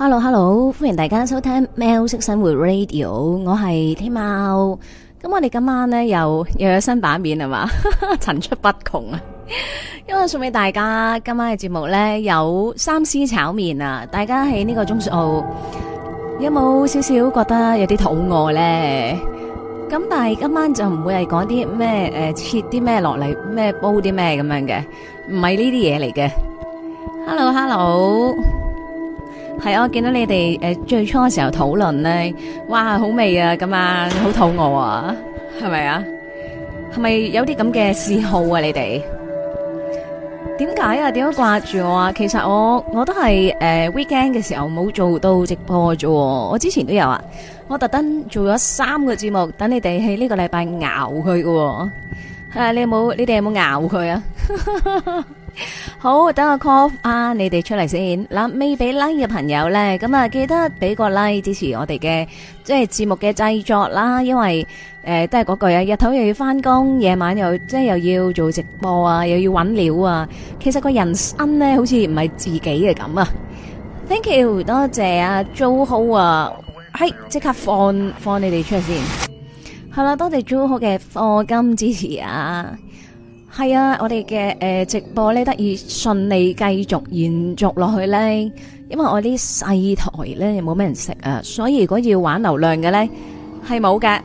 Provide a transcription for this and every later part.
Hello，Hello，hello, 歡迎大家收聽喵式生活 Radio，我係天喵。咁我哋今晚咧又又有新版面係嘛，層 出不窮啊！ 因為送俾大家今晚嘅節目咧有三屍炒麵啊，大家喺呢個鐘數有冇少少覺得有啲肚餓咧？咁但係今晚就唔會係講啲咩誒切啲咩落嚟，咩煲啲咩咁樣嘅，唔係呢啲嘢嚟嘅。Hello，Hello hello。係啊，我見到你哋誒最初嘅時候討論咧，哇好味啊，咁啊好肚餓啊，係咪啊？係咪有啲咁嘅嗜好啊？你哋點解啊？點樣掛住我啊？其實我我都係誒 weekend 嘅時候冇做到直播啫，我之前都有啊，我特登做咗三個節目，等你哋喺呢個禮拜熬佢噶，誒你有冇你哋有冇熬佢啊？好，等我 call 啊，你哋出嚟先。嗱，未俾 like 嘅朋友咧，咁啊，記得俾個 like 支持我哋嘅即係節目嘅製作啦。因為誒、呃，都係嗰句啊，日頭又要翻工，夜晚又即係又要做直播啊，又要搵料啊。其實個人生咧，好似唔係自己嘅咁啊。Thank you，多謝啊 JoHo 啊，係、哎、即刻放放你哋出嚟先。係啦，多謝 JoHo 嘅課金支持啊。係啊，我哋嘅誒直播呢得以順利繼續延續落去呢。因為我啲細台呢，又冇咩人識啊，所以如果要玩流量嘅呢，係冇嘅，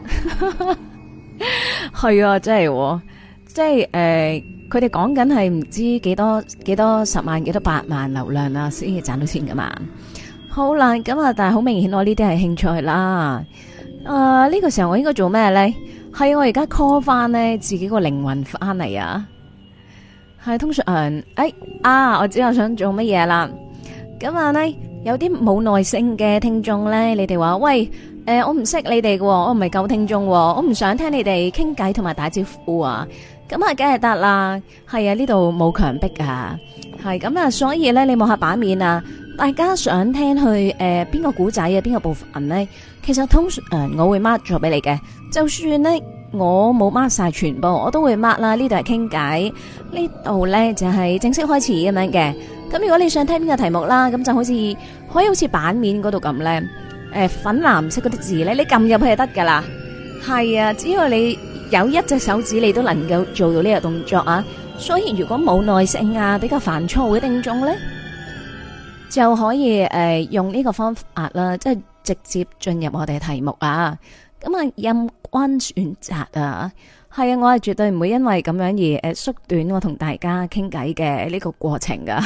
係 啊，真係，即係誒，佢哋講緊係唔知幾多幾多十萬幾多百萬流量啊，先至賺到錢噶嘛。好啦，咁啊，但係好明顯我呢啲係興趣啦。啊、呃、呢、這個時候我應該做咩呢？係我而家 call 翻咧，自己個靈魂翻嚟啊！係通常誒，哎啊，我知我想做乜嘢啦？咁啊咧，有啲冇耐性嘅聽眾咧，你哋話喂誒、呃，我唔識你哋嘅，我唔係舊聽眾，我唔想聽你哋傾偈同埋打招呼啊！咁啊，梗係得啦。係啊，呢度冇強逼啊。係咁啊，所以咧，你望下版面啊，大家想聽去誒邊、呃、個古仔啊，邊個部分咧？其實通常我會 mark 咗俾你嘅。就算呢，我冇 mark 晒，全部我都會 mark 啦。呢度係傾偈，呢度咧就係正式開始咁樣嘅。咁如果你想聽呢個題目啦，咁就好似可以好似版面嗰度咁咧，誒、呃、粉藍色嗰啲字咧，你撳入去就得噶啦。係啊，只要你有一隻手指，你都能夠做到呢個動作啊。所以如果冇耐性啊，比較煩躁嘅聽眾咧，就可以誒、呃、用呢個方法啦，即係直接進入我哋嘅題目啊。咁啊，任君選擇啊，係啊，我係絕對唔會因為咁樣而誒縮短我同大家傾偈嘅呢個過程噶，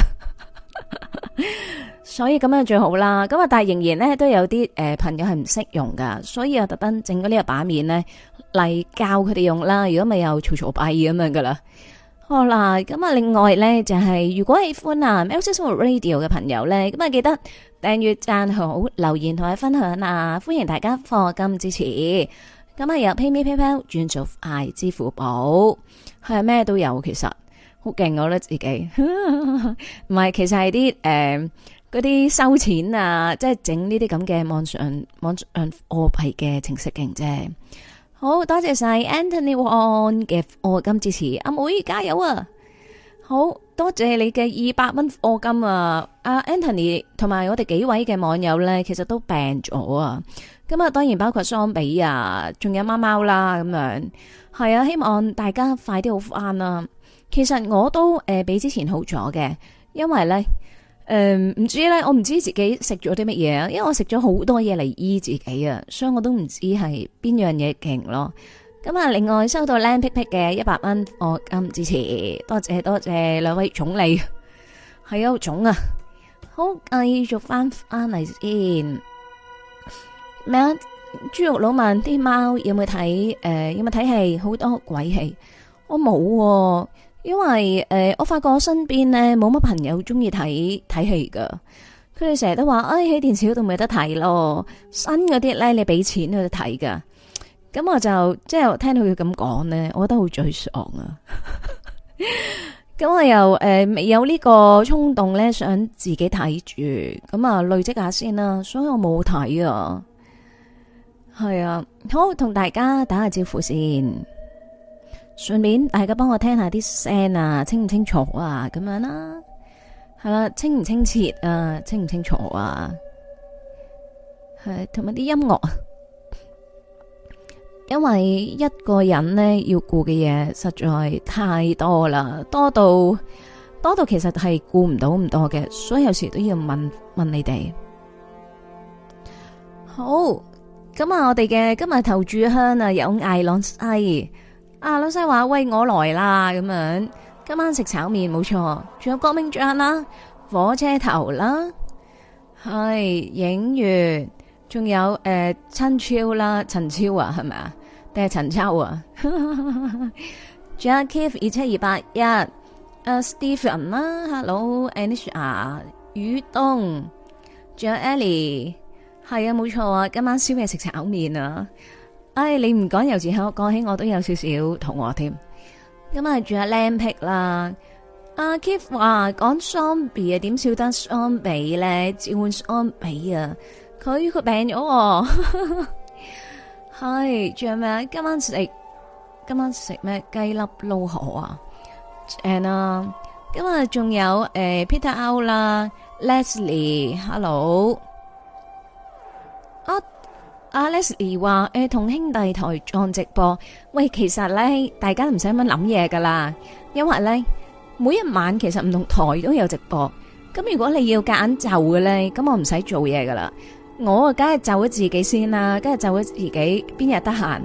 所以咁樣最好啦。咁啊，但係仍然咧都有啲誒朋友係唔識用噶，所以啊，特登整咗呢個版面咧嚟教佢哋用啦。如果唔係又嘈嘈閉咁樣噶啦。好啦咁啊，另外咧就係、是、如果喜歡啊《喵式生活 Radio》嘅朋友咧，咁啊記得訂閱、讚好、留言同埋分享啊，歡迎大家課金支持。咁啊由 PayMe PayPal 轉做 I、支付寶，係咩都有其實，好勁我覺得自己，唔係，其實係啲誒嗰啲收錢啊，即係整呢啲咁嘅網上網上貨幣嘅程式勁啫。好多謝晒 Anthony Wong 嘅卧金支持，阿妹加油啊！好多謝你嘅二百蚊卧金啊！阿、uh, Anthony 同埋我哋幾位嘅網友咧，其實都病咗啊！咁啊，當然包括桑比啊，仲有貓貓啦，咁樣係啊！希望大家快啲好返啦，啊！其實我都誒、呃、比之前好咗嘅，因為咧。誒、嗯，唔知咧，我唔知自己食咗啲乜嘢啊，因為我食咗好多嘢嚟醫自己啊，所以我都唔知係邊樣嘢勁咯。咁啊，另外收到靚皮皮嘅一百蚊，我今支持，多謝多謝兩位總理，係啊，總啊，好繼續翻翻嚟先。咩啊？豬肉佬問啲貓有冇睇？誒、呃，有冇睇係好多鬼戲？我、哦、冇。沒因為誒、呃，我發覺我身邊咧冇乜朋友中意睇睇戲噶，佢哋成日都話，哎，喺電視嗰度咪得睇咯，新嗰啲咧你俾錢佢得睇噶，咁我就即係聽到佢咁講咧，我覺得好沮喪啊。咁 我又誒未、呃、有個衝呢個衝動咧，想自己睇住，咁啊累積下先啦，所以我冇睇啊，係啊，好，同大家打下招呼先。順便大家幫我聽下啲聲啊，啊，清唔清楚啊咁樣啦，係啦，清唔清澈啊，清唔清楚啊，係同埋啲音樂，因為一個人呢，要顧嘅嘢實在太多啦，多到多到其實係顧唔到咁多嘅，所以有時都要問問你哋。好，咁啊，我哋嘅今日頭炷香啊，有艾朗西。啊，老細話喂，我來啦咁樣，今晚食炒麵冇錯，仲有國明醬啦，火車頭啦，係影月，仲有誒陳超啦，陳超啊係咪啊？定係陳秋啊？仲 有 Keith 二七二八一，呃，Stephen 啦，Hello，Anisha，宇東，仲有 Ellie，係啊，冇錯啊，今晚宵夜食炒麵啊！唉，你唔講又自可，講起我都有少少肚餓添。咁啊，仲有靚皮啦。阿 Keith 話講喪屍啊，點少得喪屍咧？召喚喪屍啊，佢佢病咗。係仲有咩？今晚食今晚食咩？雞粒撈河啊！正啊，今日仲有誒 Peter Out 啦，Leslie，Hello，啊！阿、啊、Leslie 話：誒、欸，同兄弟台撞直播，喂，其實咧，大家唔使咁諗嘢噶啦，因為咧，每一晚其實唔同台都有直播，咁如果你要夾硬就嘅咧，咁我唔使做嘢噶啦，我啊，梗係就咗自己先啦，梗係就咗自己，邊日得閒，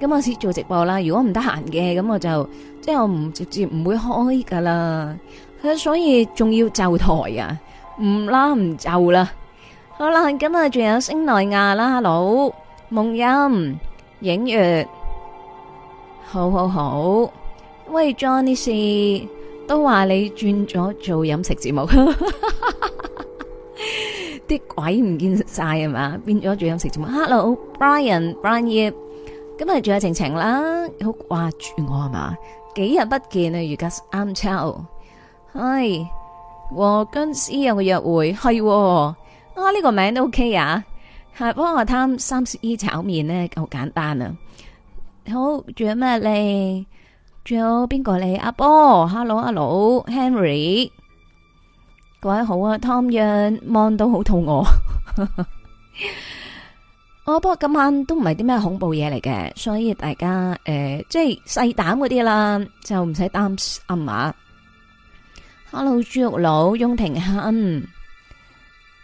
咁我先做直播啦。如果唔得閒嘅，咁我就即係、就是、我唔直接唔會開噶啦，所以仲要就台啊，唔啦唔就啦。好啦，今日仲有星奈亞啦，Hello，夢音，影月，好好好，喂，Johnny C，都話你轉咗做飲食節目，啲 鬼唔見晒係嘛？變咗做飲食節目，Hello，Brian，Brian yep，今日仲有晴晴啦，好掛住我係嘛？幾日不見啊，如隔三秋，係和僵屍有個約會，係。呢、啊這個名都 OK 啊！係幫我攤三十一炒麵咧，好簡單啊！好，仲有咩咧？仲有邊個嚟？阿波，Hello，阿老 Henry，各位好啊！Tom 楊望到好肚餓。我波、 啊、不過今晚都唔係啲咩恐怖嘢嚟嘅，所以大家誒、呃，即係細膽嗰啲啦，就唔使擔心啊。Hello，豬肉佬翁廷亨。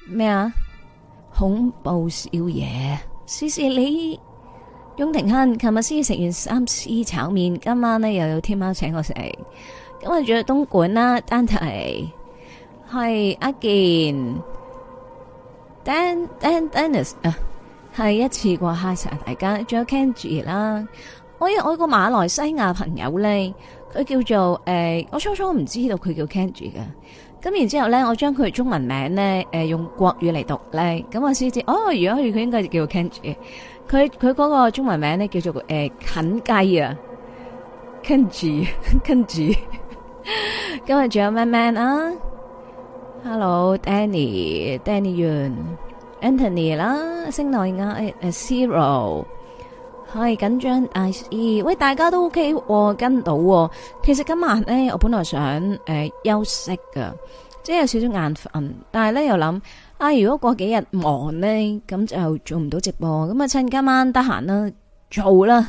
咩啊？恐怖小嘢試試你。翁庭欣，琴日先食完三屍炒麵，今晚咧，又有天貓請我食。今晚仲有東莞啦，丹提係阿健，Dan Dan Dennis 啊，係一次過吓晒大家。仲有 Kenji 啦，我有我有個馬來西亞朋友咧，佢叫做誒、欸，我初初唔知道佢叫 Kenji 嘅。咁然之後咧，我將佢中文名咧、呃，用國語嚟讀咧，咁我先知哦。如果佢佢應該叫 Kenji，佢佢嗰個中文名咧叫做個啃雞啊，Kenji Kenji。今日仲有咩咩啊？Hello，Danny，Danny Yun，Anthony 啦，星奈啊，誒、啊哎哎、Zero。係緊張，但 e 喂，大家都 O K 喎，跟到、哦。其實今晚咧，我本來想誒、呃、休息噶，即係有少少眼瞓。但係咧又諗，啊、哎、如果過幾日忙咧，咁就做唔到直播。咁啊趁今晚得閒啦，做啦，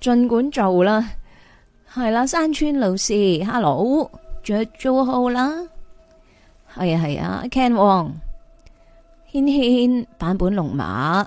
盡管做啦。係啦，山村老師，hello，仲有 Joho 啦。係啊係啊，Ken Wong，軒軒，版本龍馬。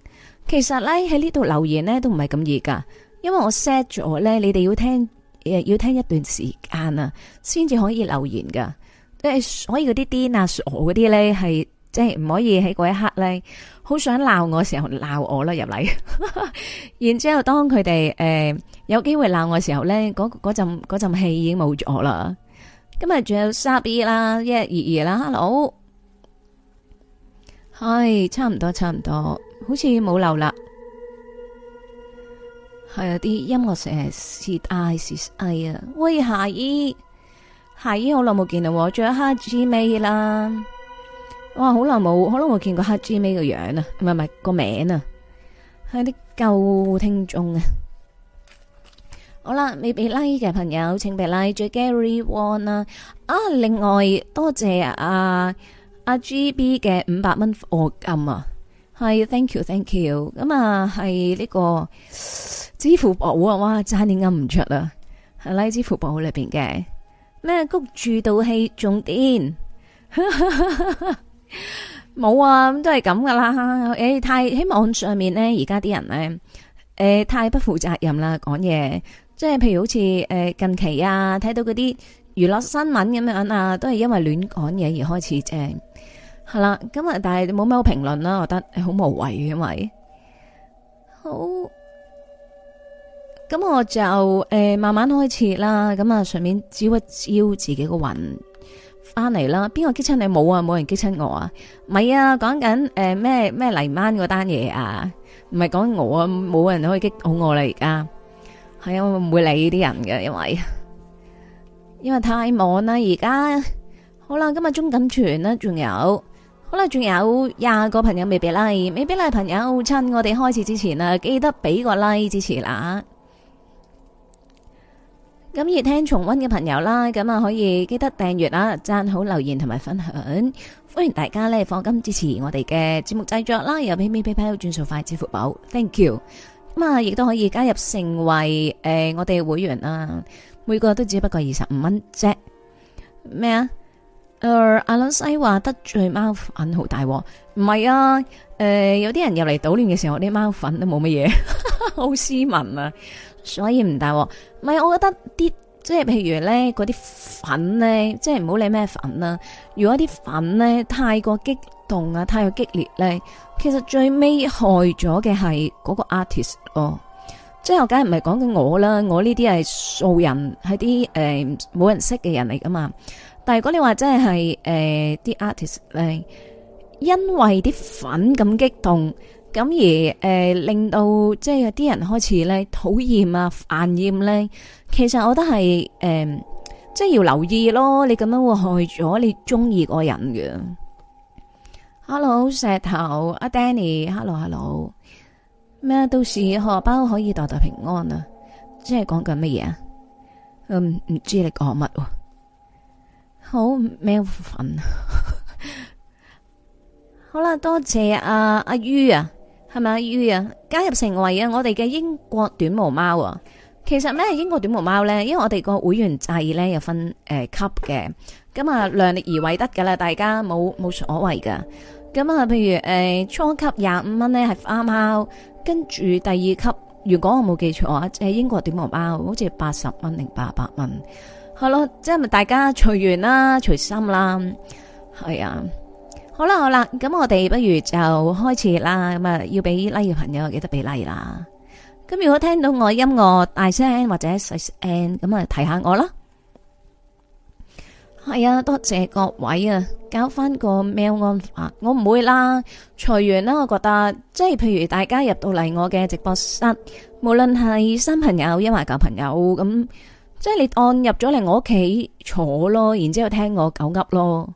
其實咧喺呢度留言咧都唔係咁易噶，因為我 set 咗咧，你哋要聽要聽一段時間啊，先至可以留言噶。即係所以嗰啲癲啊傻嗰啲咧係即係唔可以喺嗰一刻咧，好想鬧我嘅時候鬧我啦，入嚟。 然之後當佢哋誒有機會鬧我嘅時候咧，嗰嗰陣嗰陣氣已經冇咗啦。今日仲有三二啦，一二二啦，Hello，係差唔多，差唔多。好似冇流啦，係啊啲音樂成日是愛是愛啊！喂，夏姨，夏姨好耐冇見啦，仲有黑芝麻啦，哇，好耐冇，好耐冇見過黑芝麻個樣啊，唔係唔係個名啊，係啲舊聽眾啊。好啦，未俾拉姨嘅朋友請俾拉，仲有 Gary Won 啊，啊，另外多謝阿、啊、阿、啊、GB 嘅五百蚊貨金啊！係，thank you，thank you。咁、嗯、啊，係呢、這個支付寶啊，哇，差點撳唔出啦，喺支付寶裏邊嘅咩谷住道氣仲癲，冇 啊，咁都係咁噶啦。誒，太喺網上面咧，而家啲人咧，誒、呃，太不負責任啦，講嘢，即係譬如好似誒、呃、近期啊，睇到嗰啲娛樂新聞咁樣啊，都係因為亂講嘢而開始啫。呃.係、嗯、啦，今日但係冇咩好評論啦，我覺得好、欸、無謂，因為好，咁我就誒、欸、慢慢開始啦，咁啊順便招一招自己個魂翻嚟啦。邊個激親你冇啊？冇人激親我啊？唔咪啊，講緊誒咩咩嚟曼嗰單嘢啊？唔係講我啊，冇人可以激好我啦而家。係啊，我唔會理呢啲人嘅，因為因為太忙啦而家。好啦、啊，今日中錦傳啦，仲有。好啦，仲有廿個朋友未俾拉、like，未俾拉朋友親。趁我哋開始之前啊，記得俾個拉、like、支持啦。咁熱聽重溫嘅朋友啦，咁啊可以記得訂閱啦、贊好、留言同埋分享。歡迎大家呢放金支持我哋嘅節目製作啦，又俾俾俾，PayPal 轉數快支付寶，thank you。咁啊，亦都可以加入成為誒、呃、我哋會員啦，每個都只不過二十五蚊啫。咩啊？誒、呃，阿倫西話得罪貓粉好大鑊，唔係啊，誒、呃，有啲人入嚟搗亂嘅時候，啲貓粉都冇乜嘢， 好斯文啊，所以唔大鑊。唔係，我覺得啲即係譬如咧，嗰啲粉咧，即係唔好理咩粉啦，啊。如果啲粉咧太過激動啊，太過激烈咧、啊，其實最尾害咗嘅係嗰個 artist 咯，啊哦。即係我梗係唔係講緊我啦，我呢啲係素人，係啲誒冇人識嘅人嚟噶嘛。但係如果你話真係誒啲 artist 咧，因為啲粉咁激動，咁而誒、呃、令到即係有啲人開始咧討厭啊煩厭咧，其實我覺得係誒即係要留意咯。你咁樣會害咗你中意個人嘅。Hello 石頭阿 Danny，Hello Hello 咩 Hello.？到時荷包可以袋袋平安啦、啊。即係講緊乜嘢啊？嗯，唔知你講乜喎？好，咩粉？ 好啦，多謝阿、啊、阿、啊、于啊，係咪阿于啊？加入成為啊，我哋嘅英國短毛貓啊。其實咩英國短毛貓呢？因為我哋個會員制呢，有分誒、呃、級嘅。咁、嗯、啊，量力而為得噶啦，大家冇冇所謂噶。咁、嗯、啊，譬如誒、呃、初級廿五蚊呢係花貓，跟住第二級，如果我冇記錯啊，係英國短毛貓好似八十蚊定八百蚊。好咯，即係咪大家隨緣啦，隨心啦，係啊，好啦好啦，咁我哋不如就開始啦，咁啊要俾拉嘅朋友記得俾 like 啦。咁如果聽到我音樂大聲或者細聲，咁啊提下我啦。係啊，多謝各位啊，搞翻個 mail 我，我唔會啦，隨緣啦，我覺得即係譬如大家入到嚟我嘅直播室，無論係新朋友抑或舊朋友咁。即係你按入咗嚟我屋企坐咯，然之後聽我狗急咯，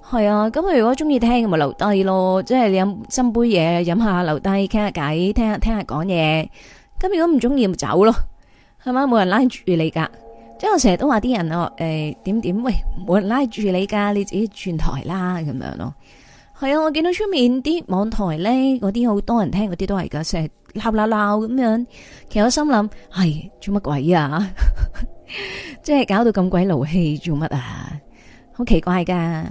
係啊。咁佢如果中意聽，咪留低咯。即係你飲斟杯嘢，飲下留低傾下偈，聽下聽下講嘢。咁如果唔中意，咪走咯，係咪？冇人拉住你噶。即係我成日都話啲人哦，誒點點喂，冇人拉住你噶，你自己轉台啦咁樣咯。係啊，我見到出面啲網台咧，嗰啲好多人聽，嗰啲都係噶，成日鬧鬧鬧咁樣。其實我心諗係做乜鬼啊？ 即係搞到咁鬼勞氣，做乜啊？好奇怪噶！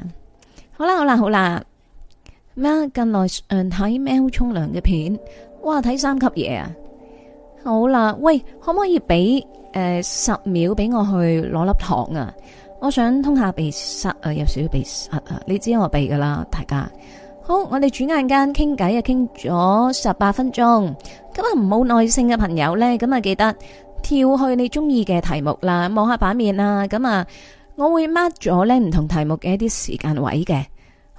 好啦，好啦，好啦。咩？近來睇 Mel 沖涼嘅片，哇！睇三級嘢啊！好啦，喂，可唔可以俾誒十秒俾我去攞粒糖啊？我想通下鼻塞啊，有少少鼻塞啊。你知我鼻噶啦，大家好。我哋轉眼間傾偈啊，傾咗十八分鐘。咁啊，唔冇耐性嘅朋友咧，咁啊記得。跳去你中意嘅題目啦，望下版面啦，咁啊，我會 mark 咗咧唔同題目嘅一啲時間位嘅，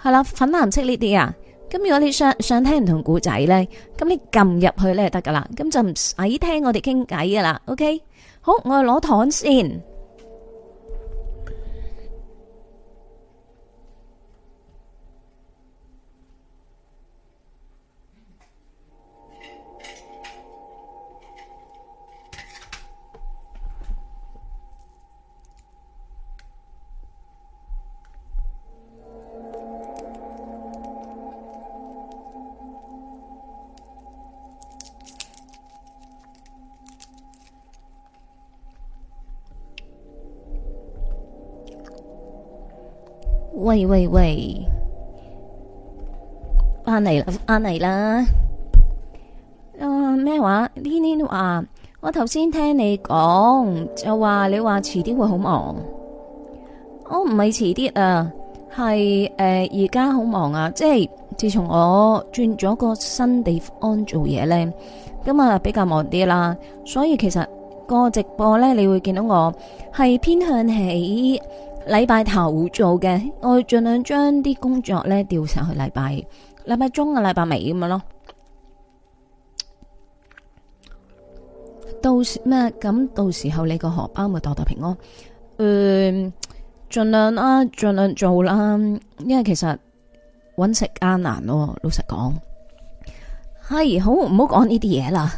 係啦，粉藍色呢啲啊，咁如果你想想聽唔同古仔咧，咁你撳入去咧就得噶啦，咁就唔使聽我哋傾偈噶啦，OK，好，我去攞糖先。喂喂喂，返嚟啦，返嚟啦，咩、呃、話？呢呢話，我頭先聽你講，就話你話遲啲會好忙，我唔係遲啲啊，係誒而家好忙啊，即係自從我轉咗個新地方做嘢呢，咁啊比較忙啲啦，所以其實個直播呢，你會見到我係偏向起。禮拜頭做嘅，我會盡量將啲工作咧調上去禮拜、禮拜中啊、禮拜尾咁樣咯。到時咩咁？到時候你個荷包咪度度平安。誒、嗯，盡量啦、啊，盡量做啦，因為其實搵食艱難咯，老實講。係好唔好講呢啲嘢啦？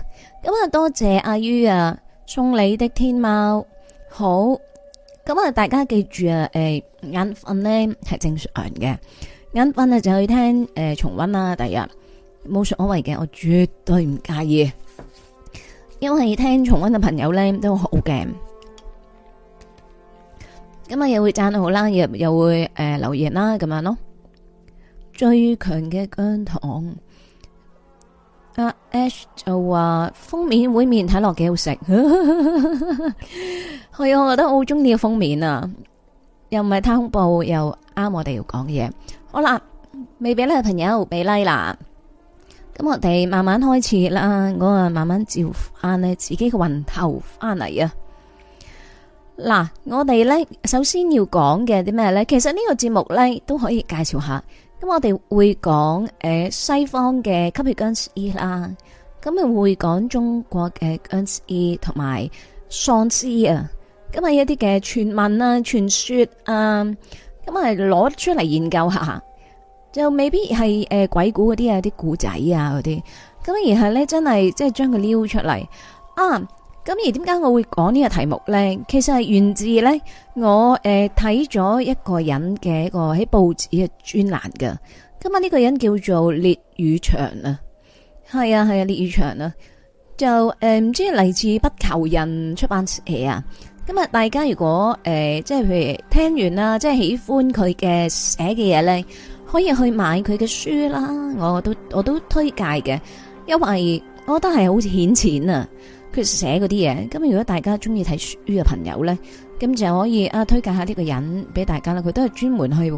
咁啊，多謝阿于啊，送你的天喵好。咁啊，大家記住啊，誒，眼瞓咧係正常嘅，眼瞓啊就去聽誒重温啦，第日冇所謂嘅，我絕對唔介意。因為聽重温嘅朋友咧都很好勁，咁啊又會讚好啦，又又會誒留言啦，咁樣咯。最強嘅姜糖。阿 Ash 就話封面會麵睇落幾好食，係 我覺得好中意個封面啊，又唔係太恐怖，又啱我哋要講嘅嘢。好啦，未俾咧朋友俾 like 啦，咁我哋慢慢開始啦，我啊慢慢照翻你自己嘅魂頭翻嚟啊。嗱，我哋呢首先要講嘅啲咩呢？其實呢個節目呢都可以介紹下。咁、嗯、我哋會講誒、呃、西方嘅吸血殭屍啦，咁、嗯、啊會講中國嘅殭屍同埋喪屍啊，咁、嗯、啊一啲嘅傳聞啊、傳說啊，咁啊攞出嚟研究下，就未必係誒、呃、鬼故嗰啲啊、啲古仔啊嗰啲，咁然後咧真係即係將佢撩出嚟啊。咁而點解我會講呢個題目咧？其實係源自咧，我誒睇咗一個人嘅一個喺報紙嘅專欄嘅。咁啊呢個人叫做列宇翔啊，係啊係啊列宇翔啊，祥就誒唔、呃、知嚟自不求人出版社啊。咁、呃、啊大家如果誒、呃、即係譬如聽完啦，即係喜歡佢嘅寫嘅嘢咧，可以去買佢嘅書啦，我都我都推介嘅，因為我覺得係好似顯淺啊。寫嗰啲嘢，咁如果大家中意睇書嘅朋友咧，咁就可以啊，推介下呢個人俾大家啦。佢都係專門去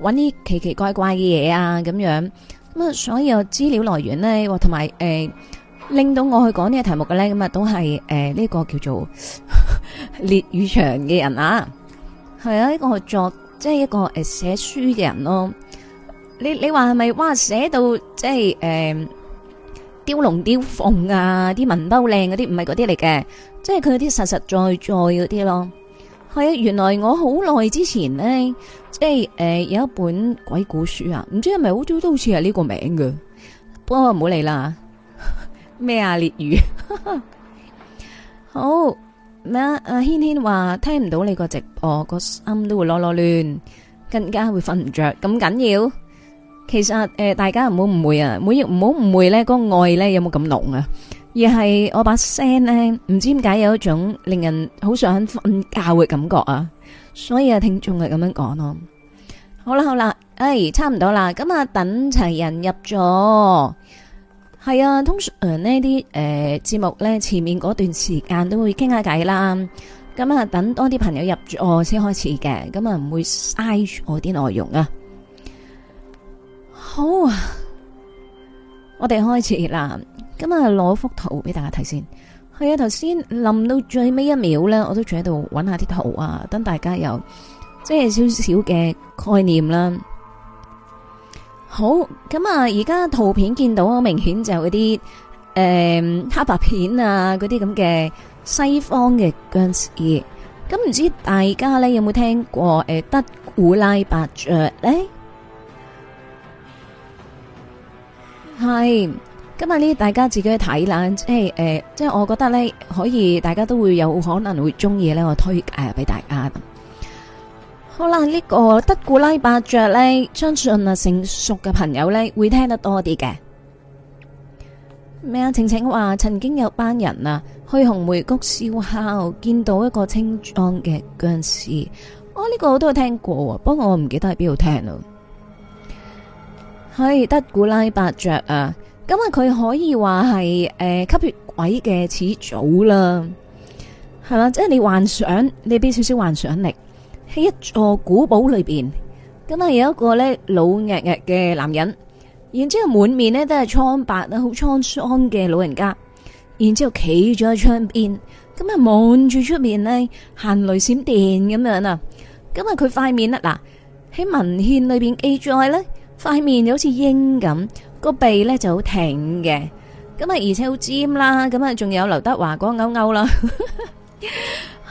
揾啲奇奇怪怪嘅嘢啊，咁樣咁啊，所有資料來源咧，同埋誒，令到我去講呢個題目嘅咧，咁啊，都係誒呢個叫做列語祥嘅人啊，係啊，呢個作即係、就是、一個誒寫書嘅人咯。你你話係咪哇？寫到即係誒？就是欸雕龍雕鳳啊，啲文鬥靚嗰啲，唔係嗰啲嚟嘅，即係佢嗰啲實實在在嗰啲咯。係啊，原來我好耐之前呢，即係誒有一本鬼故書啊，唔知係咪好早都好似係呢個名嘅，不過唔好嚟啦。咩 啊，獵魚， 好咩阿軒軒話聽唔到你個直播，個心都會囉囉攣，更加會瞓唔着，咁緊要。其實誒、呃，大家唔好誤會啊，唔好誤會呢個愛呢有冇咁濃啊？而係我把聲呢，唔知點解有一種令人好想瞓覺嘅感覺啊！所以啊，聽眾係咁樣講咯。好啦，好啦，哎，差唔多啦，咁啊，等齊人入座。係啊，通常呢啲誒節目呢前面嗰段時間都會傾下偈啦。咁啊，等多啲朋友入座先開始嘅，咁啊，唔會嘥我啲內容啊。好啊，我哋開始啦。咁啊，攞幅圖俾大家睇先。係啊，頭先臨到最尾一秒咧，我都仲喺度揾下啲圖啊，等大家有即係少少嘅概念啦。好，咁啊，而家圖片見到好明顯就嗰啲誒黑白片啊，嗰啲咁嘅西方嘅僵屍。咁唔知大家咧有冇聽過誒、呃、德古拉伯爵咧？係，今日呢，大家自己去睇啦，即係誒，即係我覺得呢，可以大家都會有可能會中意，呢我推介俾大家。好啦，呢個德古拉伯爵呢，相信啊成熟嘅朋友呢，會聽得多啲嘅。咩啊？晴晴話曾經有班人啊去紅梅谷燒烤，見到一個清裝嘅僵屍。哦，呢個我都有聽過，不過我唔記得喺邊度聽啦。係、hey，德古拉伯爵啊！咁、嗯、啊，佢可以話係誒吸血鬼嘅始祖啦，係啦，即係你幻想，你俾少少幻想力喺一座古堡裏邊，咁、嗯、啊有一個咧老弱弱嘅男人，然之後滿面咧都係蒼白啊，好滄桑嘅老人家，然之後企咗喺窗邊，咁啊望住出面咧，行雷閃電咁樣啊，咁啊佢塊面啦嗱，喺文獻裏邊記載咧。塊面就好似鷹咁，個鼻咧就好挺嘅，咁啊而且好尖啦，咁啊仲有劉德華嗰勾勾啦，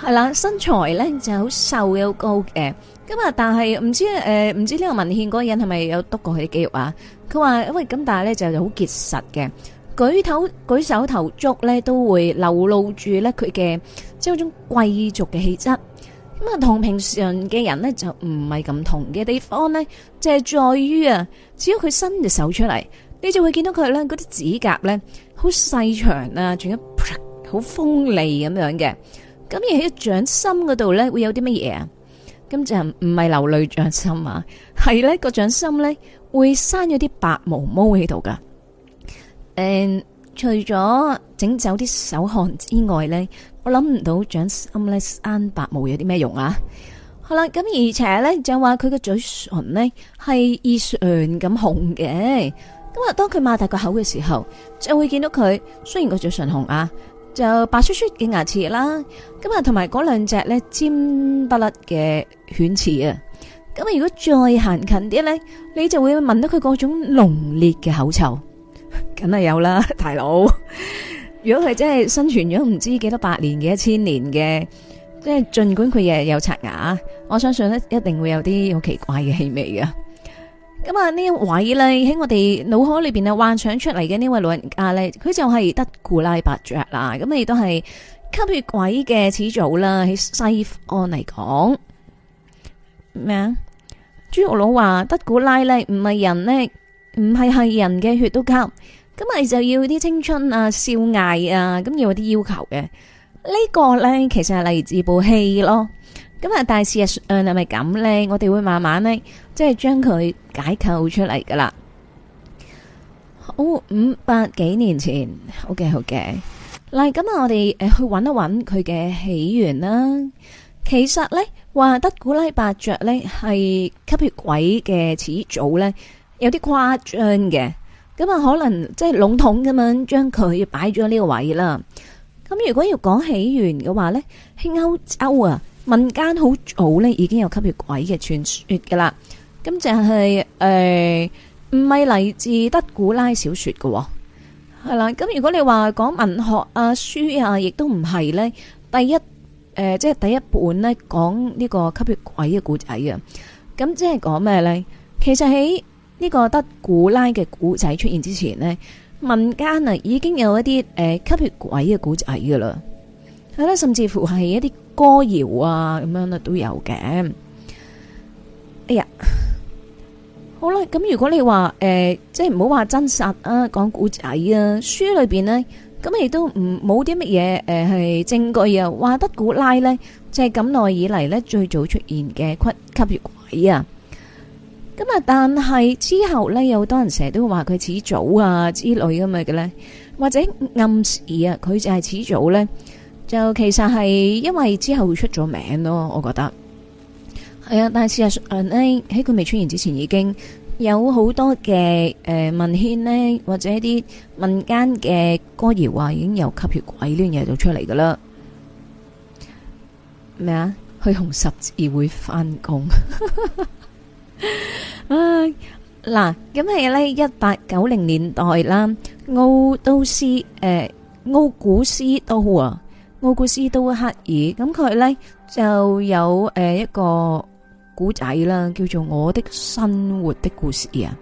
係啦，身材咧就好瘦又高嘅，咁啊但係唔知誒唔知呢個文獻嗰個人係咪有督過佢啲肌肉啊？佢話因為咁，但係咧就就好結實嘅，舉頭舉手投足咧都會流露住咧佢嘅即係嗰種貴族嘅氣質。咁啊，同平常嘅人呢，就唔係咁同嘅地方呢，就係在於啊，只要佢伸隻手出嚟，你就會見到佢咧嗰啲指甲呢，好細長啊，仲要好鋒利咁樣嘅。咁而喺個掌心嗰度呢，會有啲乜嘢啊？咁就唔係流淚掌心啊，係呢個掌心呢，會生咗啲白毛毛喺度噶。誒、嗯，除咗整走啲手汗之外呢。我諗唔到長暗咧安白毛有啲咩用啊？好啦，咁而且咧就話佢嘅嘴唇呢係異常咁紅嘅。咁啊，當佢擘大個口嘅時候，就會見到佢雖然個嘴唇紅啊，就白雪雪嘅牙齒啦。咁啊，同埋嗰兩隻咧尖不甩嘅犬齒啊。咁啊，如果再行近啲咧，你就會聞到佢嗰種濃烈嘅口臭，梗係有啦，大佬。如果佢真係生存咗唔知幾多百年幾多千年嘅，即係盡管佢日日有刷牙，我相信咧一定會有啲好奇怪嘅氣味嘅。咁啊，呢一位呢喺我哋腦海裏邊啊幻想出嚟，嘅呢位老人家呢，佢就係德古拉伯爵啦。咁亦都係吸血鬼嘅始祖啦，喺西方嚟講。咩啊？朱老佬話：德古拉呢唔係人呢，唔係係人嘅血都吸。咁咪，就要啲青春啊、少艾啊，咁要有啲要求嘅。呢個咧，其實係嚟自部戲咯。咁啊，但係事實上係咪咁咧？我哋會慢慢咧，即係將佢解構出嚟噶啦。好，五百幾年前，OK，好嘅。嗱，咁啊，我哋誒去搵一搵佢嘅起源啦。其實咧，話德古拉伯爵咧係吸血鬼嘅始祖咧，有啲誇張嘅。咁啊，可能即係籠統咁樣將佢擺咗呢個位啦。咁如果要講起源嘅話呢，喺歐洲啊，民間好早呢已經有吸血鬼嘅傳說噶啦。咁就係、是、誒，唔係嚟自德古拉小說嘅，係啦。咁如果你話講文學啊書啊，亦都唔係呢。第一誒、呃，即係第一本呢講呢個吸血鬼嘅故仔啊。咁即係講咩呢？其實喺呢、這個德古拉嘅古仔出現之前呢，民間啊已經有一啲誒、呃、吸血鬼嘅古仔噶啦，係啦，甚至乎係一啲歌謠啊咁樣啊都有嘅。哎呀，好啦，咁如果你話誒、呃，即係唔好話真實啊，講古仔啊，書裏邊呢，咁亦都唔冇啲乜嘢誒係證據啊，話德古拉呢，就係咁耐以嚟呢最早出現嘅吸吸血鬼啊。咁啊！但係之後咧，有好多人成日都會話佢始祖啊之類咁樣嘅咧，或者暗示啊，佢就係始祖咧，就其實係因為之後會出咗名咯，我覺得係啊。但係事實上呢，喺佢未出現之前，已經有好多嘅誒、呃、文獻呢，或者一啲民間嘅歌謠啊，已經有吸血鬼呢樣嘢就出嚟噶啦。咩啊？去紅十字會翻工。 嗱、 啊，咁係呢，一八九零年代啦，奧都斯誒，呃、奧古斯都啊，奧古斯都克爾，咁佢呢就有誒、呃、一個古仔啦，叫做《我的生活的故事》啊，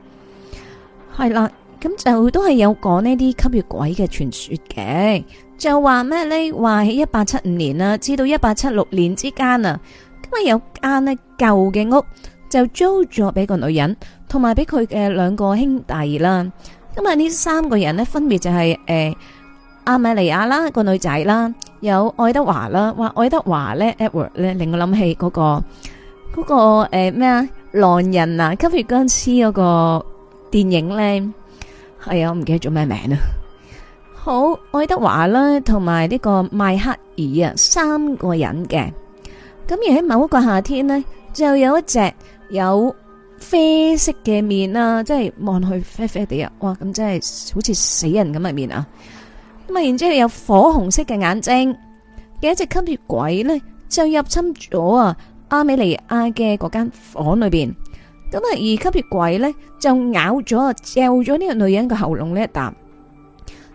係啦，咁就都係有講呢啲吸血鬼嘅傳說嘅，就話咩呢？話喺一八七五年啦，至到一八七六年之間啊，咁啊有間呢舊嘅屋。就租咗俾個女人，同埋俾佢嘅兩個兄弟啦。咁啊，呢三個人咧分別就係誒阿米莉亞啦，個女仔啦，有愛德華啦。話愛德華咧，Edward 咧，令我諗起嗰個嗰個誒咩啊，狼人啊，吸血僵屍嗰個電影咧。係啊，我唔記得咗咩名啦。好，愛德華啦，同埋呢個邁克爾啊，三個人嘅。咁而喺某一個夏天咧，就有一隻。有啡色嘅面啊，即係望去啡啡地啊！哇，咁真係好似死人咁嘅面啊！咁啊，然之後有火紅色嘅眼睛嘅一隻吸血鬼咧，就入侵咗啊阿美利亞嘅嗰間房裏邊。咁啊，而吸血鬼咧就咬咗、嚼咗呢個女人嘅喉嚨呢一啖。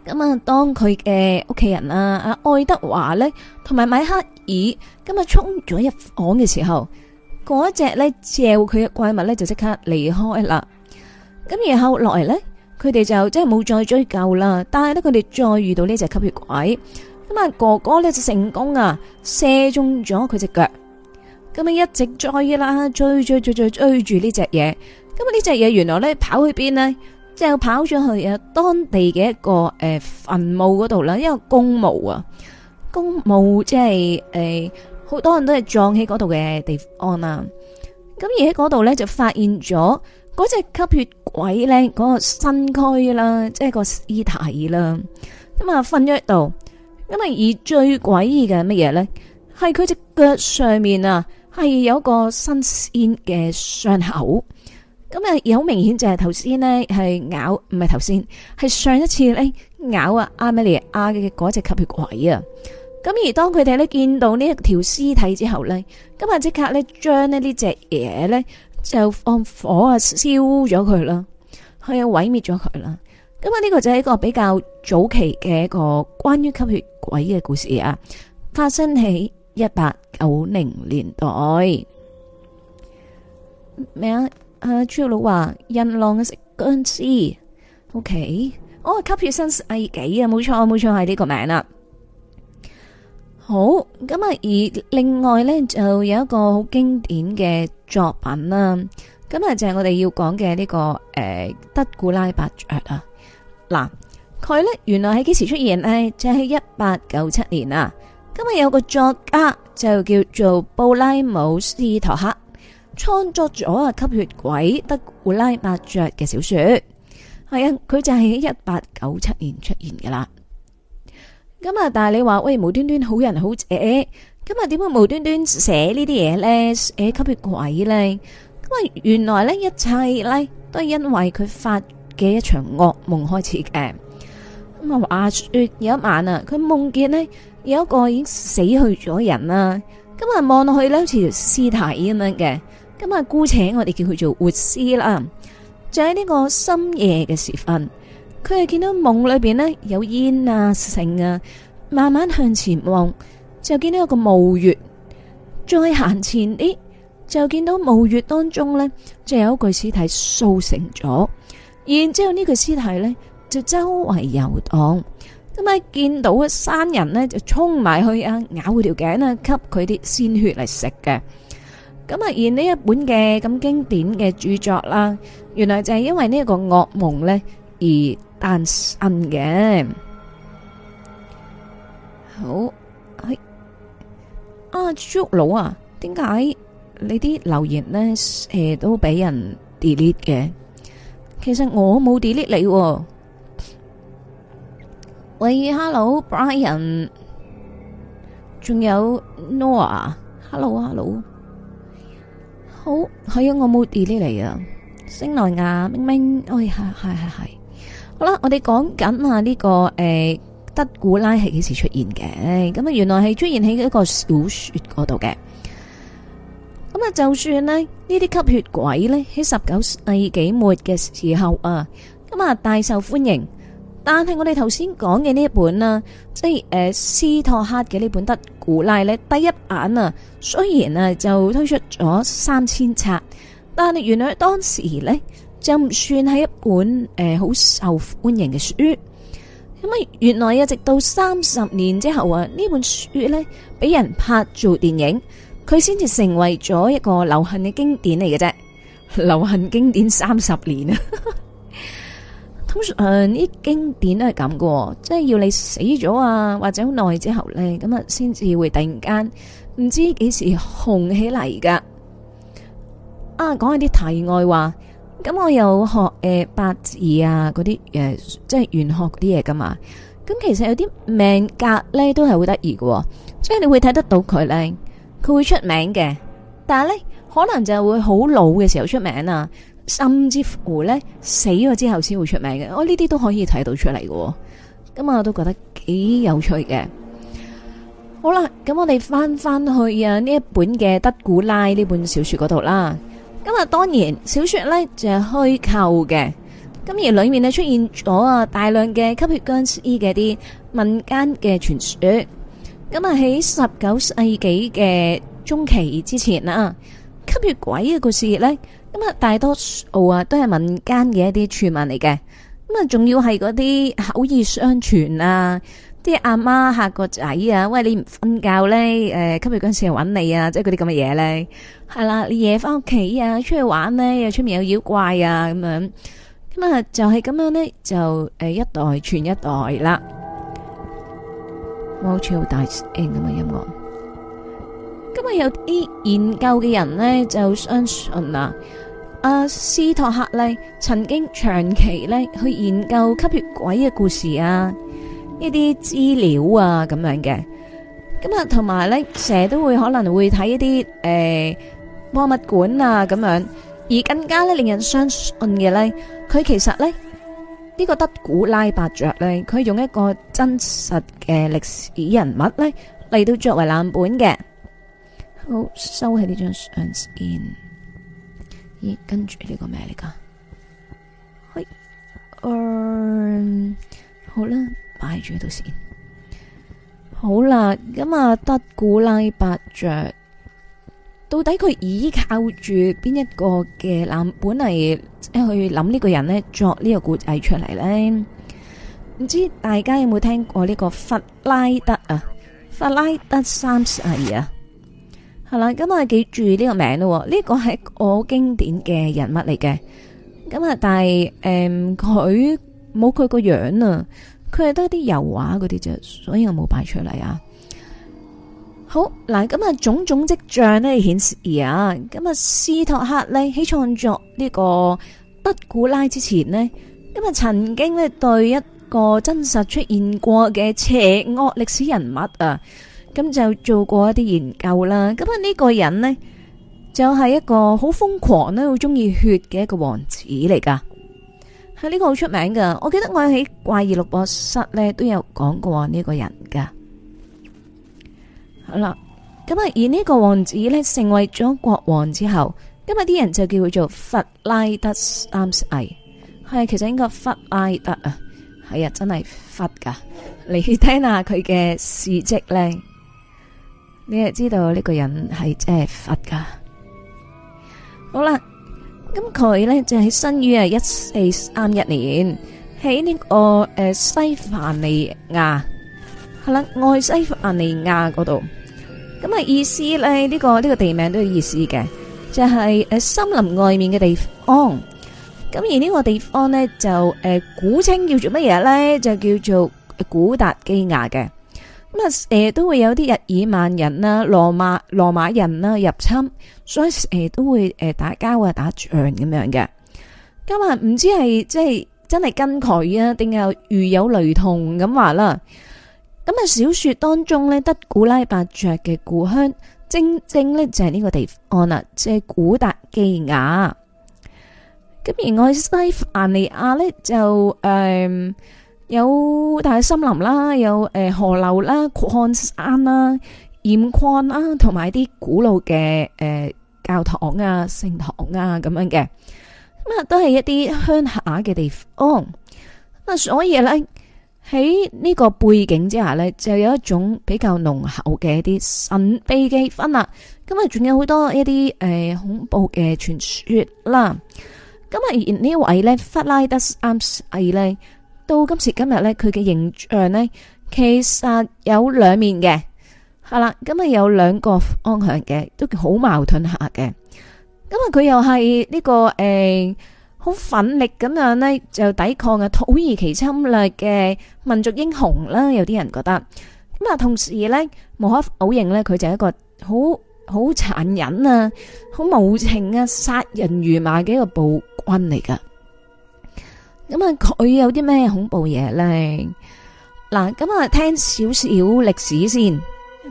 咁啊，當佢嘅屋企人啊阿愛德華咧同埋米克爾咁啊衝咗入房嘅時候，嗰隻咧借佢嘅怪物咧就即刻離開啦，咁然後落嚟，咧佢哋就真係冇再追究啦，但係咧佢哋再遇到呢隻吸血鬼，咁啊哥哥咧就成功啊射中咗佢隻腳，咁樣一直在啦追啦追追追追追住呢隻嘢，咁啊呢隻嘢原來咧跑去邊呢？就跑咗去啊當地嘅一個誒墳、呃、墓嗰度啦，因為公墓啊，公墓即係誒。呃好多人都係撞喺嗰度嘅地方啦，咁而喺嗰度咧就發現咗嗰隻吸血鬼咧嗰、就是、個身軀啦，即係個屍體啦，咁啊瞓咗喺度。咁啊而最詭異嘅乜嘢咧，係佢隻腳上面啊，係有個新鮮嘅傷口，咁啊有明顯就係頭先咧係咬，唔係頭先係上一次咧咬啊阿美利亞嘅嗰隻吸血鬼啊。咁而當佢哋咧見到呢一條屍體之後咧，咁啊即刻咧將呢呢隻嘢咧就放火啊燒咗佢啦，佢又毀滅咗佢啦。咁啊呢個就係一個比較早期嘅一個關於吸血鬼嘅故事啊，發生喺一八九零年代。咩、哦、啊？阿朱老話人狼食殭屍？O K，我係吸血新世紀啊，冇錯冇錯係呢個名啦。好，咁啊！而另外呢，就有一個好經典嘅作品啦。咁啊，就係、是、我哋要講嘅呢個誒《德古拉伯爵》啊。嗱，佢呢，原來係幾時出現呢就係一八九七年啊。今日有個作家就叫做布拉姆斯托克，創作咗啊吸血鬼德古拉伯爵嘅小說。係啊，佢就係喺一八九七年出現㗎啦。咁啊！但係你話，喂，無端端好人好姐，咁啊點會無端端寫呢啲嘢咧？誒，吸血鬼咧？咁啊，原來咧，一切咧都係因為佢發嘅一場噩夢開始嘅。咁啊，話說有一晚啊，佢夢見呢，有一個已經死去咗人啦，咁啊望落去咧好似條屍體咁樣嘅，咁啊姑且我哋叫佢做活屍啦，就喺呢個深夜嘅時分。佢係見到夢裏邊呢有煙啊、繩啊，慢慢向前望，就見到一個墓穴。再行前啲，就見到墓穴當中呢，就有一具屍體蘇醒咗。然之後呢具屍體呢就周圍遊蕩，咁啊見到山人呢就衝埋去啊咬佢條頸啦，吸佢啲鮮血嚟食嘅。咁啊，而呢一本嘅咁經典嘅著作啦，原來就係因為呢個噩夢呢而。單身嘅，好係啊，朱佬啊，點解你啲留言咧誒都俾人 delete 嘅？其實我冇 delete 你，喂，hello Brian，仲有 Noah，hello hello，好係啊，我冇 delete 你啊，星奈亞明明，哎係係係係。好啦，我哋講緊啊呢個誒、呃、德古拉係幾時出現嘅？咁啊，原來係出現喺一個小說嗰度嘅。咁啊，就算呢呢啲吸血鬼呢喺十九世紀末嘅時候啊，咁啊大受歡迎。但係我哋頭先講嘅呢一本啊即係誒、呃、斯托克嘅呢本德古拉呢第一眼啊，雖然啊就推出咗三千冊，但係原來當時呢就唔算係一本誒，好、呃、受歡迎嘅書。咁啊，原來一直到三十年之後啊，呢本書咧俾人拍做電影，佢先至成為咗一個流行嘅經典嚟嘅啫。流行經典三十年啊， 通常呢，啲經典都係咁嘅，即係要你死咗啊，或者好耐之後呢，咁啊，先至會突然間唔知幾時紅起嚟噶。啊，講下啲題外話。咁我有學誒、呃、八字啊，嗰啲誒即係玄學啲嘢噶嘛。咁其實有啲命格咧都係好得意嘅，即係你會睇得到佢咧，佢會出名嘅。但係咧可能就會好老嘅時候出名啊，甚至乎咧死咗之後先會出名嘅。我呢啲都可以睇到出嚟嘅，哦，咁啊我都覺得幾有趣嘅。好啦，咁我哋翻翻去啊呢一本嘅《德古拉》呢本小說嗰度啦。咁啊，當然小說呢就係虛構嘅，咁而裏面呢，出現咗啊大量嘅吸血殭屍嘅啲民間嘅傳說，咁啊喺十九世紀嘅中期之前啊，吸血鬼嘅故事呢，咁啊大多數啊都係民間嘅一啲傳聞嚟嘅，咁啊仲要係嗰啲口耳相傳啊，啲阿媽嚇個仔啊！喂，你唔瞓覺咧？誒、呃，吸血鬼成日搵你啊！即係嗰啲咁嘅嘢咧，係啦，你夜翻屋企啊，出去玩咧，又出面有妖怪啊咁樣。咁啊，就係咁樣咧，就誒一代傳一代啦。我好似好大聲音咁嘅音樂。咁啊，有啲研究嘅人咧就相信啦，阿斯托克咧曾經長期咧去研究吸血鬼嘅故事啊。呢啲資料啊，咁樣嘅咁啊，同埋咧，成日都會可能會睇一啲誒博物館啊咁樣，而更加咧令人相信嘅，咧，佢其實咧呢個德古拉伯爵咧，佢用一個真實嘅歷史人物咧嚟到作為藍本嘅。好，收起呢張相先，咦，跟住呢個咩嚟噶？嘿，嗯，好啦。擺住喺度先。好啦，咁、嗯、啊，德古拉伯爵到底佢依靠住邊一個嘅藍本嚟去諗呢個人呢，作呢個古仔出嚟呢？唔知大家有冇聽過呢個弗拉德啊？弗拉德三世啊，係、嗯、啦，咁、嗯、啊，幾注意呢個名咯？呢、這個係我經典嘅人物嚟嘅。咁、嗯、啊，但係誒，佢冇佢個樣啊。佢係得啲油畫嗰啲啫，所以我冇擺出嚟。啊，好嗱，咁啊，種種跡象呢，顯示啊，咁啊，斯托克呢，喺創作呢個德古拉之前呢，咁啊，曾經呢，對一個真實出現過嘅邪惡歷史人物啊，咁就做過一啲研究啦。咁啊，呢個人呢，就係一個好瘋狂呢，好中意血嘅一個王子嚟噶。佢、這、呢個好出名噶，我記得我喺怪異錄播室呢都有講過呢個人噶。好啦，咁啊，而呢個王子咧成為咗國王之後，今日啲人就叫佢做弗拉德三世。係、嗯、其實應該弗拉德啊，係啊，真係佛噶。你聽下佢嘅事跡呢，你係知道呢個人係真係佛噶。好啦。咁佢咧就係生於，啊一四三一年，喺呢個誒西凡尼亞，係啦外西凡尼亞嗰度。咁啊意思咧，呢個呢個地名都有意思嘅，就係誒森林外面嘅地方。咁而呢個地方咧就誒古稱叫做乜嘢咧？就叫做古達基亞嘅。咁啊，誒，都會有啲日耳曼人啦、羅馬羅馬人啦入侵，所以誒都會誒打交啊、打仗咁樣嘅。今日唔知係即係真係跟佢啊，定係如有雷同咁話啦。咁啊，小說當中呢，德古拉伯爵嘅故鄉正正呢就係呢個地方啦，即係古達基亞。咁而外西凡尼亞呢就誒。有大森林啦，有誒、呃、河流啦，礦山啦，鹽礦啦，同埋啲古老嘅誒、呃、教堂啊、聖堂啊咁樣嘅。咁啊，都係一啲鄉下嘅地方。咁啊，所以咧喺呢在這個背景之下咧，就有一種比較濃厚嘅一啲神秘嘅氣氛啦。咁啊，仲有好多一啲誒、呃、恐怖嘅傳說啦。咁啊，而呢位咧弗拉德斯斯咧。到今時今日咧，佢嘅形象咧，其實有兩面嘅，係啦，咁啊有兩個方向嘅，都好矛盾下嘅。咁啊，佢又係呢個誒，好奮力咁樣咧，就抵抗啊土耳其侵略嘅民族英雄啦。有啲人覺得，咁啊，同時咧，無可否認咧，佢就係一個好好殘忍啊，好無情啊，殺人如麻嘅一個暴君嚟噶。咁啊，佢有啲咩恐怖嘢咧？嗱，咁啊，聽少少歷史先，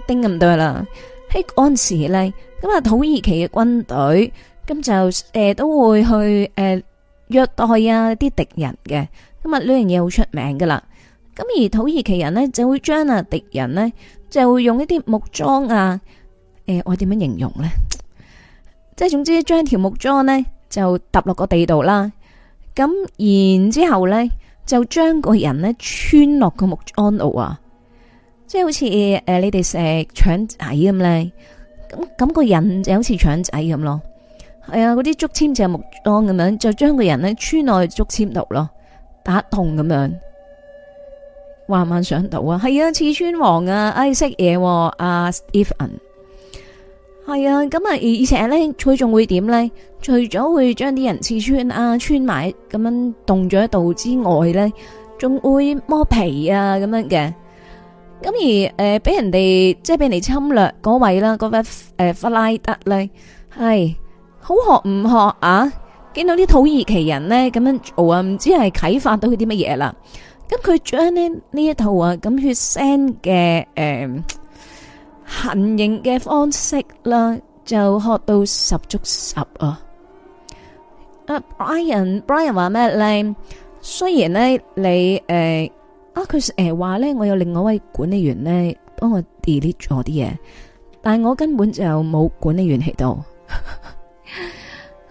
叮咁多啦。喺嗰陣時咧，咁啊，土耳其嘅軍隊咁就誒、呃、都會去誒、呃、虐待啊啲敵人嘅。咁啊，呢樣嘢好出名噶啦。咁而土耳其人呢，就會將啊敵人呢，就會用一啲木樁啊誒、呃，我點樣形容呢？即係 總之，將一條木樁呢，就揼落個地度啦。咁然之後咧，就將個人咧穿落個木樁度啊，即係好似誒、呃、你哋食腸仔咁咧，咁咁個人就好似腸仔咁咯，係、哎、啊，嗰啲竹簽就係木樁咁樣，就將個人咧穿落去竹簽度咯，打痛咁樣，慢慢上到啊，係啊，刺穿王啊，哎識嘢，阿 Stephen、啊。啊 Steven 係啊，咁啊，而且咧，佢仲會點咧？除咗會將啲人刺穿啊，穿埋咁樣凍咗一度之外咧，仲會剝皮啊咁樣嘅。咁而誒，俾、呃、人哋即係俾你侵略嗰位啦，嗰位誒弗拉德咧，係好學唔學啊？見到啲土耳其人咧咁樣做啊，唔知係啟發到佢啲乜嘢啦。咁佢將呢一套啊咁血腥嘅誒。呃行刑嘅方式啦，就學到十足十啊。阿 Brian，Brian 話咩咧？雖然咧，你誒啊，佢誒話咧，我有另外位管理員咧，幫我 delete 咗啲嘢，但係我根本就冇管理員喺度。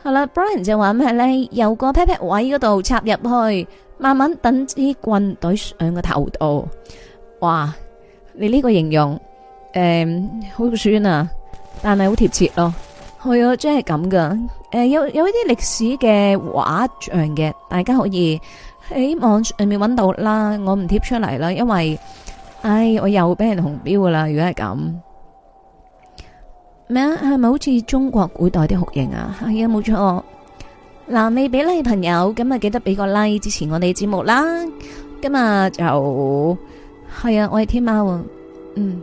係啦，Brian 就話咩咧？由個 pat pat 位嗰度插入去，慢慢等支棍懟上個頭度。哇！你呢個形容。誒、嗯，好酸啊！但係好貼切咯，係、嗯、啊，真係咁噶。誒、嗯，有有啲歷史嘅畫像嘅，大家可以喺網上面揾到啦。我唔貼出嚟啦，因為，唉，我又俾人紅標噶啦。如果係咁咩啊，係咪好似中國古代啲酷刑啊？係啊，冇錯。嗱，未俾 like 朋友咁啊，就記得俾個 like 支持我哋節目啦。今日就係啊，我係天喵，嗯。嗯嗯.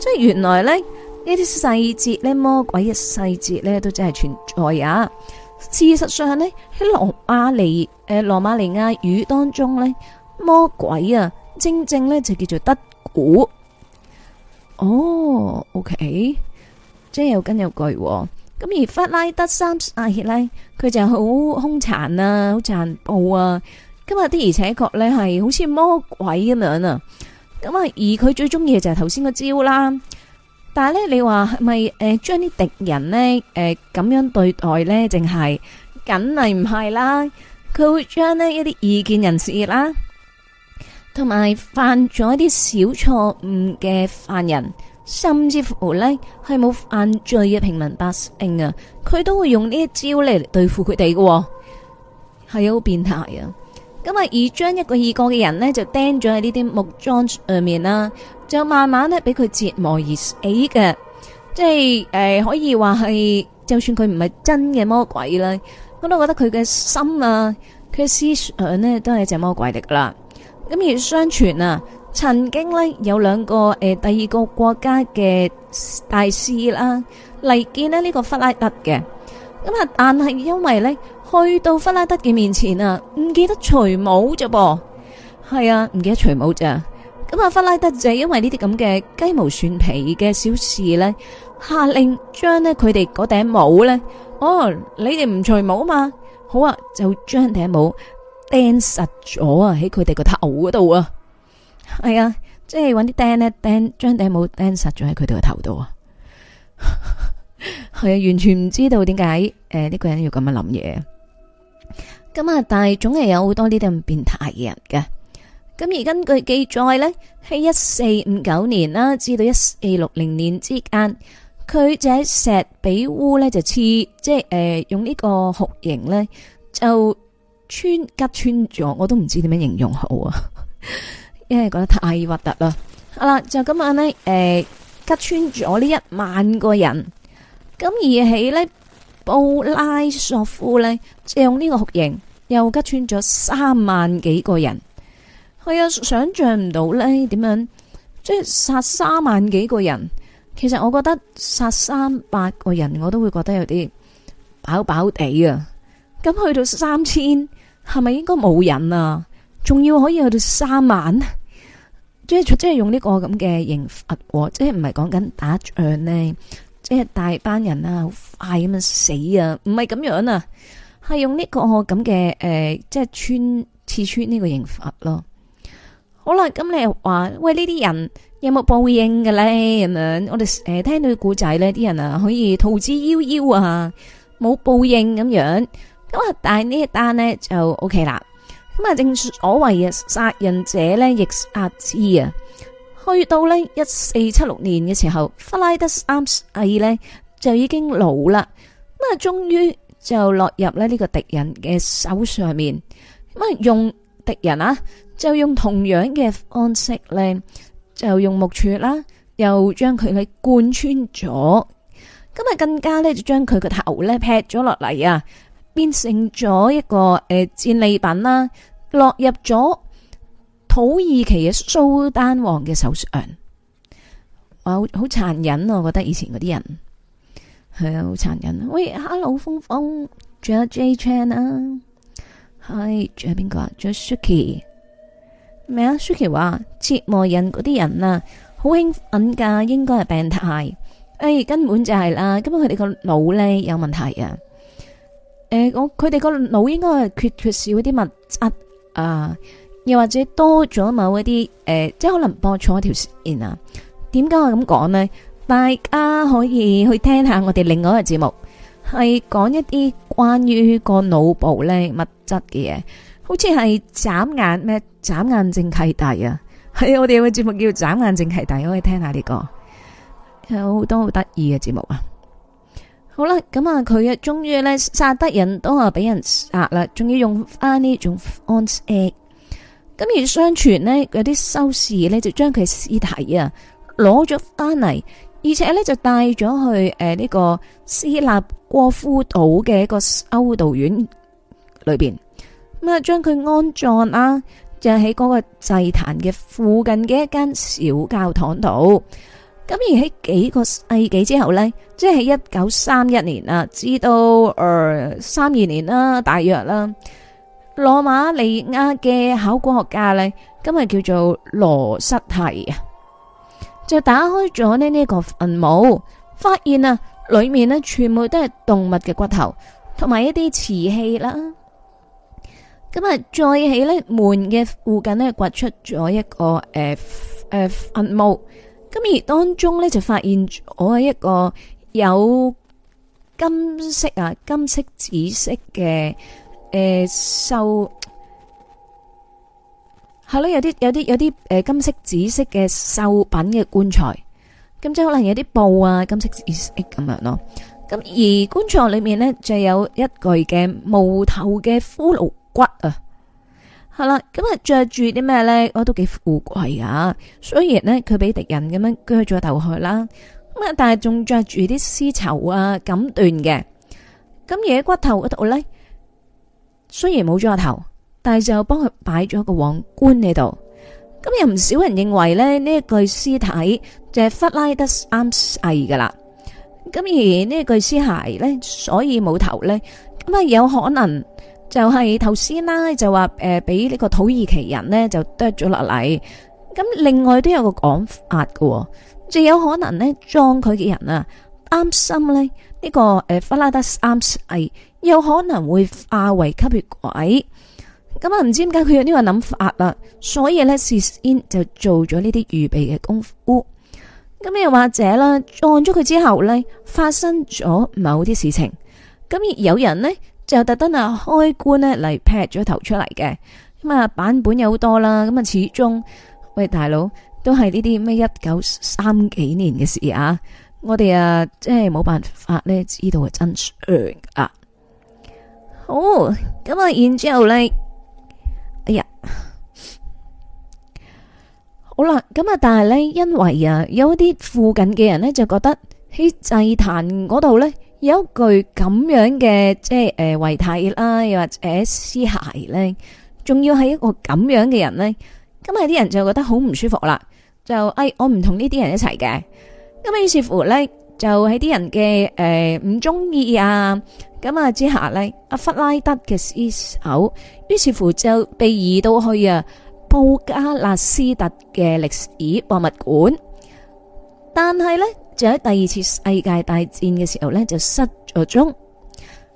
即係原來咧，呢啲細節咧，魔鬼嘅細節咧，都真係存在啊！事實上呢，喺羅馬尼誒、呃、羅馬尼亞語當中咧，魔鬼啊，正正咧就叫做德古。哦、oh，OK，即係有根有據，啊。咁而弗拉德三阿謝拉，佢就好兇殘啊，好殘暴啊。今日的而且確咧係好似魔鬼咁樣啊！咁啊，而佢最中意嘅就係頭先個招啦。但係咧，你話係咪誒，將啲敵人呢？誒咁樣對待呢？淨係梗係唔係啦？佢會將呢一啲意見人士啦，同埋犯咗一啲小錯誤嘅犯人，甚至乎呢係冇犯罪嘅平民百姓啊，佢都會用呢一招嚟對付佢哋嘅，係好變態啊！咁啊，而將一個二個嘅人呢，就釘咗喺呢啲木樁上面啦，就慢慢呢俾佢折磨而死嘅，即係誒、呃，可以話係，就算佢唔係真嘅魔鬼啦，我都覺得佢嘅心啊，佢嘅思想呢，都係一隻魔鬼嚟噶啦。咁而相傳啊，曾經呢，有兩個誒，第二個國家嘅大使啦，嚟見呢個弗拉德嘅，咁啊，但係因為呢。去到弗拉德嘅面前啊，唔記得除帽咋噃，係啊，唔記得除帽咋。咁啊，弗拉德就因為呢啲咁嘅雞毛蒜皮嘅小事咧，下令將咧佢哋嗰頂帽咧，哦，你哋唔除帽啊嘛，好啊，就將頂帽釘實咗啊喺佢哋個頭嗰度啊，係啊，即係搵啲釘咧，釘將頂帽釘實咗喺佢哋個頭度啊，係啊，完全唔知道點解誒呢個人要咁樣諗嘢。咁啊，但係總係有好多呢啲咁變態嘅人嘅。咁而根據記載咧，喺一四五九年啦，至到一四六零年之間，佢就喺石比烏咧就刺，即係誒用呢個酷刑咧就穿吉穿咗，我都唔知點樣形容好啊，因為覺得太核突啦。好啦，就今日咧誒吉穿咗呢一萬個人，咁而起咧。奧拉索夫呢，借用呢個酷刑又吉穿咗三萬幾個人，我、哎、有想象唔到呢點樣，即係殺三萬幾個人。其實我覺得殺三百個人我都會覺得有啲飽飽地啊。咁去到三千，係咪應該冇人啊？仲要可以去到三萬，即係用呢個咁嘅刑罰，即係唔係講緊打仗呢？ 大班人啊，好快咁樣死啊？唔係咁樣啊，係用呢個咁嘅誒，即係穿刺穿呢個刑法咯。好啦，咁你又話喂呢啲人有冇報應嘅咧？咁樣我哋誒、呃、聽到古仔咧，啲人啊可以逃之夭夭啊，冇報應咁樣。咁啊，但係呢一單咧就 OK 啦。咁啊，正所謂嘅殺人者咧亦殺之啊。去到呢一四七六年嘅時候，弗拉德三世呢就已經老啦，咁啊終於就落入呢呢個敵人嘅手上面，咁啊用敵人啊就用同樣嘅方式呢，就用木柱啦，又將佢去貫穿咗，咁啊更加呢，就將佢個頭呢劈咗落嚟啊，變成咗一個誒戰利品啦，落入咗土耳其嘅蘇丹王嘅手上，哇，好好殘忍啊！我覺得以前嗰啲人係啊，好殘忍啊！喂，Hello，峰峰，仲有 J Chan 啊，係仲有邊個啊？仲有 Suki 咩啊？Suki 話折磨人嗰啲人啊，好興奮噶，應該係病態，誒、欸，根本就係啦，根本佢哋個腦咧有問題啊，誒、欸，我佢哋個腦應該係缺缺少啲物質啊。又或者多咗某一啲誒、呃，即係可能播錯一條線啊？點解我咁講呢？大家可以去聽下我哋另外一個節目，係講一啲關於個腦部咧物質嘅嘢，好似係眨眼咩？眨眼正契弟啊！係、哎、我哋有個節目叫眨眼正契弟，可以聽下呢、呢個有好多好得意嘅節目啊。好啦，咁啊，佢啊，終於咧，殺得人都話俾人殺啦，仲要用翻呢種 onset。咁而，相傳呢，有啲修士呢，就將佢屍體啊攞咗返嚟，而且呢，就帶咗去誒呢個斯納哥夫島嘅一個修道院裏邊，咁啊，將佢安葬啦，就喺嗰個祭壇嘅附近嘅一間小教堂度。咁而，喺幾個世紀之後呢，即係一九三一年啊，至到誒三二年啦，大約啦。羅馬尼亞嘅考古學家呢，今日叫做羅塞提啊，就打開咗咧呢個墳墓，發現啊裏面咧全部都係動物嘅骨頭，同埋一啲瓷器啦。咁、嗯、日再喺咧門嘅附近咧掘出咗一個誒誒墳墓，咁而當中呢，就發現咗一個有金色啊金色紫色嘅誒，繡係咯，有啲有啲有啲誒，金色紫色嘅繡品嘅棺材，咁即係可能有啲布啊，金色紫色咁樣咯。咁而棺材裏面咧就有一具嘅冇頭嘅骷髏骨啊。係啦，咁啊着住啲咩咧？我都幾富貴啊。雖然咧佢俾敵人咁樣鋸咗頭去啦，咁啊但係仲着住啲絲綢啊錦緞嘅。咁野骨頭度咧？雖然冇咗個頭，但係就幫佢擺咗一個皇冠喺度。咁有唔少人認為咧呢一具屍體就係弗拉德斯三世噶啦。咁而一句屍呢一具屍骸咧，所以冇頭咧，咁啊有可能就係頭先啦，就話誒俾呢個土耳其人咧就剁咗落嚟。咁另外都有個講法噶、哦，就有可能咧葬佢嘅人啊擔心咧呢、這個誒、呃、弗拉德斯三世。有可能會化為吸血鬼咁啊，唔知點解佢有呢個諗法啦。所以咧，事先就做咗呢啲預備嘅功夫。咁又或者啦，按咗佢之後咧，發生咗某啲事情，咁而有人呢，就特登啊，開棺咧嚟，劈咗頭出嚟嘅咁啊。版本有好多啦，咁啊，始終喂大佬都係呢啲咩一九三幾年嘅事啊。我哋啊，即係冇辦法咧，知道係真相啊。哦咁啊，然之後咧，哎呀，好啦，咁啊，但係咧，因為啊，有一啲附近嘅人咧，就覺得喺祭壇嗰度咧有一具咁樣嘅即係誒遺體啦，又或者屍骸咧，仲要係一個咁樣嘅人咧，咁啊啲人就覺得好唔舒服啦，就誒我唔同呢啲人一齊嘅，咁啊於是乎咧就喺啲人嘅誒唔中意啊。咁啊！之下咧，阿弗拉德嘅屍首，於是乎就被移到去啊布加勒斯特嘅歷史博物館。但係咧，就喺第二次世界大戰嘅時候咧，就失咗蹤。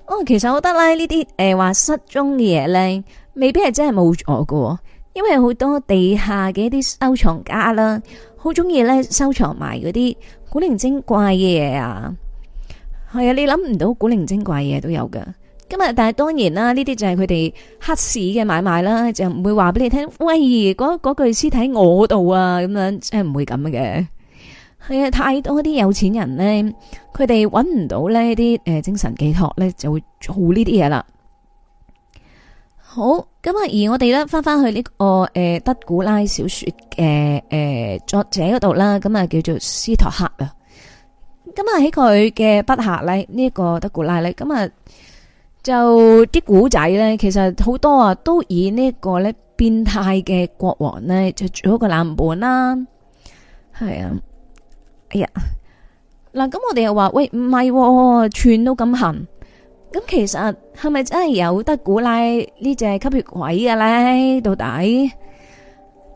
哦，其實我覺得咧，呢啲誒話失蹤嘅嘢咧，未必係真係冇咗嘅，因為好多地下嘅一啲收藏家啦，好中意咧收藏埋嗰啲古靈精怪嘅嘢啊！係啊，你諗唔到古靈精怪嘢都有噶。咁啊，但係當然啦，呢啲就係佢哋黑市嘅買賣啦，就唔會話俾你聽。喂，嗰嗰具屍體我度啊，咁樣即係唔會咁嘅。係啊，太多啲有錢人咧，佢哋揾唔到呢啲誒精神寄託咧，就會做呢啲嘢啦。好，咁啊，而我哋咧翻翻去呢個誒德古拉小說嘅誒作者嗰度啦，咁啊叫做斯托克啊。咁啊，喺佢嘅筆下咧，呢個德古拉咧，咁啊就啲古仔咧，其實好多啊都以呢個咧變態嘅國王咧就做一個藍本啦。係啊，哎呀，嗱，咁我哋又話喂唔係串都咁行，咁其實係咪真係有德古拉呢隻吸血鬼嘅咧？到底？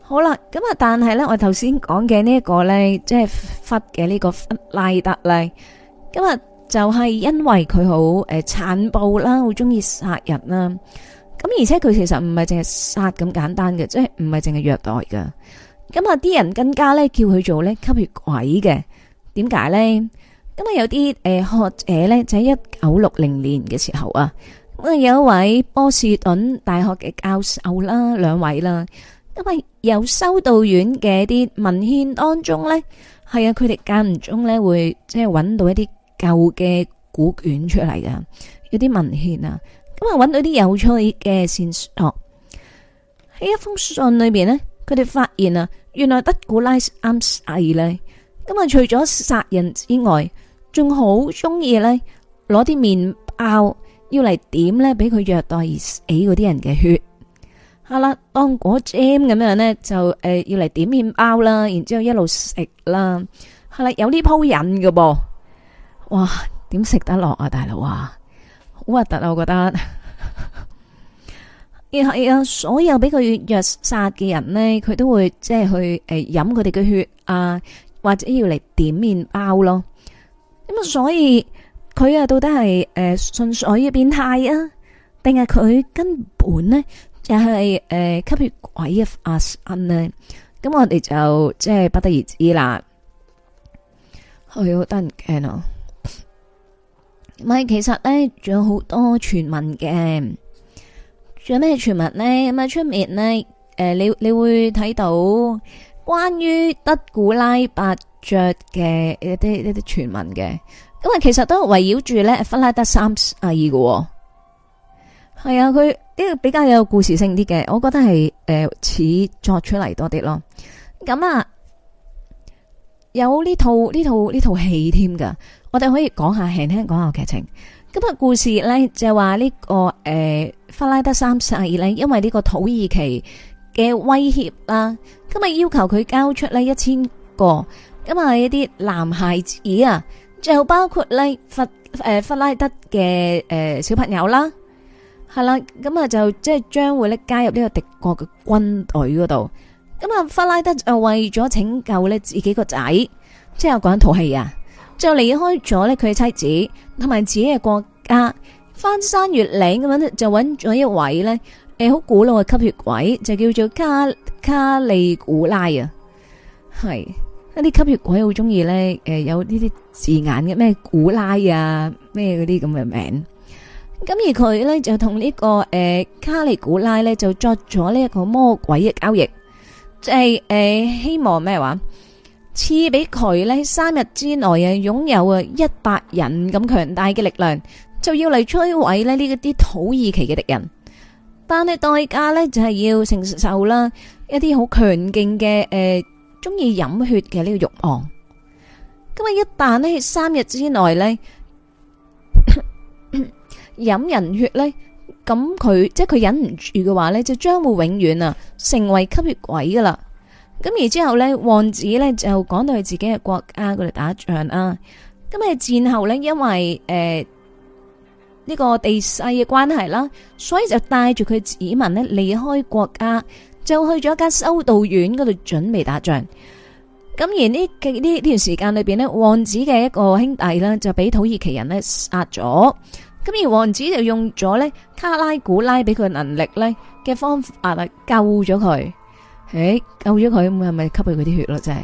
好啦，咁啊，但係咧，這個，我頭先講嘅呢一個咧，即係忽嘅呢個忽拉德咧，咁啊就係、是、因為佢好誒殘暴啦，好中意殺人啦。咁而且佢其實唔係淨係殺咁簡單嘅，即係唔係淨係虐待噶。咁啊，啲人更加咧叫佢做咧吸血鬼嘅。點解咧？咁啊，有啲誒學者咧，就喺一九六零年嘅時候啊，咁啊有一位波士頓大學嘅教授啦，兩位啦。因為由修道院嘅啲文獻當中呢，係啊，佢哋間唔中呢會即係揾到一啲舊嘅古卷出嚟噶，有啲文獻啊，咁啊揾到啲有趣嘅線索。喺一封信裏邊呢，佢哋發現啊，原來德古拉啱細呢，咁啊除咗殺人之外，仲好中意呢攞啲麵包要嚟點呢俾佢虐待而死嗰啲人嘅血。係、啊、啦，當果 jam 咁樣咧，就誒、呃、要嚟點麵包啦，然之後一路食啦。係、啊、啦，有呢鋪癮嘅噃，哇，點食得落啊，大佬啊，好核突啊，我覺得。係 啊，所有俾佢虐殺嘅人呢，佢都會即係去誒飲佢哋嘅血啊，或者要嚟點麵包咯。咁啊，所以佢啊到底係誒純粹嘅變態啊，定係佢根本呢？又係、呃、吸血鬼啊身咧，咁我哋就即係不得而知啦。係好突然嘅，唔係、啊嗯、其實咧仲有好多傳聞嘅。仲有咩傳聞咧？咁啊出面咧、呃、你你會睇到關於德古拉伯爵嘅一啲一啲傳聞嘅，因、嗯、為其實都圍繞住咧弗拉德三世嘅。係啊，佢呢個比較有故事性啲嘅，我覺得係誒、呃、似作出嚟多啲咯。咁啊，有呢套呢套呢套戲添噶我哋可以講下輕輕講下劇情。今日故事咧就係話呢個誒、呃，弗拉德三世咧，因為呢個土耳其嘅威脅啦、啊，今日要求佢交出呢一千個咁啊，一啲男孩子啊，就包括咧弗誒、呃、弗拉德嘅誒、呃、小朋友啦、啊。係啦，咁啊就即係將會咧加入呢個敵國嘅軍隊嗰度。咁啊，法拉德就為咗拯救咧自己，就是，個仔，即係我講緊套戲啊，就離開咗咧佢嘅妻子同埋自己嘅國家，翻山越嶺咁樣就搵咗一位咧，誒好古老嘅吸血鬼，就叫做卡卡利古拉啊。係一啲吸血鬼好中意咧，誒、呃、有呢啲字眼嘅咩古拉啊，咩嗰啲咁嘅名。咁而佢呢、這個，就同呢個誒卡利古拉呢，就作咗呢一個魔鬼嘅交易，即係誒希望咩話賜俾佢呢三日之內啊擁有啊一百人咁強大嘅力量，就要嚟摧毀呢一啲土耳其嘅敵人。但係代價呢，就係要承受啦一啲好強勁嘅誒中意飲血嘅呢個慾望。咁啊一旦呢三日之內呢。飲人血呢，咁佢即係佢忍唔住嘅話呢，就將會永遠啊成為吸血鬼噶啦。咁而之後呢，王子呢就講到佢自己嘅國家嗰度打仗啊。咁啊戰後呢，因為誒呢、呃呢個地勢嘅關係啦，所以就帶住佢子民呢離開國家，就去咗一間修道院嗰度準備打仗。咁而呢呢段時間裏邊呢，王子嘅一個兄弟呢，就俾土耳其人呢殺咗。咁而王子就用咗咧卡拉古拉俾佢能力咧嘅方法啊救咗佢、哎，誒救咗佢，咁係咪吸佢佢啲血咯？真係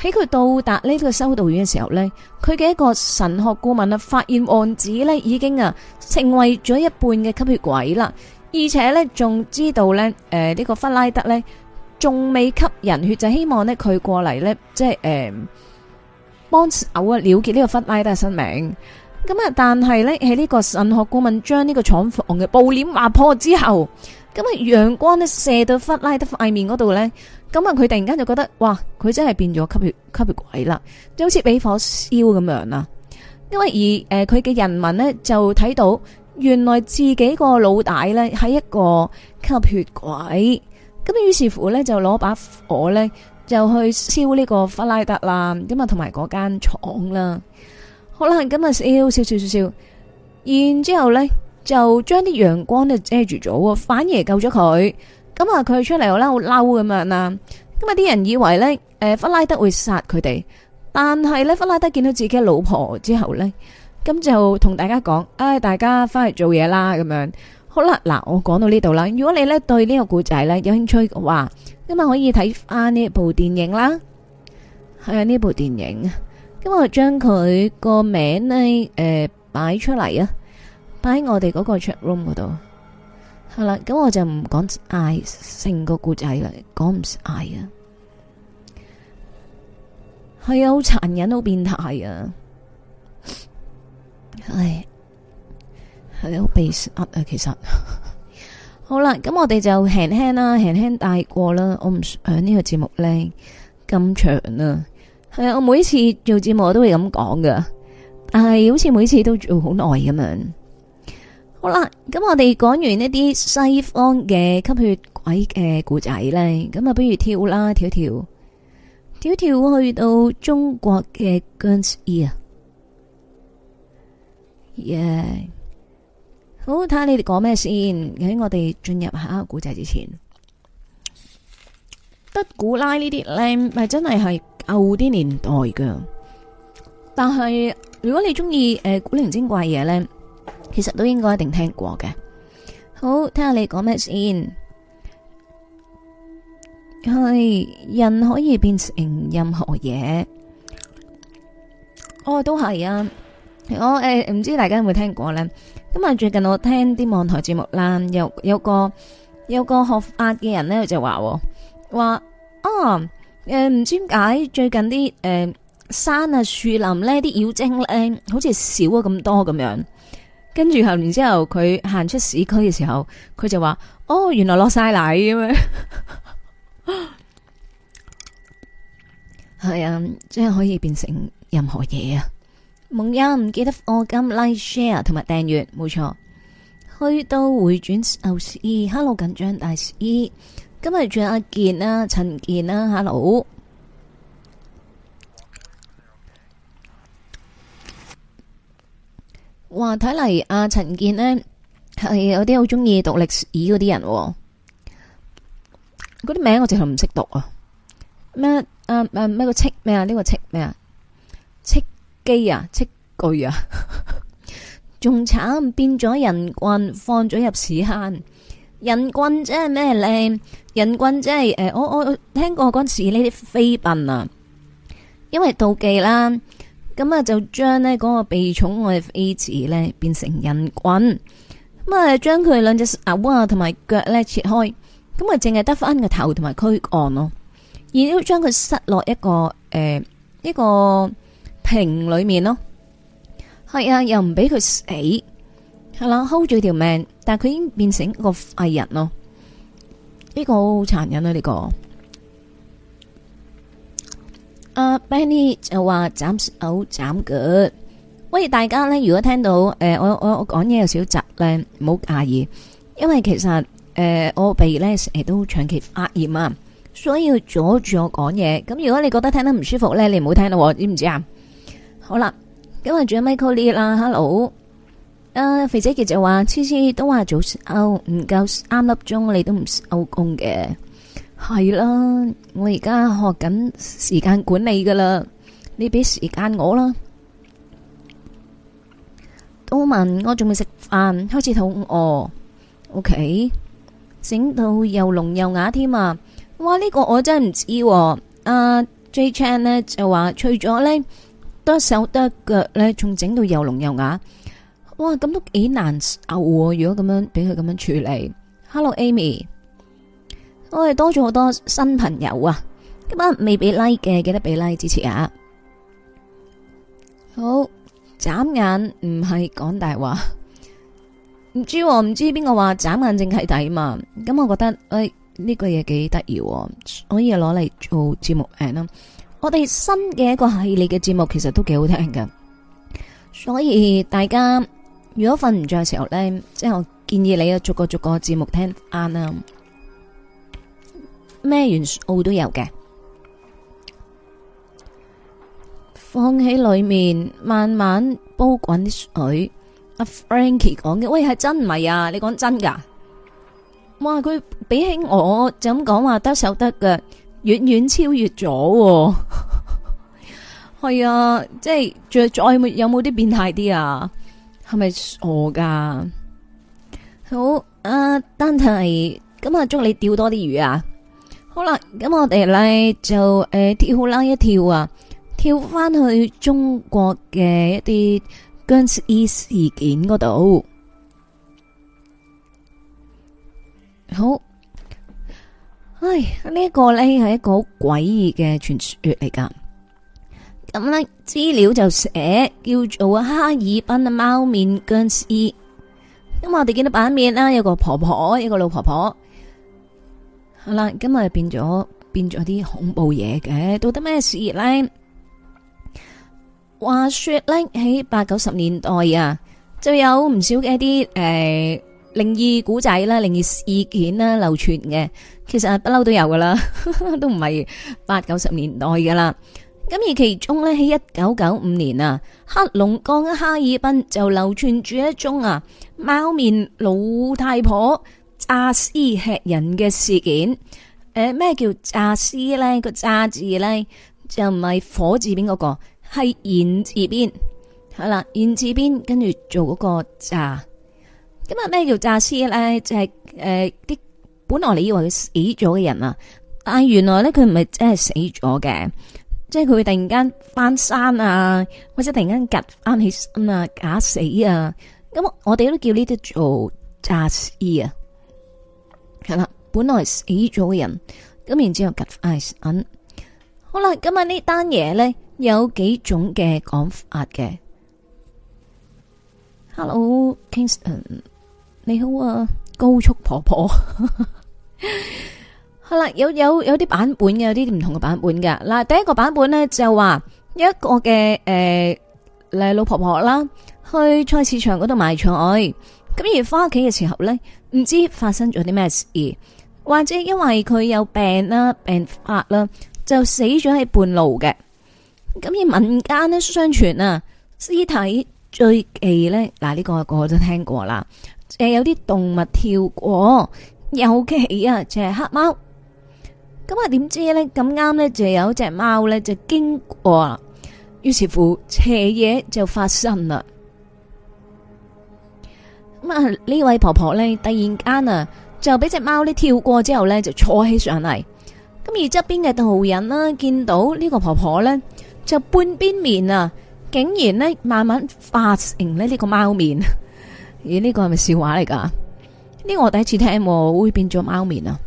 喺佢到達呢個修道院嘅時候咧，佢嘅一個神學顧問啊，發現王子咧已經啊成為咗一半嘅吸血鬼啦，而且咧仲知道咧誒呢個弗拉德咧仲未吸人血，就希望呢佢過嚟咧即係誒幫偶啊了結呢個弗拉德嘅生命。咁啊！但係咧，喺呢個神學顧問將呢個廠房嘅布簾挖破之後，咁啊，陽光咧射到弗拉德塊面嗰度咧，咁啊，佢突然間就覺得，哇！佢真係變咗吸血吸血鬼啦，就好似俾火燒咁樣啦。因為而誒，佢、呃、嘅人民咧就睇到，原來自己個老大咧係一個吸血鬼，咁於是乎咧就攞把火咧就去燒呢個弗拉德啦，咁啊，同埋嗰間廠啦。好啦，咁啊笑笑笑笑。然之後呢就將啲陽光呢遮住咗，反而救咗佢。咁啊，佢出嚟好啦，好嬲咁樣啦。咁啊，啲人以為呢誒、呃，弗拉德會殺佢哋，但係呢，弗拉德見到自己老婆之後呢，咁就同大家講，誒、哎，大家翻嚟做嘢啦，咁樣。好啦，嗱，我講到呢度啦。如果你呢對呢個故仔呢有興趣嘅話，咁啊可以睇翻呢部電影啦。係啊，呢部電影。咁我將佢個名呢誒擺、呃、出嚟啊，擺喺我哋嗰個 chat room 嗰度。好啦，咁我就唔講嗌成個故仔啦，講唔嗌啊，係啊，好殘忍，好變態啊，係，係好被壓啊，其實。 好啦，咁我哋就輕輕啦，輕輕帶過啦。我唔想呢個節目呢咁長啊。誒，我每一次做節目我都會咁講噶，但係好似每次都做好耐咁樣。好啦，咁我哋講完一啲西方嘅吸血鬼嘅古仔咧，咁啊，不如跳啦跳跳跳跳去到中國嘅殭屍啊！耶，好睇下你哋講咩先？喺我哋進入下個古仔之前，德古拉呢啲咧，係真係係。舊啲年代嘅，但係如果你中意誒古靈精怪嘢呢，其實都應該一定聽過嘅。好，聽下你講咩先？係人可以變成任何嘢，哦，都係啊！我誒唔知大家有冇聽過呢？咁啊，最近我聽啲網台節目啦，有有個有個學法嘅人呢，就話話啊。誒、呃，唔知點解最近啲誒、呃、山啊、樹林咧，啲妖精咧，好似少咗咁多咁樣。跟住後面之後，佢行出市區嘅時候，佢就話：哦，原來落晒泥咁樣。係 啊，即係可以變成任何嘢啊！夢音，唔記得我撳 Like、Share 同埋訂閱，冇錯。去到回轉牛士 Hello 緊張大士今日仲有阿健啊，陳健啊，hello。哇，睇嚟阿陳健呢係有啲好鍾意讀歷史嗰啲人，嗰啲名我淨係唔識讀啊。咩啊啊咩個戚咩啊？呢個戚咩啊？戚機啊？戚句啊？仲慘，變咗人棍，放咗入屎坑。人棍即係咩咧？人棍即係誒，我我聽過嗰時呢啲妃嬪啊，因為妒忌啦，咁啊就將呢嗰個被寵愛嘅妃子咧變成人棍，咁啊將佢兩隻手啊同埋腳咧切開，咁啊淨係得翻個頭同埋軀幹咯，然後將佢塞落一個誒、呃、一個瓶裏面咯，係啊，又唔俾佢死。係啦，hold 住條命，但係佢已經變成一個廢人咯。呢、這個好殘忍啊！呢、這個阿、uh, Benny 就話斬手斬腳。喂、oh，大家咧，如果聽到誒、呃、我我我講嘢有少少雜咧，唔好介意，因為其實誒、呃、我鼻咧成日都長期發炎啊，所以要阻住我講嘢。咁如果你覺得聽得唔舒服咧，你唔好聽到、啊，知唔知啊？好啦，今日仲有 Michael Lee 啦，Hello。啊！肥仔其就話次次都話早收唔夠三粒鐘，你都唔收工嘅，係啦。我而家學緊時間管理噶啦，你俾時間我啦。都問我仲未食飯，開始肚餓。OK，整到又聾又啞添啊！哇，呢個我真唔知啊。啊，Jay Chan 呢就話除咗呢多手多腳呢，仲整到又聾又啞。哇，咁都幾難受喎、啊！如果咁樣俾佢咁樣處理。Hello，Amy，我哋多咗好多新朋友啊！今晚未俾 like 嘅，記得俾 like 支持啊！好，眨眼唔係講大話，唔知唔、啊、知邊個話眨眼正契弟嘛？咁我覺得，誒、哎、呢、這個嘢幾得意喎，可以攞嚟做節目、嗯、我哋新嘅一個系列嘅節目，其實都幾好聽噶，所以大家。如果瞓唔着嘅時候呢，即係我建議你啊，逐個逐個節目聽啱啱咩元素都有嘅，放喺裏面慢慢煲滾啲水。阿 Frankie 講嘅，喂，係真唔係啊？你講真噶？哇，佢比起我就咁講話得手得嘅，遠遠超越咗。係 啊，即係再再有冇啲變態啲啊？係咪傻噶？好啊，丹提，咁啊，祝你釣多啲魚啊！好啦，咁、嗯、我哋咧就誒、呃、跳啦一跳啊，跳翻去中國嘅一啲僵屍事件嗰度。好，唉，這個、呢一個咧係一個好詭異嘅傳說嚟噶。咁呢資料就寫叫做啊哈爾濱啊貓面僵屍。咁我哋見到版面啦，有個婆婆，有一個老婆婆。好啦，今日變咗變咗啲恐怖嘢嘅，到底咩事呢？話說呢喺八九十年代啊，就有唔少嘅一啲誒靈異古仔啦、靈、呃、異事、事件啦流傳嘅，其實不嬲都有噶啦， 都唔係八九十年代噶啦。咁而其中咧，喺一九九五年啊，黑龍江哈爾濱就流傳住一宗啊貓面老太婆詐屍吃人嘅事件。誒、呃，咩叫詐屍咧？個詐字咧就唔係火字邊嗰、那個，係言字邊。好、嗯、啦，言字邊跟住做嗰個詐。咁啊，咩叫詐屍咧？就係、是、誒、呃，啲本來你以為佢死咗嘅人啊，但係原來咧佢唔係真係死咗嘅。即係佢會突然間翻山啊，或者突然間夾翻起身啊，假死啊，咁我哋都叫呢啲做詐死啊。係啦，本來死咗嘅人，咁然之後夾翻起身。好啦，咁日呢單嘢咧有幾種嘅講法嘅。Hello Kingston，你好啊，高速婆婆。 係啦，有有有啲版本嘅，有啲唔同嘅版本嘅。嗱，第一個版本咧就話有一個嘅誒，誒、呃、老婆婆啦，去菜市場嗰度買菜，咁而翻屋企嘅時候咧，唔知發生咗啲咩事，或者因為佢有病啦、病發啦，就死咗喺半路嘅。咁而民間咧相傳啊，屍體最忌咧，嗱，呢、這個我都聽過啦。誒，有啲動物跳過，尤其啊，就係、是、黑貓。咁啊，點知呢？咁啱呢，就有隻隻貓呢就經過啦。於是乎，邪嘢，就發生啦。咁啊，呢位婆婆呢，突然間啊，就俾隻貓呢跳過之後呢，就坐起上嚟。咁而側邊嘅道人啦、啊，見到呢個婆婆呢，就半邊面啊，竟然呢，慢慢化成呢呢個貓面。咦、哎，呢、這個係咪笑話嚟㗎？呢、這個我第一次聽，會變咗貓面啊！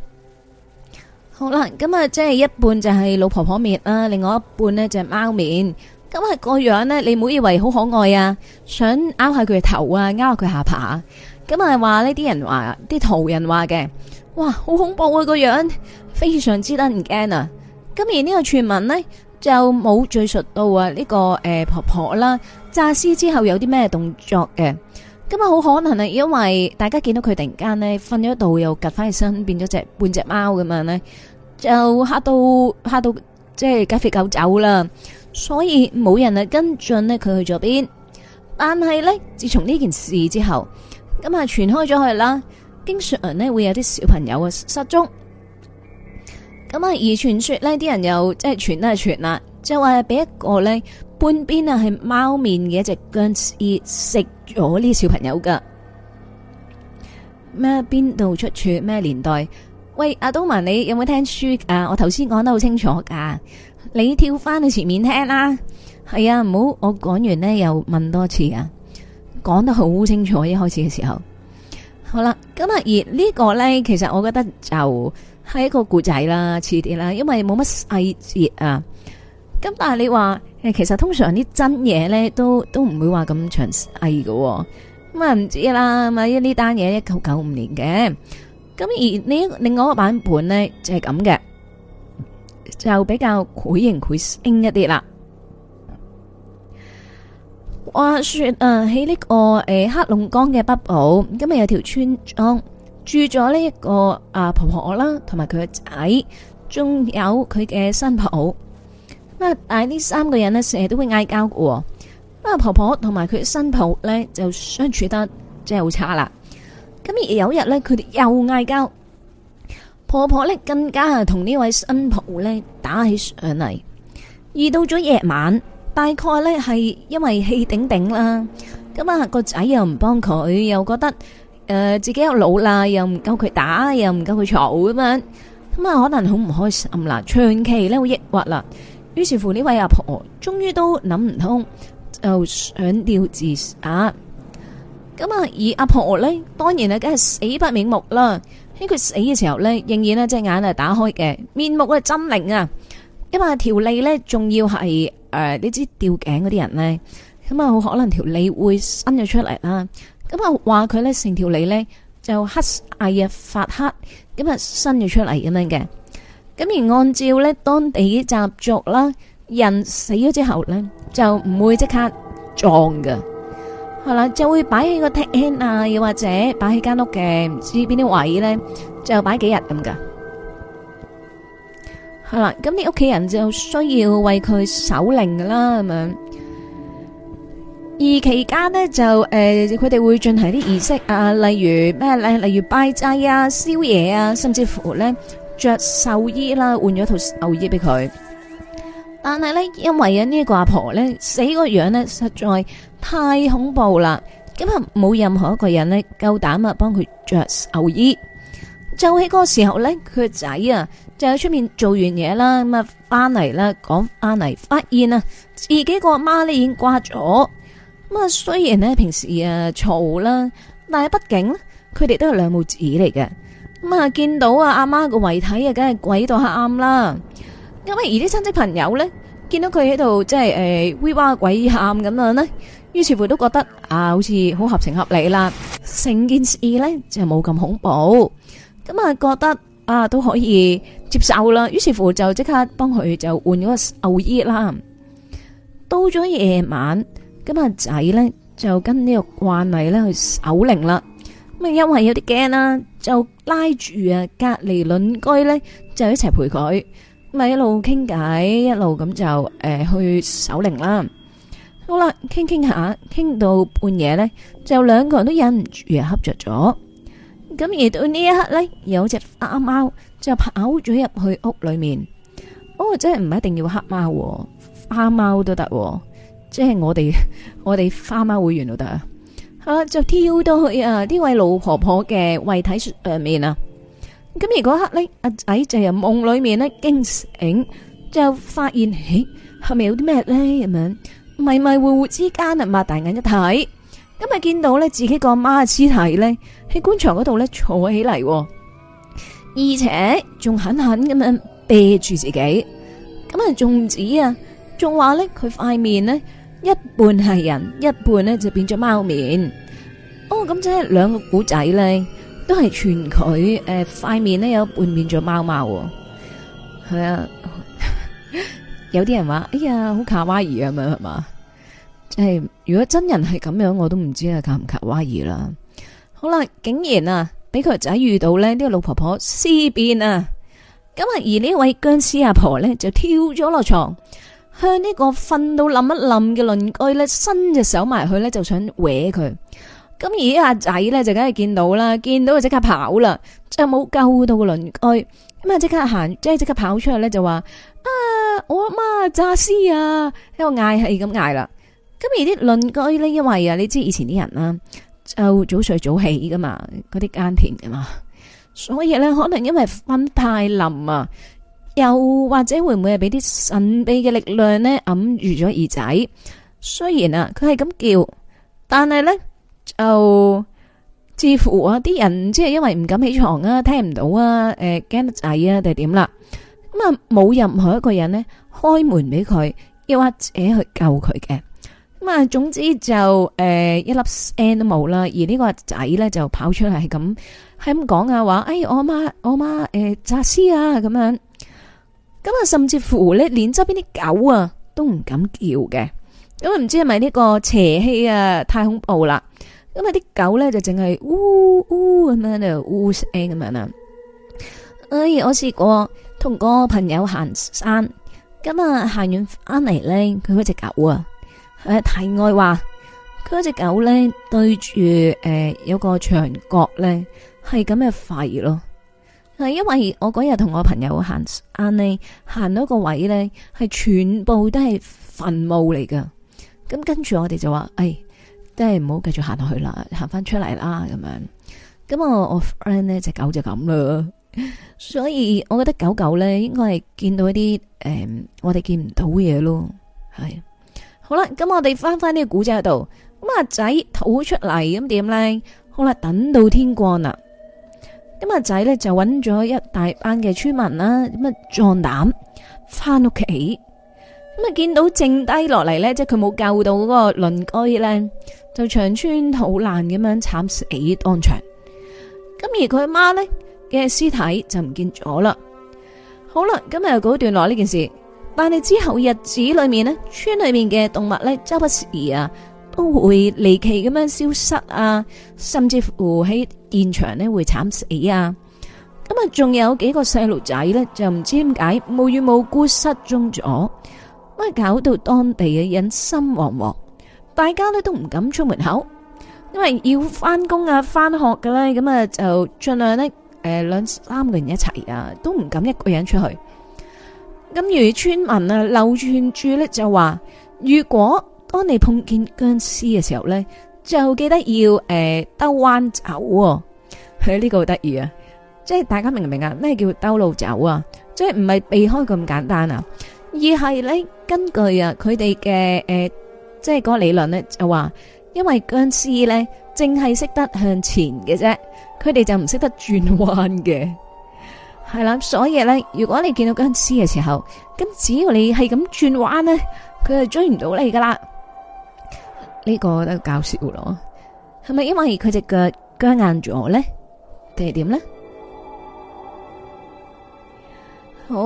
好啦，咁、嗯、啊，即係一半就係老婆婆面啦，另外一半呢就係貓面。咁啊個樣呢，你唔好以為好可愛啊，想拗下佢嘅頭啊，拗下佢下巴。咁啊話呢啲人話，啲途人話嘅，哇，好恐怖啊個樣，非常之得人驚啊。咁而呢個傳聞呢，就冇敘述到啊呢、這個誒、呃、婆婆啦詐屍之後有啲咩動作嘅。咁啊好可能啊，因為大家見到佢突然間呢，瞓咗度又趌翻起身，變咗隻半隻貓咁樣呢。就嚇到嚇到，即係街吠狗走啦，所以冇人啊跟進咧，佢去咗邊。但係呢，自從呢件事之後，咁啊傳開咗去啦。經常人呢會有啲小朋友啊失蹤。咁啊而傳說呢啲人又即係傳都係傳啦，就話俾一個呢半邊啊係貓面嘅一隻僵屍食咗呢小朋友噶。咩邊度出處咩年代？喂，阿東文，你有冇聽書？誒，我頭先講得好清楚噶，你跳翻去前面聽啦。係啊，唔好我講完呢又問多次啊，講得好清楚一開始嘅時候。好啦，咁啊而呢個呢，其實我覺得就係一個故仔啦，似啲啦，因為冇乜細節啊。咁但係你話誒，其實通常啲真嘢呢都都唔會話咁詳細嘅，咁啊唔知啦，咪呢單嘢一九九五年嘅。咁而呢另外一個版本呢，就係咁嘅，就比較繪形繪聲一啲啦。話說啊，喺呢個誒黑龍江嘅北部，今日有條村莊住咗呢一個阿婆婆啦，同埋佢嘅仔，仲有佢嘅新抱。啊，但係呢三個人呢，成日都會嗌交㗎。不過阿婆婆同埋佢嘅新抱呢，就相處得真係好差啦。咁而有日呢，佢哋又嗌交，婆婆呢，更加係同呢位新抱呢打起上嚟。遇到咗夜晚，大概呢係因為氣頂頂啦。咁啊個仔又唔幫佢，又覺得誒自己又老啦，又唔夠佢打，又唔夠佢吵咁樣。咁啊可能好唔開心啦，長期呢好抑鬱啦。於是乎呢位阿婆終於都諗唔通，就想吊自殺。.咁啊，而阿婆咧，當然啊，梗係死不瞑目啦。喺佢死嘅時候咧，仍然咧隻眼係打開嘅，面目啊猙獰啊。咁啊，條脷咧仲要係誒、呃，你知吊頸嗰啲人咧，咁啊好可能條脷會伸咗出嚟啦。咁啊話佢咧成條脷咧就黑翳發黑，咁啊伸咗出嚟咁樣嘅。咁、嗯、而按照咧當地習俗啦，人死咗之後咧就唔會即刻葬嘅。係啦，就會擺喺個廳啊，又或者擺喺間屋嘅，唔知邊啲位咧，就擺幾日咁噶。係啦，咁啲屋企人就需要為佢守靈噶啦，咁樣。而期間咧就誒，佢哋會進行啲儀式啊，例如咩咧，例如拜祭啊、燒嘢啊，甚至乎咧着壽衣啦，換咗套壽衣俾佢。但係咧，因為啊呢個阿婆咧死個樣咧，實在，太恐怖啦！咁啊，冇任何一個人呢，夠膽啊幫佢着壽衣。就喺嗰個時候呢，佢個仔啊就喺出面做完嘢啦，咁啊翻嚟啦，講翻嚟發現啊自己個阿媽呢已經掛咗。咁啊，雖然呢，平時啊嘈啦，但係畢竟佢哋都係兩母子嚟嘅。咁啊，見到啊阿媽個遺體啊，梗係鬼到喊啦。因為而啲親戚朋友呢，見到佢喺度即係誒嗚哇鬼喊咁樣呢。於是乎都覺得啊，好似好合情合理啦，成件事咧就冇咁恐怖，咁啊覺得啊都可以接受啦。於是乎就即刻幫佢就換咗個壽衣啦。到咗夜晚，咁阿仔咧就跟呢個慣例咧去守靈啦。咁啊因為有啲驚啦，就拉住啊隔籬鄰居咧就一齊陪佢，咪一路傾偈，一路咁就誒去守靈啦。.好啦，傾傾下，傾到半夜咧，就兩個人都忍唔住啊，恰着咗。咁而到呢一刻咧，有隻花貓就跑咗入去屋裏面。哦，真係唔係一定要黑貓喎，花貓都得喎。即係我哋我哋花貓會員都得啊。吓就跳到去啊，呢位老婆婆嘅遺體上面啊。咁而嗰刻咧，阿仔就由夢裏面咧驚醒，就發現，咦、哎，後面有啲咩咧咁樣。迷迷糊糊之間啊，擘大眼一睇，咁啊見到咧自己個媽嘅屍體咧喺棺材嗰度咧坐起嚟，而且仲狠狠咁樣啤住自己，咁啊仲唔止啊，仲話咧佢塊面呢一半係人，一半咧就變咗貓面。哦，咁即係兩個古仔咧，都係傳佢誒塊面咧有半變咗貓貓喎，係啊。 有啲人話，哎呀，好卡哇伊咁樣係嘛？即係、就是、如果真人係咁樣，我都唔知係卡唔卡哇伊啦。好啦，竟然啊，俾佢仔遇到咧，呢、這個老婆婆屍變啊！咁啊，而呢位殭屍阿婆咧就跳咗落床，向個軟軟呢個瞓到冧一冧嘅鄰居咧伸隻手埋去咧，就想搲佢。咁而呢阿仔咧就梗係見到啦，見到佢即刻跑啦，就冇救到個鄰居。咁啊，即刻行，即係即刻跑出去咧，就話。啊！我媽詐屍啊！喺度嗌係咁嗌啦。咁而啲鄰居咧，因為啊，你知以前啲人啦，就早睡早起噶嘛，嗰啲耕田噶嘛，所以咧可能因為瞓太冧啊，又或者會唔會係俾啲神秘嘅力量咧揞住咗耳仔？雖然啊，佢係咁叫，但係咧就似乎啊，啲人即係因為唔敢起床啊，聽唔到啊，誒驚得滯啊，定係點啦？咁啊，冇任何一個人呢開門俾佢，要阿姐去救佢嘅。咁啊，總之就誒、呃，一粒聲都冇啦。而個呢個仔呢就跑出嚟，咁係咁講啊，話哎，我媽我媽誒詐屍啊，咁樣咁啊，甚至乎呢連周邊啲狗啊都唔敢叫嘅。咁啊，唔知係咪呢個邪氣啊太恐怖啦？咁啊啲狗呢就淨係嗚嗚咁樣就嗚聲咁樣啦。哎，我試過。同個朋友行山，咁啊行完翻嚟咧，佢嗰隻狗啊，佢題外話，佢嗰隻狗咧對住誒、呃、有個牆角咧，係咁嘅吠咯，係因為我嗰日同我朋友行，行嚟行到個位咧係全部都係墳墓嚟噶，咁跟住我哋就話，誒、哎，真係唔好繼續行落去啦，行翻出嚟啦咁樣，咁我我 friend 呢隻狗就咁啦。所以我覺得狗狗咧，應該係見到一啲誒、呃，我哋見唔到嘢咯。係好啦，咁我哋翻翻呢個古仔度咁阿仔逃出嚟，咁點咧？好啦，等到天光啦，咁阿仔咧就揾咗一大班嘅村民啦，乜壯膽翻屋企咁啊，見到剩低落嚟咧，即係佢冇救到嗰個鄰居咧，就腸穿肚爛咁樣慘死當場。咁而佢媽咧。嘅屍體就唔見咗啦。好啦，今日又告一段落呢件事，但係之後日子裏面呢村裏面嘅動物呢，周不時啊，都會離奇咁樣消失啊，甚至乎喺現場呢會慘死啊。咁啊，仲有幾個細路仔呢，就唔知點解無緣無故失蹤咗，咁係搞到當地嘅人心惶惶，大家咧都唔敢出門口，因為要翻工啊、翻學噶啦，咁啊就盡量呢。誒，兩三個人一齊啊，都唔敢一個人出去。咁如村民啊，流傳住咧就話，如果當你碰見殭屍嘅時候咧，就記得要誒兜彎走，哦。佢、這、呢個好得意啊！即係大家明唔明啊？咩叫兜路走啊？即係唔係避開咁簡單啊？而係咧根據啊佢哋嘅誒，即係個理論咧就話，因為殭屍咧。淨係識得向前嘅啫，佢哋就唔識得轉彎嘅，係啦。所以咧，如果你見到殭屍嘅時候，咁只要你係咁轉彎咧，佢就追唔到你噶啦。呢個都搞笑咯？係咪因為佢隻腳僵硬住我咧，定係點咧？好，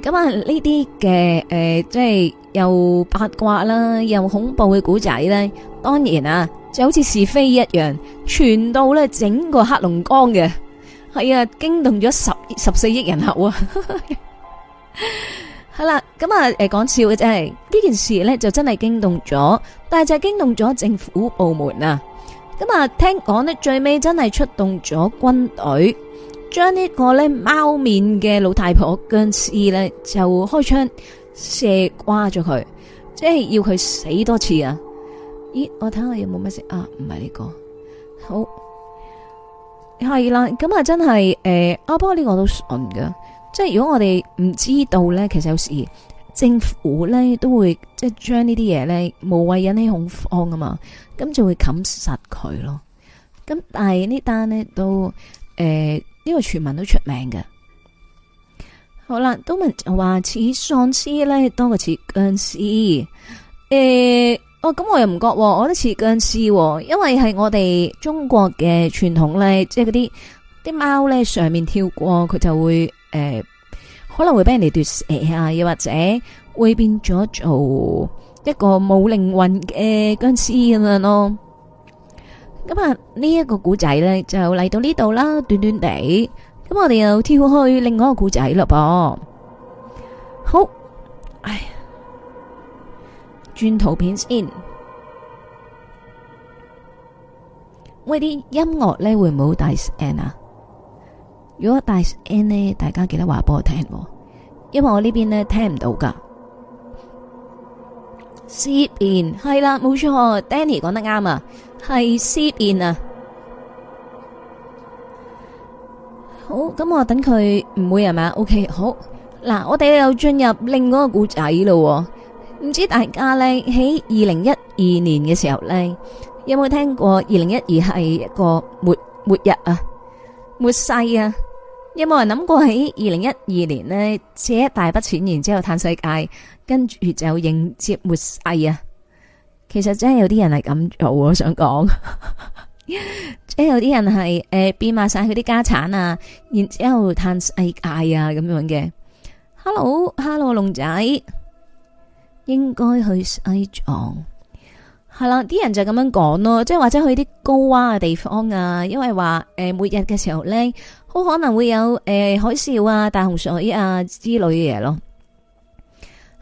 咁啊，呢啲嘅誒，即係。又八卦啦，又恐怖嘅古仔呢，當然啊，就好似是非一樣，傳到呢整個黑龍江嘅，係 啊，驚動咗十十四億人口啊。係啦，咁啊，誒、嗯，講笑嘅啫，呢件事呢，就真係驚動咗，但係就驚動咗政府部門啊。咁、嗯、啊，聽講呢，最尾真係出動咗軍隊，將呢個呢貓面嘅老太婆殭屍呢，就開槍。射瓜咗佢，即係要佢死多次啊！咦，我睇下有冇乜事啊？唔係呢個，好係啦，咁啊真係誒、呃，啊不過呢個都純噶，即係如果我哋唔知道咧，其實有時政府咧都會即係將呢啲嘢咧無謂引起恐慌啊嘛，咁就會冚實佢咯。咁但係呢單呢都誒呢個傳聞都出名嘅。好啦，都問就話似喪屍咧多過似僵屍，誒、欸，哦咁我又唔覺，我都似僵屍、哦，因為係我哋中國嘅傳統咧，即係嗰啲啲貓咧上面跳過，佢就會誒、欸，可能會俾人哋奪食啊，又或者會變咗做一個冇靈魂嘅僵屍咁樣咯。咁、嗯、啊，這個、呢一個古仔咧就嚟到呢度啦，短短地。咁我哋又跳開另外一個故仔嘞噃。好，哎，轉圖片先，喂啲音樂呢會唔會大聲啊？如果大聲咧，大家記得話畀我聽、哦，因為我這邊呢邊呢聽唔到噶。Sip in 係啦，冇錯，Danny 講得啱啊，係 Sip in 啊。好，咁我等佢唔會係嘛？OK，好嗱，我哋又進入另一個故仔咯。唔知大家咧喺二零一二年嘅時候咧，有冇聽過二零一二係一個末末日啊、末世啊？有冇人諗過喺二零一二年咧借一大筆錢，然之後嘆世界，跟住就迎接末世啊？其實真係有啲人係咁做，我想講。即係有啲人係誒變賣晒佢啲家產啊，然之後嘆世界啊咁樣嘅。Hello，Hello，龍仔應該去西藏係啦。啲人就咁樣講咯，即係或者去啲高洼嘅地方啊，因為話誒末日嘅時候咧，好可能會有誒海嘯啊、大洪水啊之類嘅嘢咯。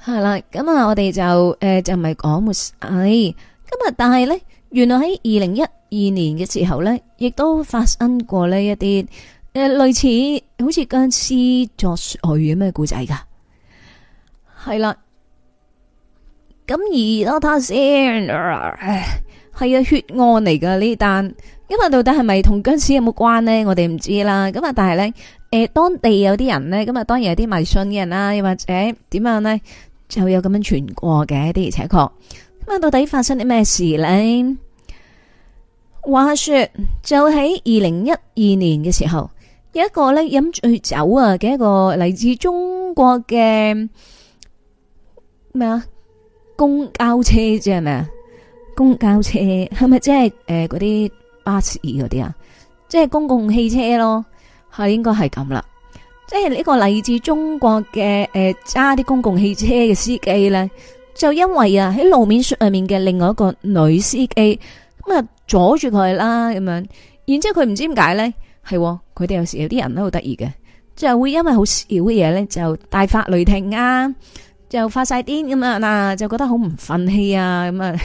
係啦，咁啊，我哋就誒就唔係講末世，咁啊，但係咧，原來喺二零一。二年嘅時候呢，亦都發生過呢一啲誒、呃、類似好似僵屍作祟嘅咩故仔噶，係啦。咁而啦，睇下先，係啊血案嚟噶呢單，咁啊到底係咪同僵屍有冇關呢？我哋唔知啦。咁啊，但係呢，誒當地有啲人呢，咁啊當然有啲迷信嘅人啦，又或者點樣呢，就有咁樣傳過嘅，的而且確。咁啊，到底發生啲咩事呢？話說，就喺二零一二年嘅時候，有一個咧飲醉酒啊嘅一個嚟自中國嘅咩啊？公交車啫係咪啊？公交車係咪即係誒嗰啲巴士嗰啲啊？即係公共汽車咯，係應該係咁啦。即係呢個嚟自中國嘅誒揸啲公共汽車嘅司機咧，就因為啊喺路面上面嘅另外一個女司機。咁啊，阻住佢啦，咁樣。然之後佢唔知點解呢，係佢哋有時有啲人都好得意嘅，就會因為好小嘅嘢呢，就大發雷霆啊，就發晒癲咁樣啊，就覺得好唔憤氣啊，咁啊，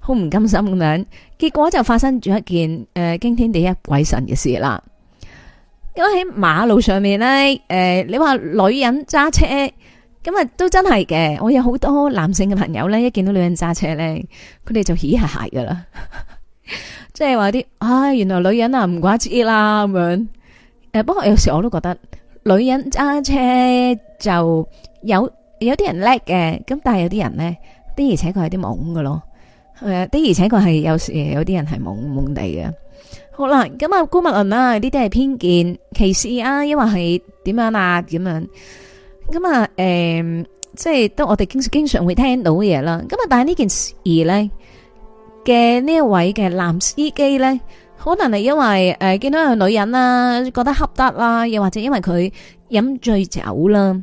好唔甘心咁樣。結果就發生咗一件誒、呃、驚天地一鬼神嘅事啦。咁喺馬路上面呢，誒、呃，你話女人揸車。咁啊，都真係嘅。我有好多男性嘅朋友咧，一見到女人揸車咧，佢哋就起鞋噶啦，即係話啲，唉，原來女人啊唔掛住啦咁樣。誒，不過有時我都覺得女人揸車就有有啲人叻嘅，咁但係有啲人咧，確的而且確係啲懵嘅咯。啊，的而且確係有時有啲人係懵懵地嘅。好啦，咁啊，姑勿論啊，呢啲係偏見歧視啊，抑或係點樣啊，咁樣。咁啊，誒，即係都我哋經經常會聽到嘅嘢啦。咁啊，但係呢件事咧，嘅呢一位嘅男司機咧，可能係因為誒見到個女人啦，覺得恰得啦，又或者因為佢飲醉酒啦。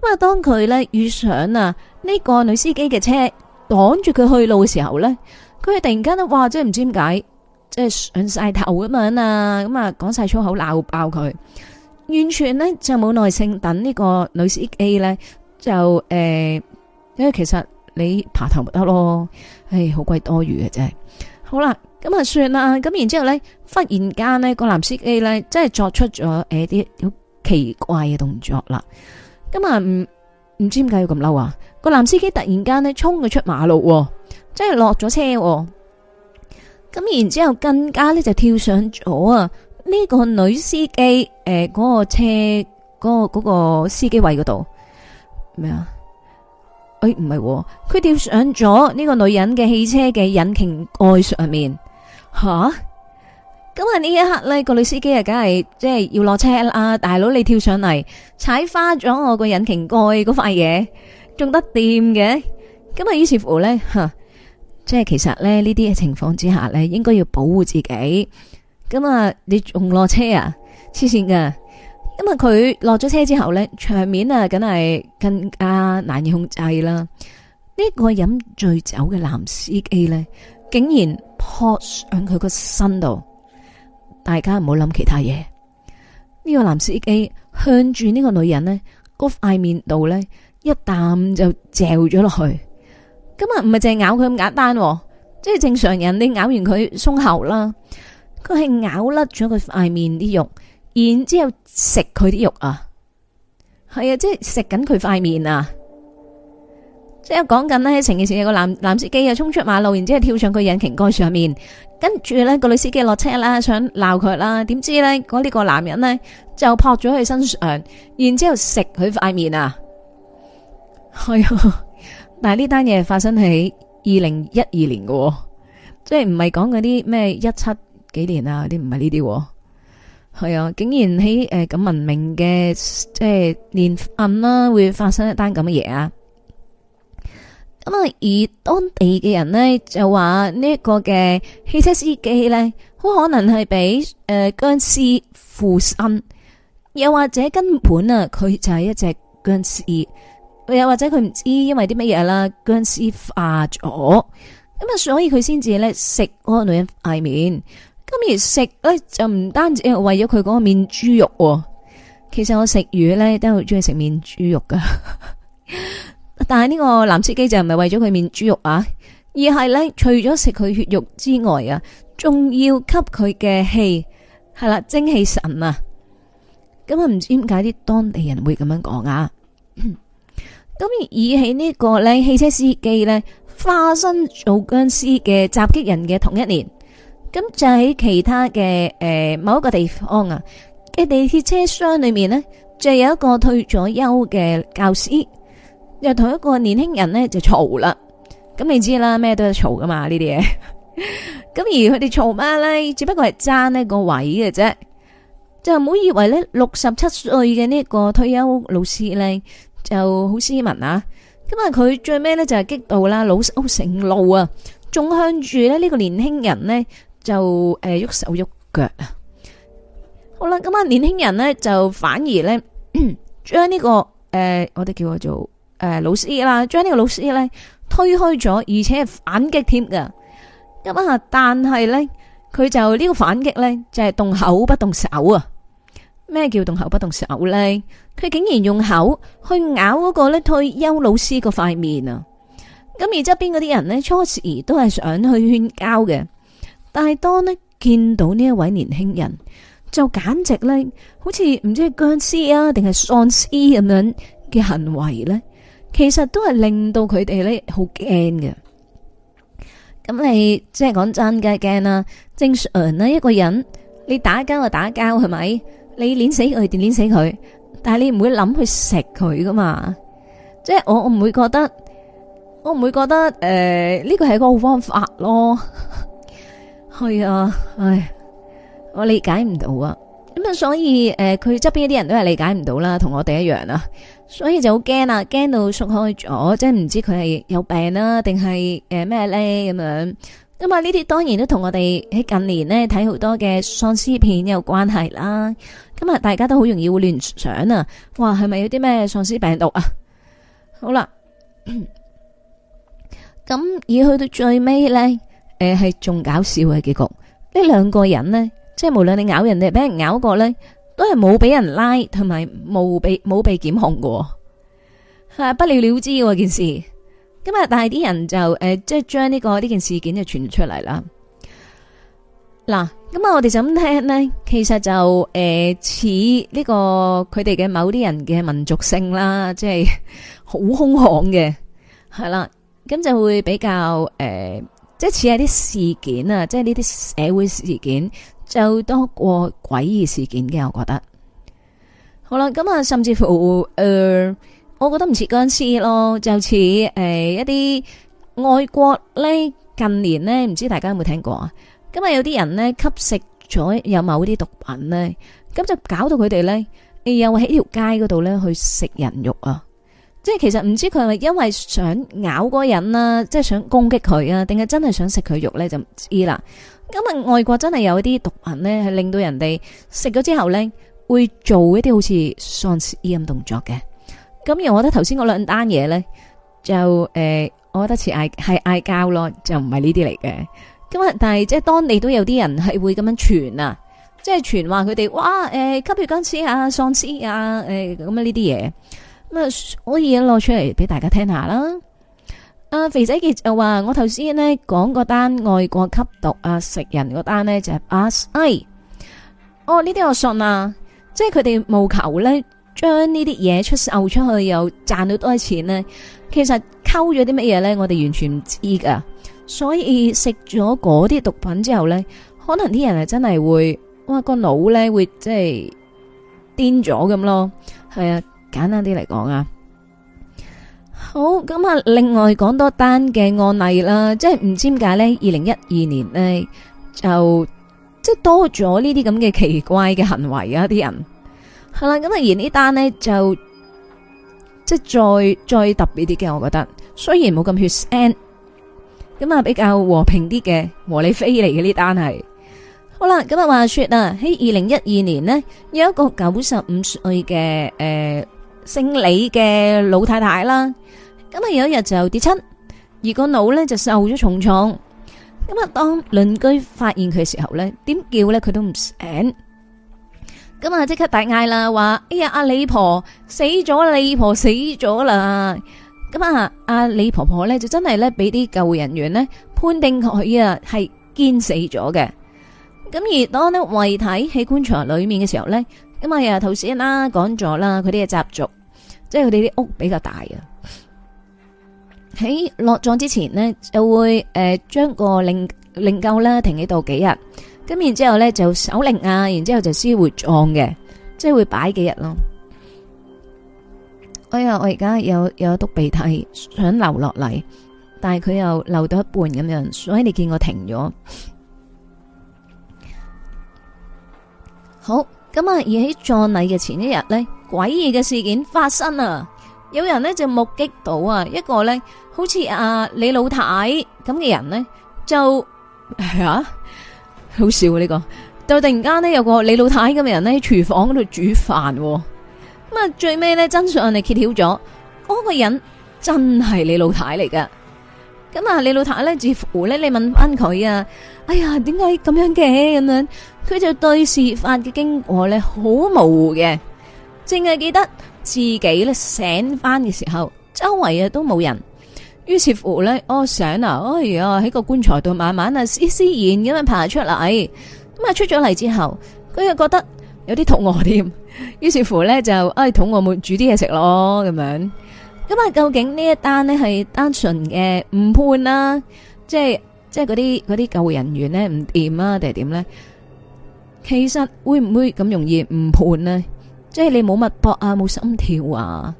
咁啊，當佢咧遇上啊呢個女司機嘅車擋住佢去路嘅時候咧，佢係突然間咧，哇！即係唔知點解，即係上晒頭咁樣啊！咁啊，講晒粗口鬧爆佢。完全咧就冇耐性等呢個女司機咧就誒、呃，因為其實你爬頭咪得咯，係好鬼多餘嘅，真係。好啦，咁啊算啦，咁然之後咧忽然間呢個男司機咧真係作出咗誒啲好奇怪嘅動作啦。咁啊唔唔知點解要咁嬲啊？個男司機突然間咧衝佢出馬路，真係落咗車。咁然之後更加咧就跳上咗啊！呢個女司機誒，嗰個車嗰個嗰個司機位嗰度咩啊？誒，唔係，佢跳上咗呢個女人嘅汽車嘅引擎蓋上面。吓！咁啊呢一刻呢個女司機啊，梗係即係要落車啦。大佬你跳上嚟，踩花咗我個引擎蓋嗰塊嘢，仲得掂嘅。咁啊，於是乎呢，吓，即係其實咧呢啲情況之下呢，應該要保護自己。咁啊！你仲落車啊？黐線㗎！咁啊，佢落咗車之後呢，場面啊，梗係更加難以控制啦。呢個飲醉酒嘅男司機呢，竟然撲上佢個身度。大家唔好諗其他嘢。呢個男司機向住呢個女人呢嗰塊面度呢，一啖就嚼咗落去。咁啊，唔係淨係咬佢咁簡單，即係正常人你咬完佢鬆喉啦。佢係咬甩咗佢塊面啲肉，然之後食佢啲肉啊，係啊，即係食緊佢塊面啊！即係講緊呢，成件事有個男男司機啊，衝出馬路，然之後跳上佢引擎蓋上面，跟住呢個女司機落車啦，想鬧佢啦，點知呢嗰呢，嗰個男人呢，就撲咗佢身上，然之後食佢塊面啊！係、哎、啊，但係呢單嘢發生喺二零一二年嘅，哦，即係唔係講嗰啲咩一七。幾年啦、啊？啲唔係呢啲，係啊！竟然喺誒咁文明嘅，即係年份啦、啊，會發生一單咁嘅嘢啊！咁啊，而當地嘅人呢，就話呢一個嘅汽車司機呢，好可能係俾誒殭屍附身，又或者根本啊佢就係一隻殭屍，又或者佢唔知因為啲乜嘢啦，殭屍化咗，咁啊，所以佢先至呢，食嗰個女人塊面。咁而食咧就唔單止為咗佢嗰個面豬肉喎，其實我食魚咧都好中意食面豬肉噶。 但係呢個男司機就唔係為咗佢面豬肉啊，而係咧除咗食佢血肉之外啊，仲要吸佢嘅氣係啦，精氣神啊。根本唔知點解啲當地人會咁樣講啊。咁 而以喺呢、這個咧汽車司機咧化身做僵屍嘅襲擊人嘅同一年。咁就喺其他嘅誒，某一個地方啊嘅地鐵車廂裏面咧，就有一個退咗休嘅教師，又同一個年輕人咧就嘈啦。咁你知啦，咩都係嘈噶嘛呢啲嘢。咁而佢哋嘈乜咧？只不過係爭呢個位嘅啫。就唔好以為咧六十七歲嘅呢個退休老師咧就好斯文啊。咁啊，佢最尾咧就係激到啦，老羞成怒啊，仲向住咧呢個年輕人咧。就誒，喐、呃、手喐腳啊！好啦，咁啊，年輕人呢，就反而呢，將呢、這個誒、呃，我哋叫做誒、呃、老師啦，將呢個老師呢，推開咗，而且係反擊添噶。咁啊，但係呢，佢就呢、這個反擊呢，就係、是、動口不動手啊！咩叫動口不動手呢？佢竟然用口去咬嗰個呢退休老師個塊面啊！咁而側邊嗰啲人呢，初時都係想去勸交嘅。但係當咧見到呢一位年輕人，就簡直咧好似唔知僵屍啊定係喪屍咁樣嘅行為咧，其實都係令到佢哋咧好驚嘅。咁你即係講真嘅驚啦，正常啦，一個人你打交就打交係咪？你捻死佢就捻死佢，但係你唔會諗去食佢噶嘛？即係我我唔會覺得，我唔會覺得誒呢個係一個好方法咯。係啊，唉，我理解唔到啊，咁啊，所以誒，佢側邊啲人都係理解唔到啦，同我哋一樣啊。所以就好驚啊，驚到縮開咗，即係唔知佢係有病啦，定係誒咩呢咁樣，咁啊呢啲當然都同我哋喺近年呢睇好多嘅喪屍片有關係啦，咁啊大家都好容易會亂想啊，哇，係咪有啲咩喪屍病毒啊？好啦，咁而去到最尾呢。誒，係仲搞笑嘅結局。呢兩個人呢，即係無論你咬人哋俾人咬過呢，都係冇俾人拉，同埋冇被冇被檢控過，係不了了之、啊、件事。咁啊，但係啲人就誒，即係將呢、這個呢件事件就傳出嚟啦。嗱，咁啊，我哋就咁聽呢，其實就誒似呢個佢哋嘅某啲人嘅民族性啦，即係好兇悍嘅，係啦，咁就會比較誒。呃即似係啲事件啊，即係呢啲社會事件就多過詭異事件嘅，我覺得。好啦，咁啊，甚至乎誒、呃，我覺得唔似殭屍咯，就似誒、呃、一啲外國咧，近年咧唔知大家有冇聽過啊？咁、嗯、啊，有啲人咧吸食咗有某啲毒品咧，咁就搞到佢哋咧又喺條街嗰度咧去食人肉啊！即係其實唔知佢係咪因為想咬嗰人啦、啊，即係想攻擊佢啊，定係真係想食佢肉咧就唔知啦。咁啊，外國真係有一啲毒品咧，係令到人哋食咗之後咧，會做一啲好似喪屍咁動作嘅。咁而我覺得頭先嗰兩單嘢咧，就誒、呃，我覺得似嗌係嗌交咯，就唔係呢啲嚟嘅。咁啊，但係即係當地都有啲人係會咁樣傳啊，即係傳話佢哋哇誒、呃，吸血僵屍啊，喪屍啊，誒咁啊呢啲嘢。這咁啊，我嘢攞出嚟俾大家聽下啦。阿、啊、肥仔傑就話：我頭先呢講個單外國吸毒啊食人個單呢，就係阿哎，哦呢啲我信啊，即係佢哋務求呢將呢啲嘢出售出去又賺到多錢呢，其實溝咗啲乜嘢呢？我哋完全唔知噶。所以食咗嗰啲毒品之後呢，可能啲人係真係會哇個腦呢會即係癲咗咁咯，係啊。簡單啲嚟講啊，好咁啊，另外講多單嘅案例啦，即係唔知點解呢，二零一二年呢就即係多咗呢啲咁嘅奇怪嘅行為啊，啲人係啦，咁啊而呢單呢就即係再再特別啲嘅，我覺得雖然冇咁血腥，咁啊比較和平啲嘅和你飛嚟嘅呢單係好啦，咁啊話說啊喺二零一二年呢有一個九十五歲嘅誒。姓李嘅老太太啦，咁啊有一日就跌親，而個腦呢就受咗重創。咁啊，當鄰居發現佢嘅時候呢，點叫呢佢都唔醒。咁啊，即刻大嗌啦，話：哎呀，阿李婆死咗，李婆死咗啦！咁啊，阿李婆婆呢就真係呢俾啲救護人員呢判定佢啊係堅死咗嘅。咁而當呢遺體喺棺材裏面嘅時候呢。因為啊頭先啦，講咗啦，佢啲嘅習俗，即係佢哋啲屋比較大啊。喺落葬之前呢，就會誒將個靈靈柩呢停喺度幾日，咁然之後呢就守靈啊，然之後就先會葬嘅，即係會擺幾日咯。哎呀，我而家有有篤鼻涕，想流落嚟，但係佢又流到一半咁樣，所以你見我停咗，好。咁啊，而喺葬禮嘅前一日咧，詭異嘅事件發生啊！有人呢就目擊到啊，一個咧好似阿李老太咁嘅人呢，就係啊，好笑喎、啊。呢、呢個！就突然間呢，有個李老太咁嘅人咧喺廚房嗰度煮飯。咁啊，最尾咧真相係揭曉咗，嗰、嗰個人真係李老太嚟噶。咁啊，李老太咧似乎呢，咧，你問翻佢啊，哎呀，點解咁樣嘅咁樣？佢就對事發嘅經過咧好模糊嘅，淨係記得自己咧醒翻嘅時候，周圍啊都冇人。於是乎咧，我、哦、醒啊，哎呀，喺個棺材度慢慢啊，絲絲然咁樣爬出嚟。咁、哎、啊，出咗嚟之後，佢就覺得有啲肚餓添。於是乎咧，就哎肚餓，冇煮啲嘢食咯，咁樣。咁啊，究竟呢一單呢係單純嘅誤判啦，即係即係嗰啲嗰啲救護人員咧唔掂啊，定係點咧？其實會唔會咁容易誤判呢？即係你冇脈搏啊，冇心跳啊，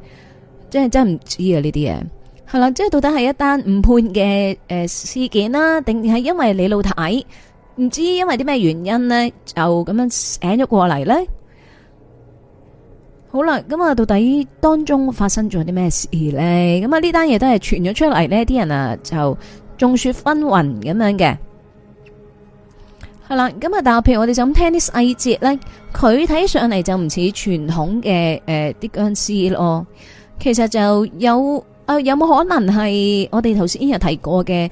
即係真唔知啊呢啲嘢係啦。即係到底係一單誤判嘅誒事件啦、啊，定係因為李老太唔知因為啲咩原因呢？就咁樣醒咗過嚟呢？好啦，咁、嗯、啊，到底當中發生咗啲咩事呢？咁、嗯、啊，呢單嘢都係傳咗出嚟呢。啲人啊就眾說紛紜咁樣嘅。啦，咁啊，但係譬如我哋就咁聽啲細節咧，佢睇上嚟，就唔似傳統嘅誒啲僵屍咯，其實就有、呃、有冇可能係我哋頭先有提過嘅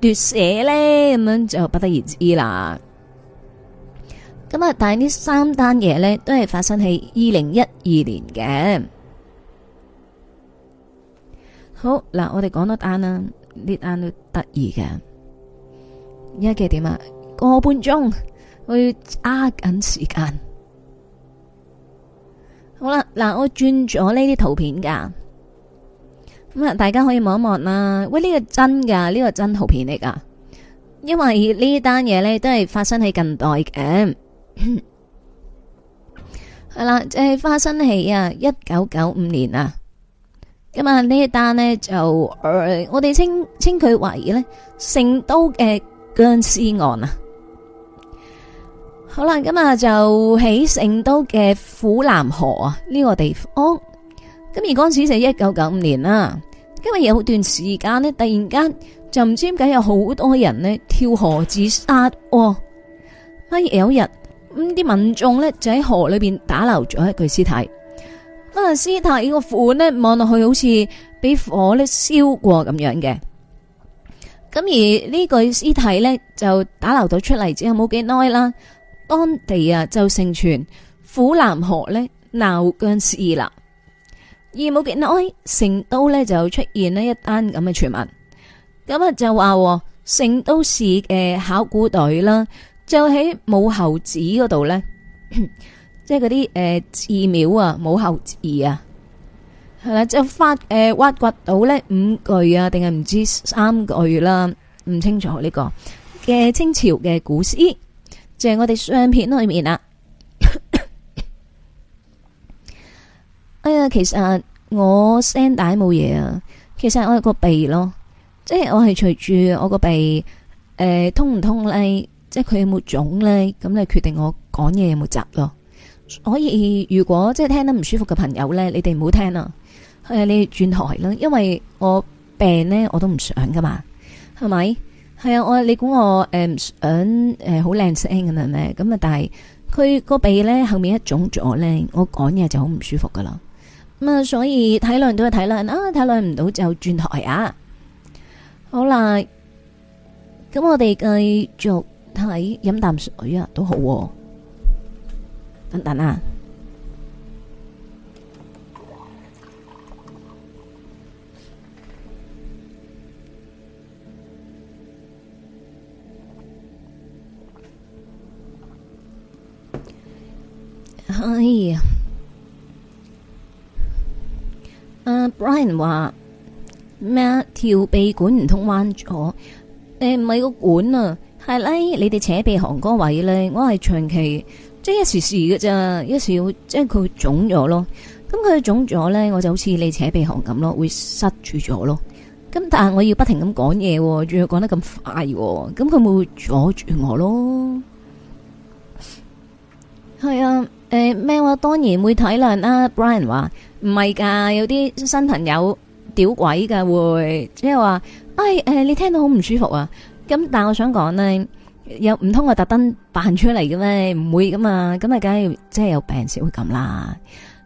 奪舍咧，咁樣就不得而知啦。咁啊，但係呢三單嘢咧都係發生喺二零一二年嘅。好嗱，我哋講多單啦，呢單都得意嘅，依家幾點啊？個半鐘，我要揸緊時間。好啦，嗱，我轉咗呢啲圖片噶，咁啊，大家可以望一望啦。喂，呢個真噶，呢個真圖片嚟噶，因為呢單嘢呢，都係發生喺近代嘅，係啦， 即係發生喺啊一九九五年啊。咁啊，呢一單呢就，我哋稱稱佢為呢成都嘅僵屍案啊。好啦，今日就喺成都嘅府南河啊呢個地方。咁而嗰陣時就一九九五年啦。今日有段時間呢，突然間就唔知點解有好多人呢跳河自殺。咁、哦、有一日咁啲民眾呢，就喺河裏邊打撈咗一具屍體。啊，屍體個款呢，望落去好似俾火呢燒過咁樣嘅。咁而呢具屍體呢，就打撈咗出嚟之後冇幾耐啦。當地啊就盛傳府南河呢鬧殭屍啦。而冇幾耐，成都呢就出現一單咁嘅傳聞。咁啊就話成都市嘅考古隊啦， 就喺武侯祠嗰度呢，即係嗰啲誒寺廟啊武侯祠啊係啦，就發誒挖掘到呢五具啊，定係唔知三具啦，唔清楚呢、這個嘅清朝嘅古詩。就係、是、我哋相片裏面啊 哎呀，其實我聲帶冇嘢啊。其實我係個鼻咯，即係我係隨住我個鼻誒、呃、通唔通咧，即係佢有冇腫咧，咁你決定我講嘢有冇窒咯。所以如果即係聽得唔舒服嘅朋友咧，你哋唔好聽啦。誒、哎，你哋轉台啦，因為我病咧，我都唔想噶嘛，係咪？係啊，我你估我誒、呃、想誒好靚聲咁樣咩？咁、呃、啊，但係佢個鼻咧後面一種咗一腫咗咧，我講嘢就好唔舒服噶啦。咁啊，所以體諒都係體諒啊，體諒唔到就轉台啊。好啦，咁我哋繼續睇飲啖水啊，都好、啊。等等啊！哎呀、uh, Brian 話咩？條鼻管唔通彎咗？誒、欸，唔係個管啊，係咧。你哋扯鼻寒鼻鼾嗰位咧，我係長期即係一時時嘅咋，一時即係佢腫咗咯。咁佢腫咗咧，我就好似你扯鼻鼾咁咯，會塞住咗咯。咁但係我要不停咁講嘢，仲要講得咁快，咁佢冇阻住我咯。係、哎、啊。誒咩？話當然會體諒啦。Brian 話唔係噶，有啲新朋友屌鬼㗎會，即係話，哎誒、呃，你聽到好唔舒服啊！咁但係我想講咧，又唔通我特登扮出嚟嘅咩？唔會噶嘛？咁啊，梗係即係有病先會咁啦。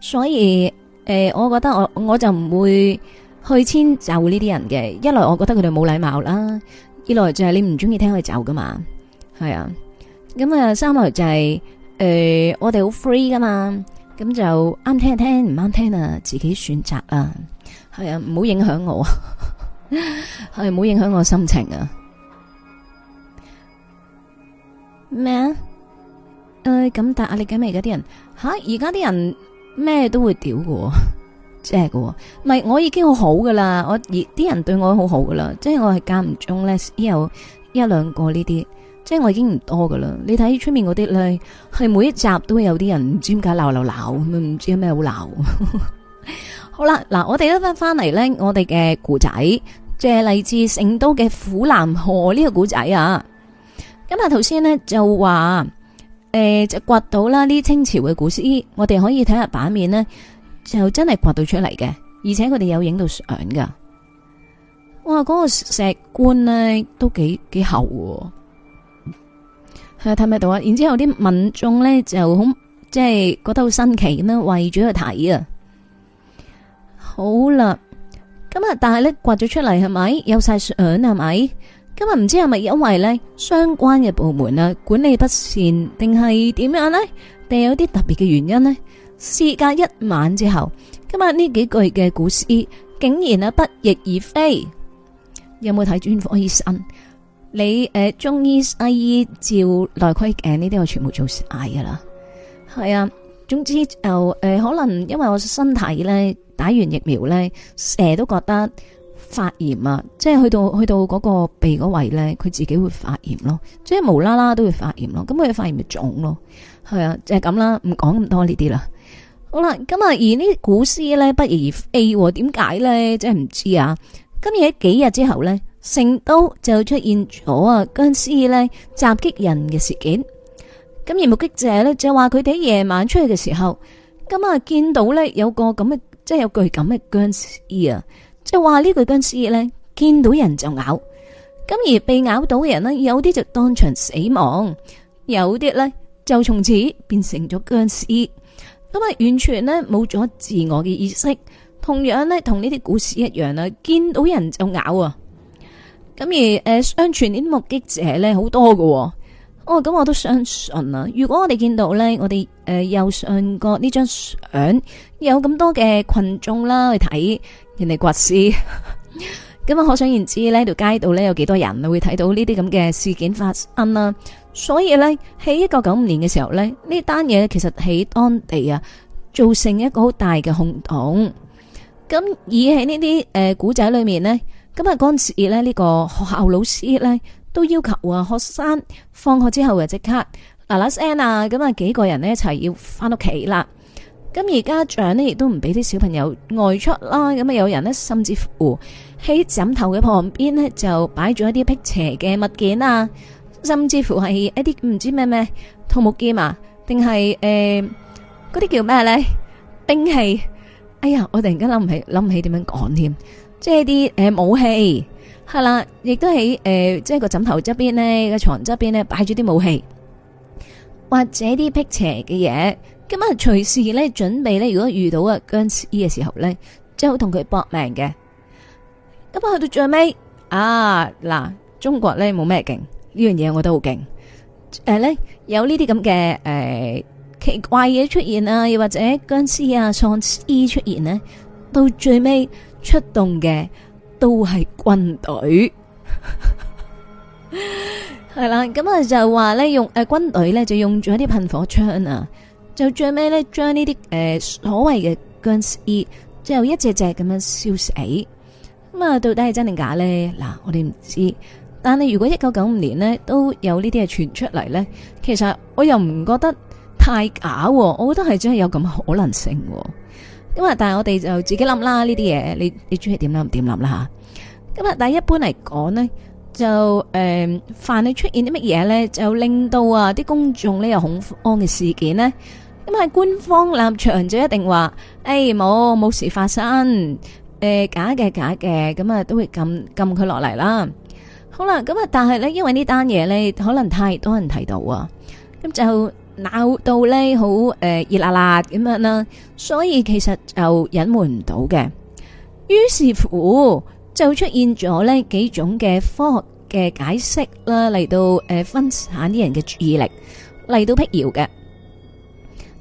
所以誒、呃，我覺得我我就唔會去遷就呢啲人嘅。一來我覺得佢哋冇禮貌啦，二來就係你唔中意聽佢走噶嘛，係啊。咁啊，三來就係、是。誒、呃，我哋好 free 噶嘛，咁就啱聽就聽，唔啱聽啊，自己選擇啊，係 啊，唔好影響我，係唔好影響我心情啊。咩、呃、啊？誒，咁大壓力，咁而家啲人吓，而家啲人咩都會屌噶，即係噶，唔係我已經好好噶啦，我而啲人對我好好噶啦，即係我係間唔中咧，有一兩個呢啲。即係我已經唔多噶啦。你睇出面嗰啲咧，係每一集都會有啲人唔知點解鬧鬧鬧咁啊，唔知有咩好鬧。 好啦，嗱，我哋一翻翻嚟咧，我哋嘅古仔，即係嚟自成都嘅府南河呢個古仔啊。咁啊，頭先呢，就話誒，就掘到啦呢清朝嘅古屍，我哋可以睇下版面呢，就真係掘到出嚟嘅，而且佢哋有影到相噶。哇，嗰、嗰個石棺咧都幾幾厚喎。係睇唔睇到啊？然之後啲民眾咧就好，即係覺得好新奇咁樣圍住去睇啊！好啦，今日但係咧刮咗出嚟係咪有晒相係咪？今日唔知係咪因為咧相關嘅部門啊管理不善，定係點樣呢？定有啲特別嘅原因呢？事隔一晚之後，今日呢幾具嘅古屍竟然啊不翼而飛，有冇睇專科醫生？你誒中醫西醫照內窺鏡呢啲我全部做晒噶啦，係啊，總之就誒、呃、可能因為我身體咧打完疫苗咧成日都覺得發炎啊，即係去到去到嗰個鼻嗰位咧，佢自己會發炎咯，即係無啦啦都會發炎咯，咁佢發炎咪腫咯，係啊、就係，即係咁啦，唔講咁多呢啲啦。好啦，咁啊，而呢啲古詩咧不翼而飛喎。點解咧？即係唔知啊！今日喺幾日之後咧？成都就出現咗啊，僵屍咧襲擊人嘅事件。咁而目擊者咧就話佢哋夜晚出去嘅時候，咁啊見到咧有個咁嘅，即係有具咁嘅僵屍啊，即係話呢個僵屍咧見到人就咬。咁而被咬到嘅人呢，有啲就當場死亡，有啲咧就從此變成咗僵屍，咁啊完全呢冇咗自我嘅意識。同樣咧同呢啲故事一樣啊，見到人就咬啊。咁而誒、呃，相傳呢啲目擊者咧好多喎、哦。哦，咁我都相信啊。如果我哋見到咧，我哋誒右上角呢張相有咁多嘅群眾啦，去睇人哋掘屍，咁 啊、嗯，可想而知，呢條街道咧有幾多人會睇到呢啲咁嘅事件發生啦。所以咧，喺一九九五年嘅時候咧，呢單嘢其實喺當地啊造成一個好大嘅轟動。咁、嗯、而喺呢啲誒古仔裏面呢。咁啊，嗰陣時咧，呢個學校老師咧都要求啊，學生放學之後啊，即刻嗱嗱聲啊，咁啊，幾個人呢一齊要翻屋企啦。咁而家長呢，亦都唔俾啲小朋友外出啦。咁啊，有人呢，甚至乎喺枕頭嘅旁邊呢，就擺住一啲辟邪嘅物件啊，甚至乎係一啲唔知咩咩桃木劍啊，定係誒嗰啲叫咩咧兵器？哎呀，我突然間諗唔起，諗唔起點樣講添。即係啲誒武器係啦，亦都喺誒、呃，即係個枕頭側邊呢，個床側邊呢，擺住啲武器，或者啲辟邪嘅嘢。咁啊，隨時咧準備咧，如果遇到啊僵屍嘅時候呢，即係好同佢搏命嘅。咁啊，去到最尾啊嗱，中國呢冇咩勁呢樣嘢，我覺得好勁誒咧，有呢啲咁嘅誒奇怪嘢出現啊，又或者僵屍啊、喪屍出現咧，到最尾。出動嘅都係軍隊，係 啦，咁啊就話咧用誒、呃、軍隊咧就用咗啲噴火槍啊，就最尾咧將呢啲誒、呃、所謂嘅僵屍就一隻隻咁樣燒死，咁啊到底係真定假咧？嗱，我哋唔知，但係如果一九九五年呢都有呢啲嘢傳出嚟咧，其實我又唔覺得太假，啊，我覺得係真係有咁嘅可能性，啊。咁啊！但係我哋就自己諗啦，呢啲嘢，你你中意點諗點諗啦吓。咁啊，但係一般嚟講咧，就誒，凡係出現啲乜嘢咧，就令到啊啲公眾咧有恐慌嘅事件咧，咁係官方立場就一定話，誒冇冇事發生，誒假嘅假嘅，咁啊都會撳撳佢落嚟啦。好啦，咁啊，但係咧，因為呢單嘢咧，可能太多人睇到啊，咁就。鬧到咧好誒熱辣辣咁樣啦，所以其實就隱瞞唔到嘅。於是乎就出現咗呢幾種嘅科學嘅解釋啦，嚟到誒分散啲人嘅注意力，嚟到辟謠嘅。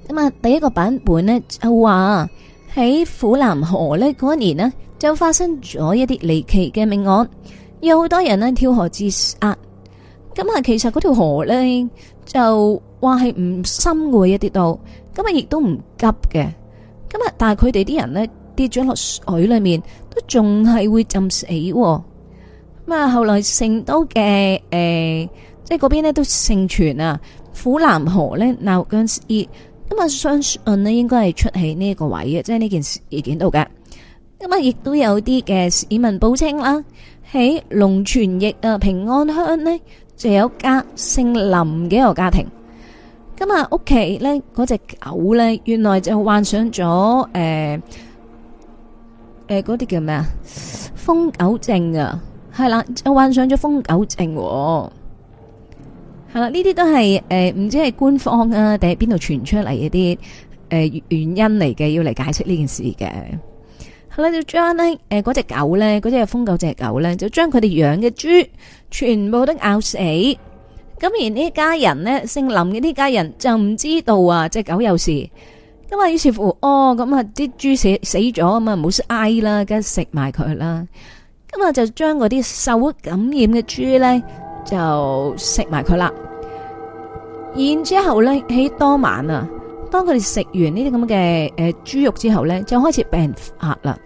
咁、嗯、啊，第一個版本呢，就話喺府南河呢嗰一年呢，就發生咗一啲離奇嘅命案，有好多人呢跳河自殺。咁、嗯、啊，其實嗰條河呢就。話係唔深㗎一啲度，咁啊亦都唔急嘅。咁啊，但係佢哋啲人咧跌咗落水裏面，都仲係會浸死咁啊。後來成都嘅誒，即係嗰邊咧都盛傳啊。府南河咧鬧殭屍，咁啊，相信咧應該係出喺呢一個位嘅，即係呢件事事件度嘅。咁啊，亦都有啲嘅市民報稱啦，喺龍泉驛啊平安鄉咧，就有家姓林嘅一個家庭。咁啊屋企咧嗰隻狗咧，原來就患上咗誒誒嗰啲叫咩啊瘋狗症啊，係啦就患上咗瘋狗症，啊，係啦呢啲都係誒唔知係官方啊定係邊度傳出嚟一啲誒、呃、原因嚟嘅，要嚟解釋呢件事嘅。後來就將呢誒嗰隻狗咧，嗰隻瘋狗隻狗咧，就將佢哋養嘅豬全部都咬死。咁而呢家人呢，姓林嘅呢家人就唔知道啊，隻狗有事。咁啊，於是乎，哦，咁啊，啲豬死死咗啊嘛，唔好嗌啦，梗係食埋佢啦。咁啊，就將嗰啲受感染嘅豬呢，就食埋佢啦。然之後呢，喺當晚啊，當佢哋食完呢啲咁嘅誒豬肉之後呢，就開始病發啦。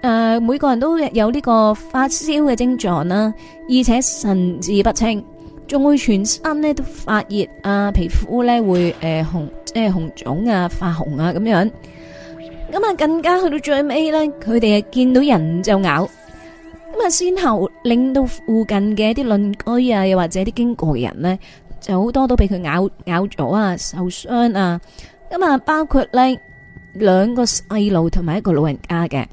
誒、呃，每個人都有呢個發燒嘅症狀啦、啊，而且神志不清。仲會全身咧都發熱啊，皮膚咧會誒、呃、紅，即係紅腫啊，發紅啊咁樣。咁啊，更加去到最尾咧，佢哋啊見到人就咬。咁啊，先後令到附近嘅一啲鄰居啊，又或者啲經過嘅人呢，就好多都俾佢咬咬咗啊，受傷啊。咁啊，包括咧兩個細路同埋一個老人家嘅。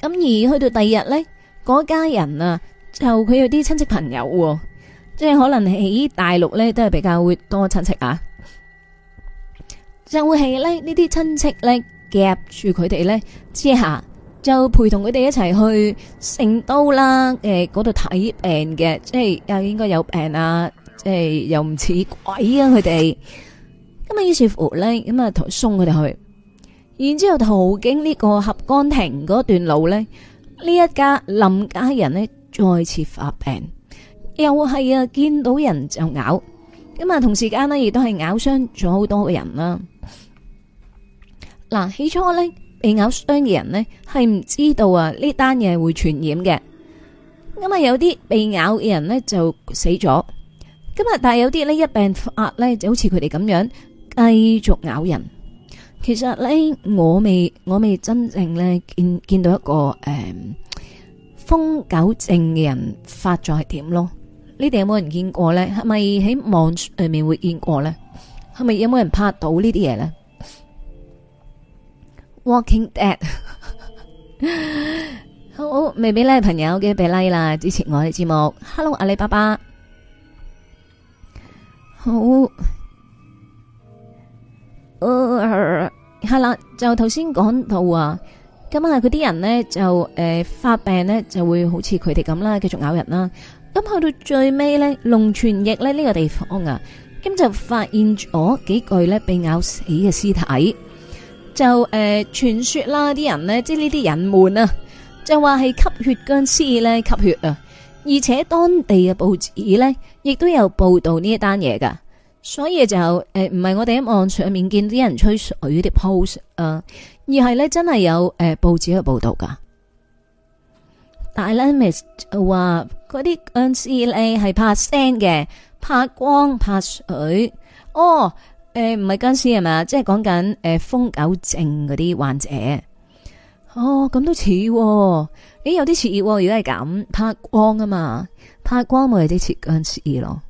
咁而去到第二日咧，嗰家人啊，就佢有啲親戚朋友，即係可能喺大陸咧都係比較會多親戚啊，就會係咧呢啲親戚咧夾住佢哋咧之下，就陪同佢哋一齊去成都啦，誒嗰度睇病嘅，即係又應該有病啊，即係又唔似鬼啊佢哋，咁啊於是乎咧咁啊送佢哋去，然之後途經呢個合江亭嗰段路咧，呢一家林家人咧再次發病。又係啊！見到人就咬，咁啊同時間呢亦都係咬傷咗好多嘅人啦。嗱，起初呢，被咬傷嘅人呢係唔知道啊呢單嘢會傳染嘅，咁啊有啲被咬嘅人呢就死咗，咁啊但係有啲呢一病發呢就好似佢哋咁樣繼續咬人。其實呢，我未我未真正呢見見到一個誒瘋狗症嘅人發作係點咯。呢啲有冇人見過呢？係咪喺網上面會見過呢？係咪有冇人拍到這些東西呢啲嘢呢 Walking Dead， 好，未俾呢朋友嘅俾 like 啦！支持我哋節目。Hello，阿里巴巴，好，誒、uh, 係啦，就頭先講到啊，今日佢啲人呢，就誒發病呢，就會好似佢哋咁啦，繼續咬人啦。咁去到最尾呢，龍泉驛呢，呢個地方啊，咁就發現咗幾具呢被咬死嘅屍體。就誒，傳、呃、說啦，啲人呢，即係呢啲隱瞞啊，就話係吸血僵屍呢，吸血啊。而且當地嘅報紙呢，亦都有報道呢一單嘢噶。所以就誒，唔、呃、係我哋喺網上面見啲人吹水啲 pose 啊，而係呢，真係有誒報紙去報道噶。大 Lamy Miss 話嗰啲殭屍咧係怕聲嘅，怕光、怕水。哦，誒唔係殭屍係嘛？即係講緊誒瘋狗症嗰啲患者。哦，咁都似，咦有啲似喎。如果係咁怕光啊嘛，怕光咪有啲似殭屍咯。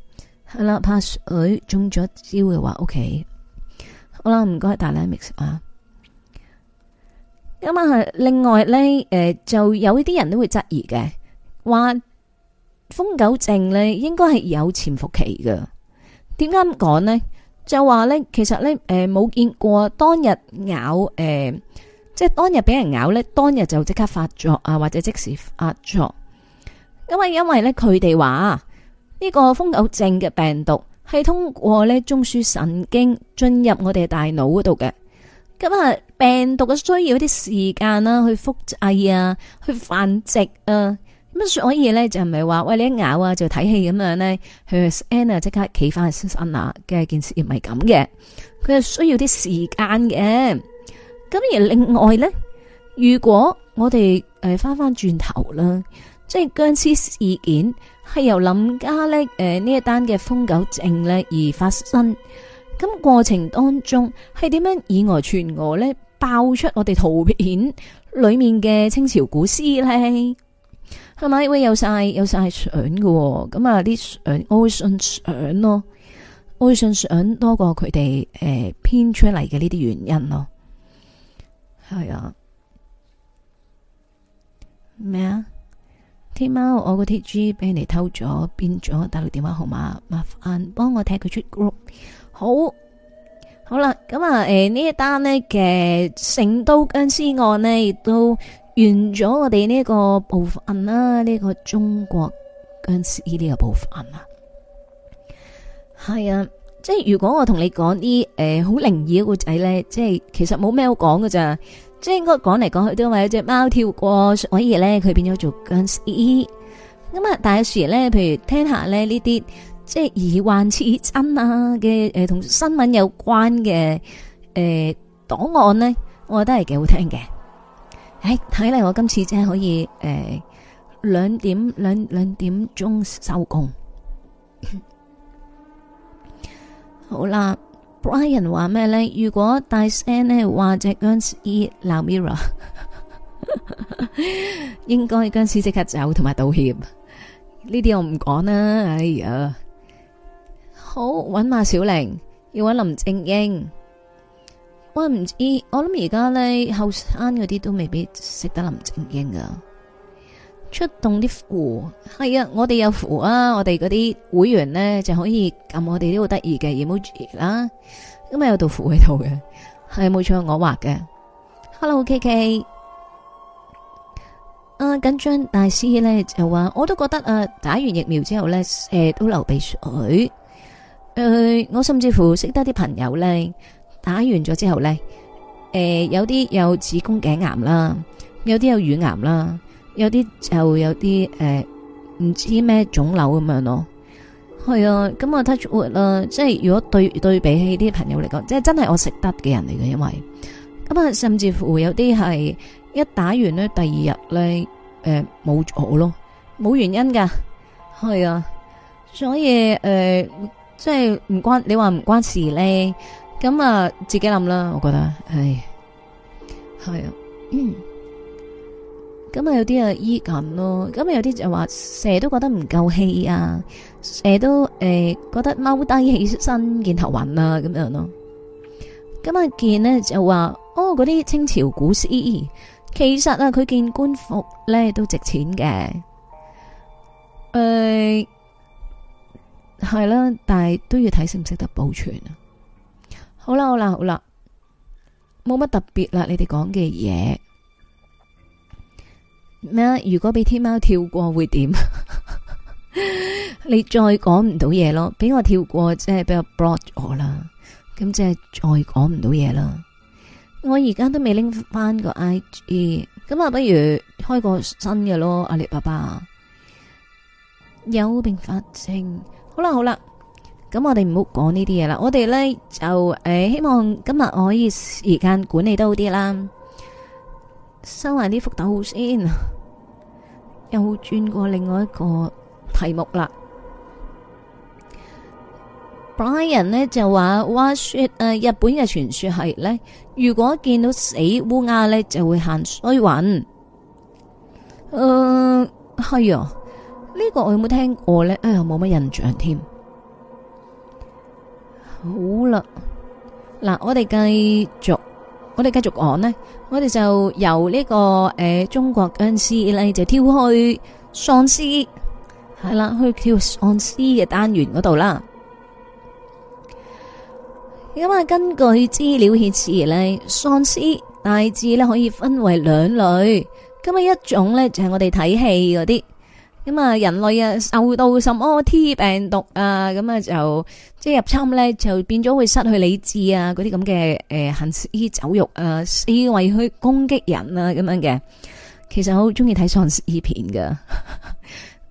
係、嗯、啦，怕水中咗招嘅話，OK。好啦，唔該，大 Lamy Miss 啊。咁、嗯、啊！另外咧，誒、呃，就有啲人都會質疑嘅，話瘋狗症咧應該係有潛伏期嘅。點解咁講呢？就話咧，其實咧，誒、呃，冇見過當日咬，誒、呃，即係當日俾人咬咧，當日就即刻發作啊，或者即時發作。咁、嗯、啊，因為咧，佢哋話呢個瘋狗症嘅病毒係通過咧中樞神經進入我哋嘅大腦嗰度嘅。咁、嗯、啊！嗯病毒嘅需要一啲時間啦、啊，去複製啊，去繁殖啊，咁所以咧就唔係話，喂，你一咬啊就睇戲咁樣咧，去 a n n 即刻企翻去 a n n 嘅件事唔係咁嘅，佢係需要啲時間嘅。咁而另外咧，如果我哋誒翻翻轉頭啦，即係僵屍事件係由林家咧誒呢、呃、一單嘅瘋狗症咧而發生，咁過程當中係點樣以訛傳訛咧？爆出我哋圖片裏面嘅清朝古詩咧，係咪？喂，有晒有晒相嘅，咁啊啲相，我會信相咯，我會信相多過佢哋誒編出嚟嘅呢啲原因咯。係啊，咩啊？天貓，我個 TG 俾人嚟偷咗，編咗大陸電話號碼，麻煩幫我踢佢出 group，好。好啦，咁啊，誒、呃、呢一單呢嘅成都僵屍案呢，亦都完咗我哋呢個部分啦，呢、這個中國僵屍呢個部分啦。係啊，即係如果我同你講啲誒好靈異嘅個仔咧，即係其實冇咩好講㗎咋，即係應該講嚟，講去都係有隻貓跳過，所以咧佢變咗做僵屍。咁啊，但係有時咧，譬如聽下咧呢啲。即係疑幻似真啊嘅誒，同、呃、新聞有關嘅誒檔案呢，我覺得係幾好聽嘅。誒，睇嚟我今次真係可以誒兩、呃、點兩兩點鐘收工。 好啦，Brian 話咩呢？如果大聲呢，話隻僵屍鬧 Mirror，應該僵屍即刻走同埋道歉。呢啲我唔講啦。哎呀～好揾馬小玲，要揾林正英。我唔知，我諗而家咧，後生嗰啲都未必識得林正英噶。出動啲符係啊，我哋有符啊。我哋嗰啲會員咧就可以撳我哋啲好得意嘅 emoji 啦。咁啊有道符喺度嘅，係冇錯，我畫嘅。Hello KK 啊，緊張大師咧就話，我都覺得啊，打完疫苗之後咧，誒都流鼻水。 哎，我甚至乎識得啲朋友咧，打完咗之後咧，誒、呃，有啲有子宮頸癌啦，有啲有乳癌啦，有啲就會有啲誒、唔、呃、知咩腫瘤咁樣咯。係、嗯、啊，咁啊 Touch Wood 啦，即係如果對對比起啲朋友嚟講，即係真係我食得嘅人嚟嘅，因為咁啊，嗯嗯嗯嗯嗯嗯嗯、甚至乎有啲係一打完咧，第二日咧，誒、呃，冇咗咯，冇原因噶，係、嗯、啊、嗯嗯，所以誒。呃即係唔關，你話唔關事咧，咁啊自己諗啦。我覺得，唉，係啊，嗯，咁啊有啲啊依緊咯，咁啊有啲就話成日都覺得唔夠氣啊，成日都誒覺得踎低起身見頭暈啊咁樣咯，咁啊見咧就話哦嗰啲清朝古詩，其實啊佢見官服咧都值錢嘅，誒。係啦，但係都要睇識唔識得保存啊。好啦，好啦，好啦，冇乜特別啦。你哋講嘅嘢咩？如果俾天喵跳過會點？ 你再講唔到嘢咯。俾我跳過即係俾我 block 咗啦，咁即係再講唔到嘢啦。我而家都未拎翻個 IG，咁啊不如開個新嘅咯。阿里巴巴有併發症。好啦，好啦，咁我哋唔好講呢啲嘢啦。我哋呢就誒、呃，希望今日我可以時間管理得好啲啦，收埋啲福斗先，又轉過另外一個題目啦。Brian 呢就話話說誒、啊，日本嘅傳說係咧，如果見到死烏鴉呢，就會行衰運。嗯、呃，係啊。呢、個我有冇聽過呢？哎呀，冇乜印象添。好啦，嗱，我哋繼續，我哋繼續講呢，我哋就由呢、個誒、中國殭屍咧，就跳去喪屍，係啦，去跳喪屍嘅單元嗰度啦。咁啊，根據資料顯示咧，喪屍大致咧可以分為兩類。咁啊，一種咧就係我哋睇戲嗰啲。咁啊，人類啊受到什麼 T 病毒啊，咁啊就即係入侵咧，就變咗會失去理智啊，嗰啲咁嘅誒行屍走肉啊，肆意去攻擊人啊咁樣嘅。其實我好中意睇喪屍片噶，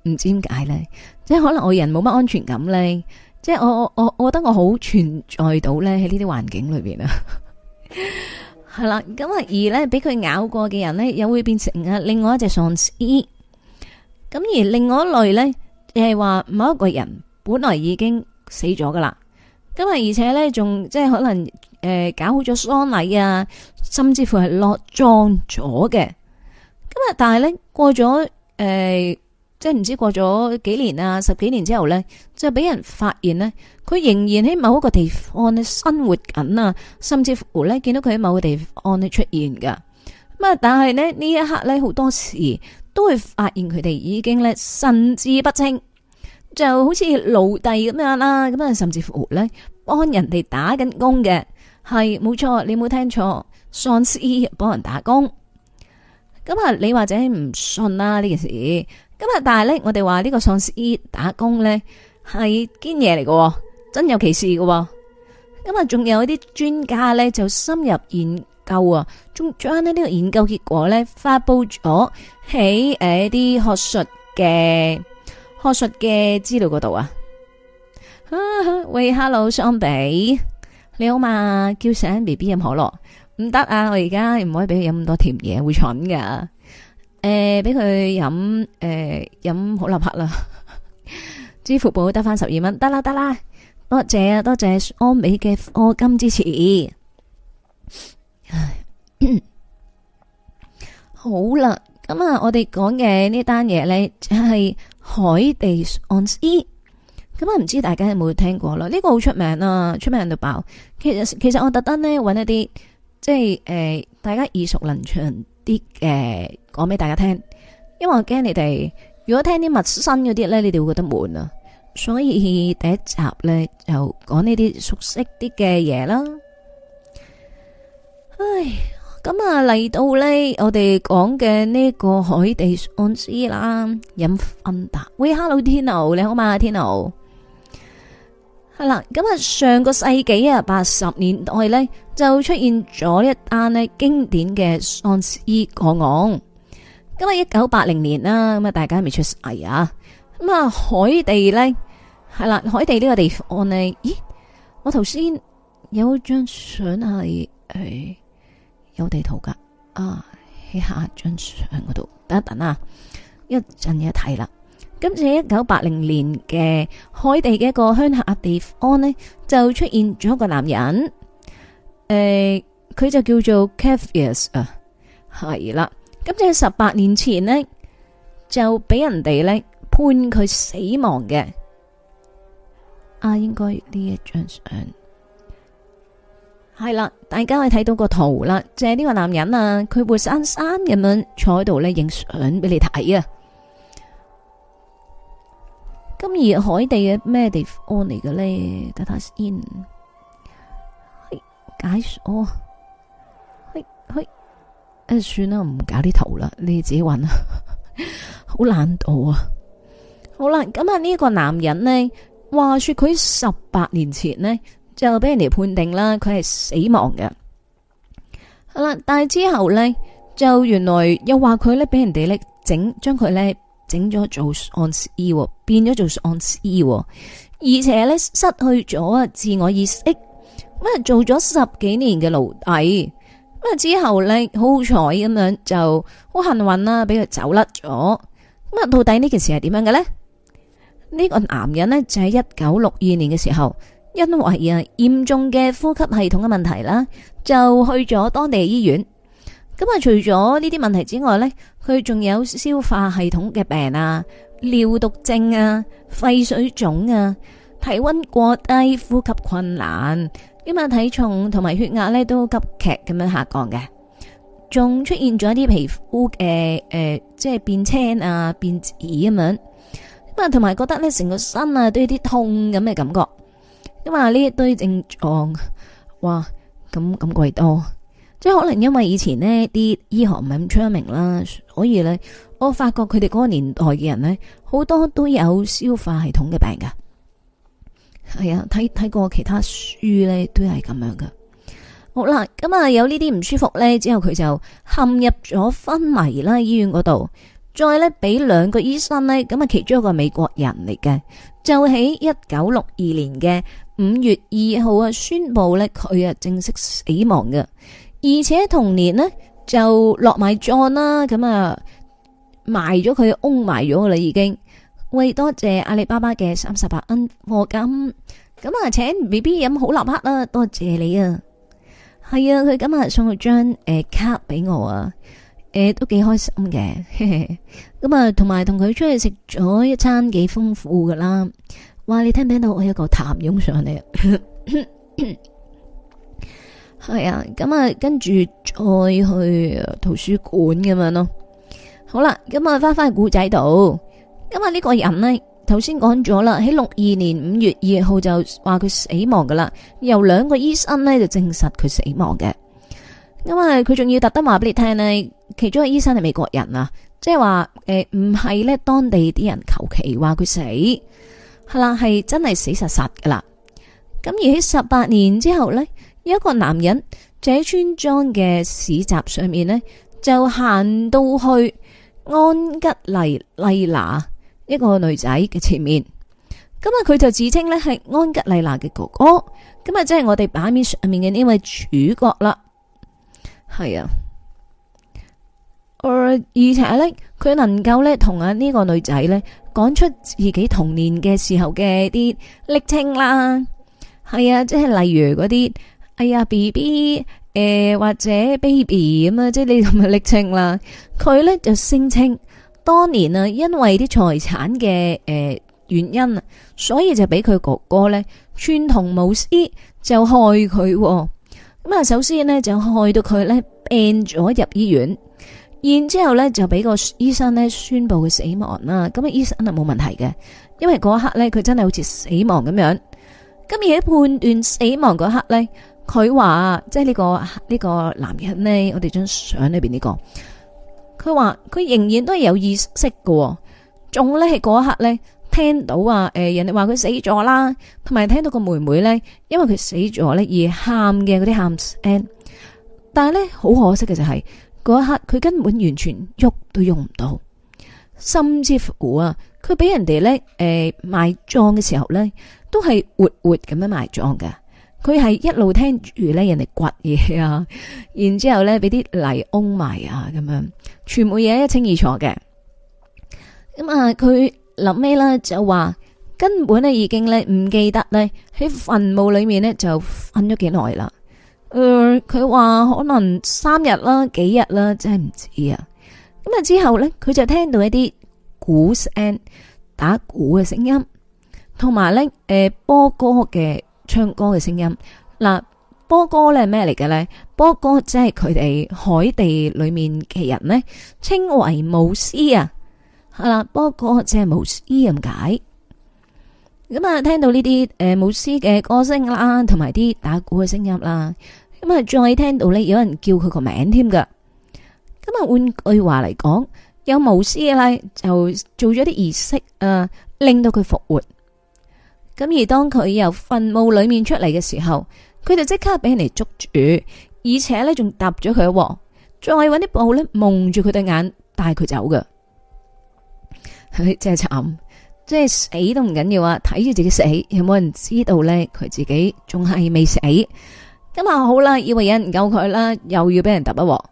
唔 知點解咧，即係可能我人冇乜安全感咧，即係我我我我覺得我好存在到咧喺呢啲環境裏邊啊。係 啦， 咁啊而咧，俾佢咬過嘅人咧，又會變成啊另外一隻喪屍。咁而另外一類咧，就係話某一個人本來已經死咗噶啦，咁啊而且咧仲即係可能誒、呃、搞好咗喪禮啊，甚至乎係落葬咗嘅。咁啊，但係咧過咗誒、呃，即係唔知過咗幾年啊，十幾年之後咧，就俾人發現咧，佢仍然喺某一個地方咧生活緊啊，甚至乎咧見到佢喺某個地方咧出現噶。咁啊，但係咧呢一刻咧好多時。都會發現佢哋已經咧神志不清，就好似奴隸咁樣啦，咁啊甚至乎復活咧，幫人哋打緊工嘅，係冇錯，你冇聽錯，喪屍幫人打工。咁啊，你或者唔信啦呢件事，咁啊，但係咧，我哋話呢個喪屍打工咧係堅嘢嚟嘅，真有其事嘅。咁啊，仲有啲專家咧就深入研。夠啊！仲將呢個研究結果咧，發布咗喺誒啲學術嘅學術嘅資料嗰度啊。 喂，Hello，雙比，你好嘛？叫醒 B B 飲可樂，唔得啊！我而家唔可以俾佢飲咁多甜嘢，會蠢噶。誒、欸，俾佢飲誒飲好立克啦。 支付寶得翻十二蚊，得啦得啦，多謝啊多謝安美嘅課金支持。 好啦，咁啊，我哋講嘅呢單嘢呢，就係海地 o n e 咁啊，唔知大家有冇聽過啦？呢、這個好出名啊出名到爆。其實其實我特登呢，揾一啲，即係、呃、大家耳熟能詳啲嘅講俾大家聽。因為我驚你哋如果聽啲陌生嗰啲呢，你哋會覺得悶啊。所以第一集呢，就講呢啲熟悉啲嘅嘢啦。 唉，咁啊嚟到呢，我哋講嘅呢個海地喪屍啦，飲芬達。喂，Hello，天喵你好嘛，天喵？係啦，咁啊，上個世紀啊，八十年代呢，就出現咗一單呢經典嘅喪屍個案。咁啊，一九八零年啦，咁啊，大家未出世啊，咁啊，海地呢，係啦，海地呢個地方呢，咦，我頭先有張相係有地圖噶啊喺下張相嗰度，等一等啊！一陣一睇啦。今次喺一九八零年嘅海地嘅一個鄉下阿迪安呢，就出現咗一個男人。誒、呃，佢就叫做 Caviers 啊，係啦。今次喺十八年前呢，就俾人哋咧判佢死亡嘅。啊，應該呢一張相。係啦，大家可以睇到個圖啦，就係呢個男人啊，佢活生生咁樣坐喺度呢，影相俾你睇啊。咁而海地嘅咩地方嚟嘅呢？睇睇先，解鎖。嘿、哎，嘿、哎，算啦，唔搞啲圖啦，你自己搵 啊。好難度啊，好難咁啊，呢個男人呢，話說佢十八年前呢。就俾人哋判定啦，佢係死亡嘅。好啦，但係之後呢，就原來又話佢呢俾人哋呢整將佢呢整咗做 on e 變咗做 on e。而且呢，失去咗自我意識。咁啊做咗十幾年嘅奴隸，咁啊之後呢，好好彩咁樣就好幸運啦，俾佢走甩咗。咁啊，到底呢件事係點樣嘅呢？呢個男人呢，就喺一九六二年嘅時候。因為啊，嚴重嘅呼吸系統嘅問題啦，就去咗當地嘅醫院。咁啊，除咗呢啲問題之外呢，佢仲有消化系統嘅病啊、尿毒症啊、肺水腫啊、體溫過低、呼吸困難，咁啊，體重同埋血壓呢都急劇咁樣下降嘅，仲出現咗一啲皮膚嘅誒，即係變青啊、變紫咁樣，咁啊，同埋覺得呢成個身啊都有啲痛咁嘅感覺。因為呢一堆症狀，哇，咁咁貴多，即係可能因為以前呢啲醫學唔係咁昌明啦，所以呢，我發覺佢哋嗰個年代嘅人呢，好多都有消化系統嘅病噶，係啊，睇睇過其他書呢，都係咁樣噶。好啦，咁、嗯、啊有呢啲唔舒服呢，之後佢就陷入咗昏迷啦，醫院嗰度，再呢，俾兩個醫生呢，咁啊其中一個美國人嚟嘅，就喺一九六二年嘅。五月二號啊，宣佈咧佢啊正式死亡嘅，而且同年呢就落了了埋葬啦，咁啊埋咗佢嗡埋咗啦已經。喂，多謝阿里巴巴嘅三十八蚊課金，咁啊請 B B 飲好立克啦，多謝你啊。係啊，佢今日送咗張誒卡俾我啊，誒、呃、都幾開心嘅，咁啊同埋同佢出去食咗一餐幾豐富，幾豐富噶啦。哇！你聽唔聽到？我一個痰湧上嚟，係啊。咁 啊，跟住 再去圖書館咁樣咯。好啦，咁啊翻翻去古仔度。咁啊呢個人呢頭先講咗啦，喺六二年五月二號就話佢死亡噶啦。由兩個醫生呢就證實佢死亡嘅。咁啊，佢仲要特登話俾你聽，係其中一個醫生係美國人啊，即係話誒唔係咧，呃、當地啲人求其話佢死。係啦，係真係死實實噶啦。咁而喺十八年之後呢，有一個男人就喺村莊嘅市集上面呢，就行到去安吉麗麗娜一個女仔嘅前面。咁啊，佢就自稱呢係安吉麗娜嘅哥哥。咁啊，即係我哋版面上面嘅呢位主角啦。係啊，而而且呢，佢能夠呢，同啊呢個女仔呢。講出自己童年嘅時候嘅啲昵稱啦，係啊，即係例如嗰啲，哎呀，B B，誒或者 baby 咁啊，即係呢啲昵稱啦。佢咧就聲稱，當年啊，因為啲財產嘅誒、呃、原因，所以就俾佢哥哥咧串同謀私，就害佢。咁啊，首先呢，就害到佢咧病咗入醫院。然之後咧，就俾個醫生咧宣布佢死亡啦。咁啊，醫生係冇問題嘅，因為嗰一刻咧，佢真係好似死亡咁樣。咁而喺判斷死亡嗰刻咧，佢話即係呢、呢個呢、呢個男人咧，我哋張相裏邊呢、呢個，佢話佢仍然都係有意識嘅，仲咧係嗰一刻咧聽到啊，誒、呃、人哋話佢死咗啦，同埋聽到個妹妹咧，因為佢死咗咧而喊嘅嗰啲喊聲。但係咧，好可惜嘅就係、是。嗰一刻，佢根本完全喐都喐唔到，甚至乎啊，佢俾人哋咧，誒埋葬嘅時候咧，都係活活咁樣埋葬嘅。佢係一路聽住咧人哋掘嘢啊，然之後咧俾啲泥翁埋啊，咁樣全部嘢一清二楚嘅。咁啊，佢臨尾啦就話，根本咧已經咧唔記得咧喺墳墓裏面咧就瞓咗幾耐啦。誒、呃，佢話可能三日啦，幾日啦，真係唔知啊。咁啊之後呢，佢就聽到一啲鼓聲、打鼓嘅聲音，同埋呢誒，波哥嘅唱歌嘅聲音。嗱、啊，波哥呢係咩嚟嘅呢？波哥即係佢哋海地裏面嘅人呢，稱為巫師啊。係、啊、啦，波哥即係巫師咁解。咁啊，聽到呢啲誒巫師嘅歌聲啦，同埋啲打鼓嘅聲音啦。咁啊！再聽到咧，有人叫佢個名添噶。咁啊，換句話嚟講，有巫師啦，就做咗啲儀式啊，令到佢復活。咁而當佢由墳墓裏面出嚟嘅時候，佢就即刻俾人哋捉住，而且咧仲揼咗佢一鑊，再搵啲布咧蒙住佢對眼帶，帶佢走噶。係真係慘，即係死都唔緊要啊！睇住自己死，有冇人知道咧？佢自己仲係未死。咁、嗯、啊，好啦，以為有人救佢啦，又要俾人揼一鑊，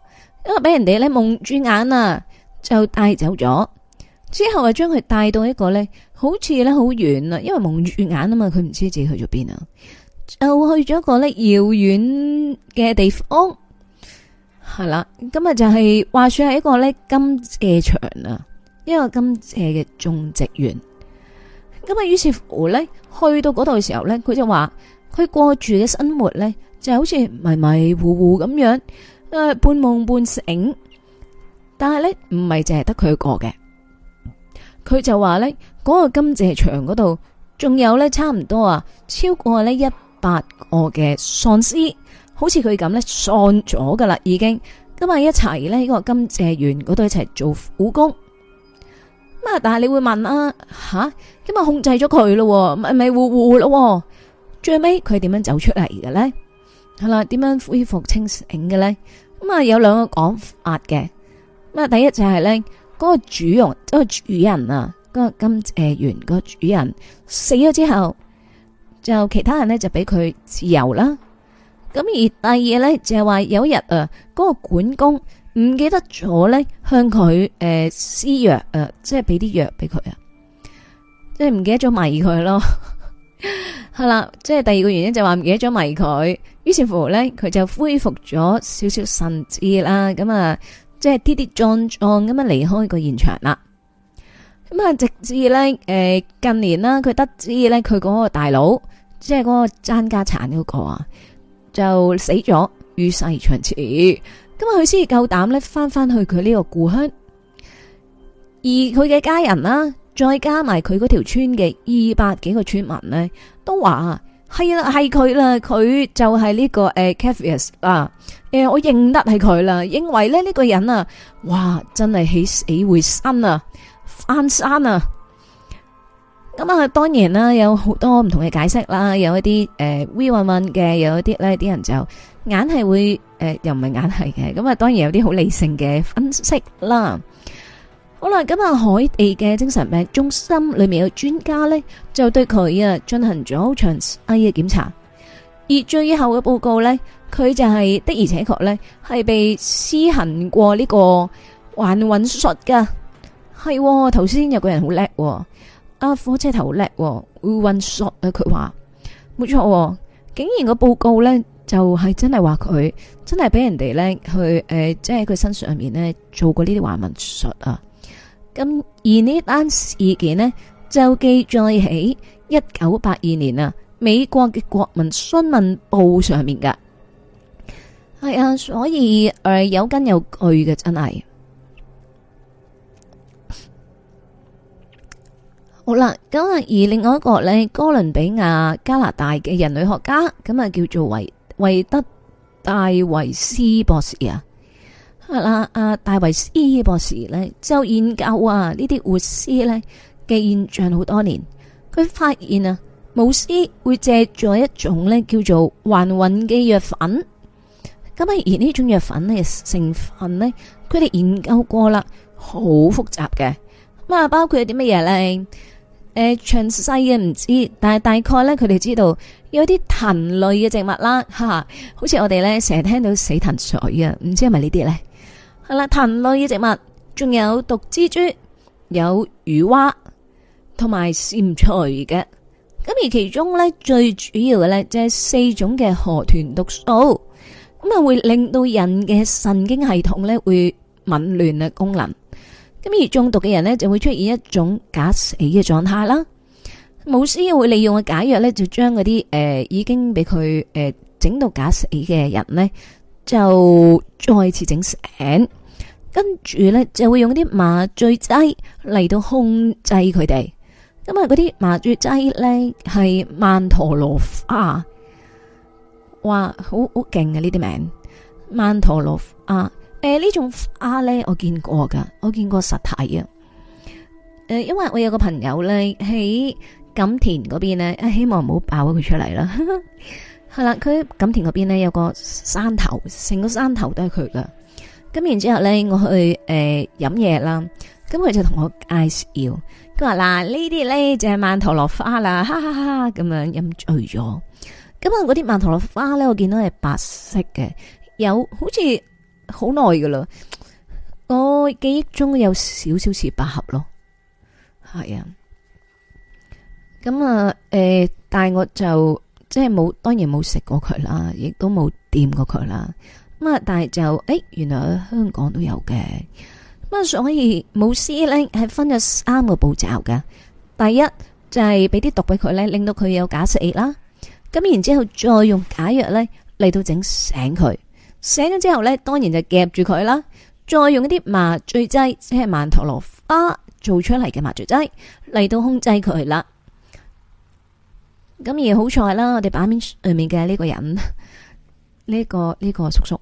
因為俾人哋咧蒙住眼啊，就帶走咗之後，又將佢帶到一個咧，好似咧好遠啦，因為蒙住眼啊嘛，佢唔知自己去咗邊啊，就去咗一個咧遙遠嘅地方係啦。咁啊，就係話說係一個咧甘蔗場啊，一個甘蔗嘅種植園。咁啊，於是乎咧，去到嗰度嘅時候咧，佢就話佢過住嘅生活咧。就好似迷迷糊糊咁樣，誒，半夢半醒。但係咧，唔係淨係得佢一個嘅，佢就話咧，嗰個甘蔗場嗰度仲有咧差唔多啊，超過呢一百個嘅喪屍，好似佢咁咧喪咗噶啦，已經今日一齊咧，呢個甘蔗園嗰度一齊做苦工。咁啊，但係你會問啊，吓，今日控制咗佢咯，迷迷糊糊咯，最尾佢點樣走出嚟嘅咧？係啦，點樣恢復清醒嘅咧？咁、嗯、啊，有兩個講法嘅。咁啊，第一就係、係、咧，嗰個主容，嗰個主人啊，嗰、嗰個甘蔗園個主人死咗之後，就其他人咧就俾佢自由啦。咁而第二咧就係話，有一日啊，嗰、嗰個管工唔記得咗咧，向佢誒施藥，誒即係俾啲藥俾佢啊，即係唔記得咗迷佢咯。係 啦、嗯，即係第二個原因就話唔記得咗迷佢，於是乎呢，佢就恢復咗少少神智啦，咁 啊，即係跌跌撞撞咁樣離開個現場啦。咁啊，直至呢，誒，近年啦，佢得知呢，佢嗰個大佬， 即係嗰個爭家產嗰、嗰個啊，就死咗，與世長辭，咁啊，佢先至夠膽呢，返返去佢呢個故鄉，而佢嘅家人啦。再加埋佢嗰條村嘅二百幾個村民咧，都話係啦，係佢啦，佢就係呢、這個誒 c、呃、a p e u s 啊，誒，我認得係佢啦，認為咧呢、這個人啊，哇，真係起死回生啊，翻生啊！咁、嗯、啊，當然啦、啊，有好多唔同嘅解釋啦，有一啲誒、呃、v i l 嘅，有一啲咧，啲人就硬係會誒、呃，又唔係硬係嘅，咁、嗯、啊，當然有啲好理性嘅分析啦。好啦，咁啊，海地嘅精神病中心裏面嘅專家咧，就對佢啊進行咗場 A 嘅檢查，而最後嘅報告咧，佢就係的而且確咧係被施行過呢個還魂術嘅。係頭先有個人好叻，啊火車頭好叻，會運術啊。佢話：冇錯，竟然個報告咧就係真係話佢真係俾人哋咧去誒，即係佢身上面咧做過呢啲還魂術啊。咁而呢單事件咧就記載喺一九八二年啊，美國嘅國民詢問報上面噶，係 啊，所以誒、呃、有根有據嘅真係。好啦，咁啊，而另外一個呢，哥倫比亞加拿大嘅人類學家，咁啊叫做維維德戴維斯博士啊。係、啊、啦，阿、啊、戴維斯博士咧就研究啊呢啲活屍咧嘅現象好多年，佢發現啊，巫師會借助一種咧叫做還魂嘅藥粉。咁啊，而呢種藥粉嘅成分咧，佢哋研究過啦，好複雜嘅。咁啊，包括有啲乜嘢咧？誒、呃，詳細嘅唔知，但係大概咧，佢哋知道有啲藤類嘅植物啦，哈，哈好似我哋咧成日聽到死藤水啊，唔知係咪呢啲咧？係啦，藤類嘅植物，仲有毒蜘蛛，有魚蛙，同埋蟾蜍嘅。咁而其中咧，最主要嘅咧，就係四種嘅河豚毒素，咁啊會令到人嘅神經系統咧會紊亂嘅功能。咁而中毒嘅人呢，就會出現一種假死嘅狀態啦。巫師會利用嘅假藥咧，就將嗰啲誒已經俾佢誒整到假死嘅人呢，就再次整醒。跟住呢，就會用啲麻醉劑嚟到控制佢哋，咁啊嗰啲麻醉劑呢，係曼陀羅花，話好好勁嘅呢啲名曼陀羅啊，誒、呃、呢種啊呢，我見過㗎，我見過實體啊，誒、呃、因為我有個朋友呢，喺錦田嗰邊呢，希望唔好爆咗佢出嚟啦，係 啦、嗯，佢錦田嗰邊呢，有個山頭，成個山頭都係佢噶。咁然之後咧，我去誒飲嘢啦，咁、呃、佢就同我介紹，佢話嗱呢啲咧就係曼陀羅花啦，哈哈哈咁樣飲醉咗。咁啊嗰啲曼陀羅花咧，我見到係白色嘅，有好似好耐噶啦，我記憶中有少少似百合咯，係啊。咁啊誒，但係我就即係冇，當然冇食過佢啦，亦都冇掂過佢啦。咁啊，但係就誒，原來喺香港都有嘅。咁所以巫師咧係分咗三個步驟㗎。第一就係俾啲毒俾佢咧，令到佢有假食液啦。咁然之後再用假藥咧嚟到整醒佢。醒咗之後咧，當然就夾住佢啦。再用一啲麻醉劑，即係曼陀羅花做出嚟嘅麻醉劑嚟到控制佢啦。咁而好彩啦，我哋版面裏面嘅呢個人。呢、這個呢、這個叔叔，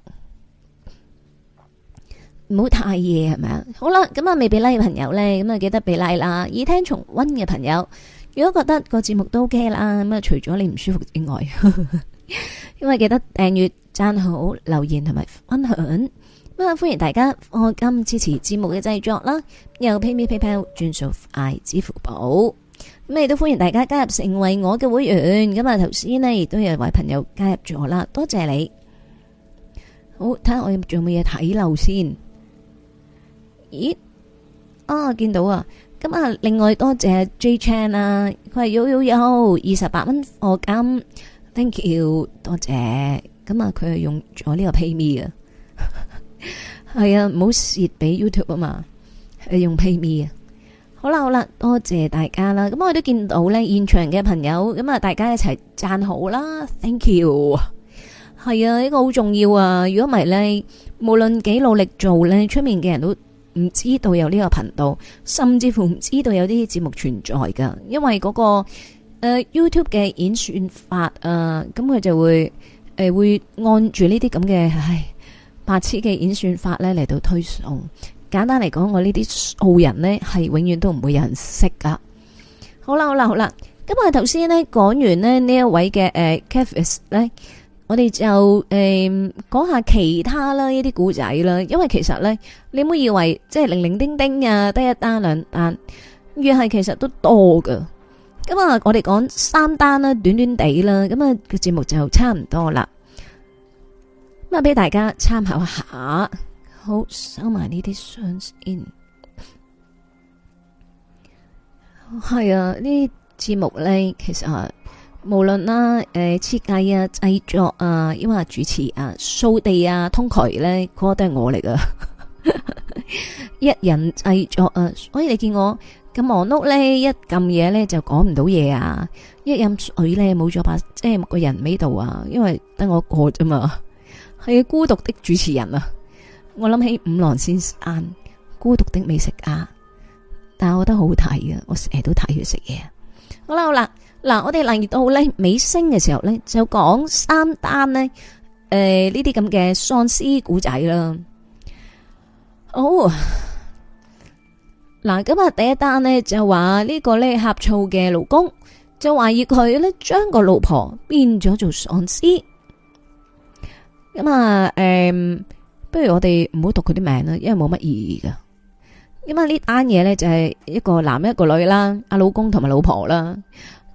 唔好太夜係咪啊？好啦，咁啊未俾 like 嘅朋友呢，咁啊記得俾 like 啦。耳聽重溫嘅朋友，如果覺得個節目都 ok 啦，咁啊除咗你唔舒服之外，因為記得訂閱、讚好、留言同埋分享。咁啊，歡迎大家課金支持節目嘅製作啦。有 PayMe PayPal 轉數快支付寶。I, 咁你都歡迎大家加入成為我嘅會員，咁啊頭先呢亦都有位朋友加入咗啦，多謝你。好睇下我仲有冇嘢睇漏先。咦？啊見到啊，咁啊另外多謝 J Chan 啊，佢係有有有二十八蚊課金，Thank you 多謝，咁啊佢係用咗呢個 PayMe 啊，係啊唔好蝕俾 YouTube 啊嘛，係用 PayMe 啊。好啦好啦，多謝大家啦！咁我都見到呢，現場嘅朋友咁啊，大家一齊讚好啦！Thank you，係啊，呢個好重要啊！如果唔係呢，無論幾努力做呢，出面嘅人都唔知道有呢個頻道，甚至乎唔知道有啲節目存在噶，因為嗰個誒 YouTube 嘅演算法啊，咁佢就會誒會按住呢啲咁嘅唉白痴嘅演算法呢嚟到推送。簡單嚟講，我呢啲素人呢係永遠都唔會有人識噶。好啦，好啦，好啦，咁啊，頭先呢講完咧呢這一位嘅誒 Cafe 咧，我哋就誒講、呃、下其他啦，呢啲古仔啦。因為其實呢，你唔好以為即係零零丁丁啊，得一單兩單，越係其實都多噶。咁啊，我哋講三單啦，短短地啦，咁、那、啊個節目就差唔多啦。咁啊，俾大家參考一下。好收埋呢啲相 in 係啊，呢節目呢，其實、啊、無論啦，誒設計啊、製作啊，因為主持啊、掃地啊、通渠呢，嗰、嗰個都係我嚟噶， 一人製作啊。所以你見我咁忙碌呢，一撳嘢呢，就講唔到嘢啊，一飲水呢，冇咗把，即係個人喺度啊，因為得我個啫嘛，係孤獨的主持人啊。我諗起《五郎仙》，孤獨的美食家，但係我覺得好好睇，我成日都睇佢食嘢。好啦，好啦，嗱，我哋嚟到咧尾聲嘅時候咧，就講三單咧，誒呢啲咁嘅喪屍古仔啦。好嗱，今日第一單咧就話呢個咧呷醋嘅老公就懷疑佢咧將個老婆變咗做喪屍咁啊，誒。不如我哋唔好讀佢啲名啦，因為冇乜意義噶。咁啊呢單嘢呢，就係一個男一個女啦，阿老公同埋老婆啦。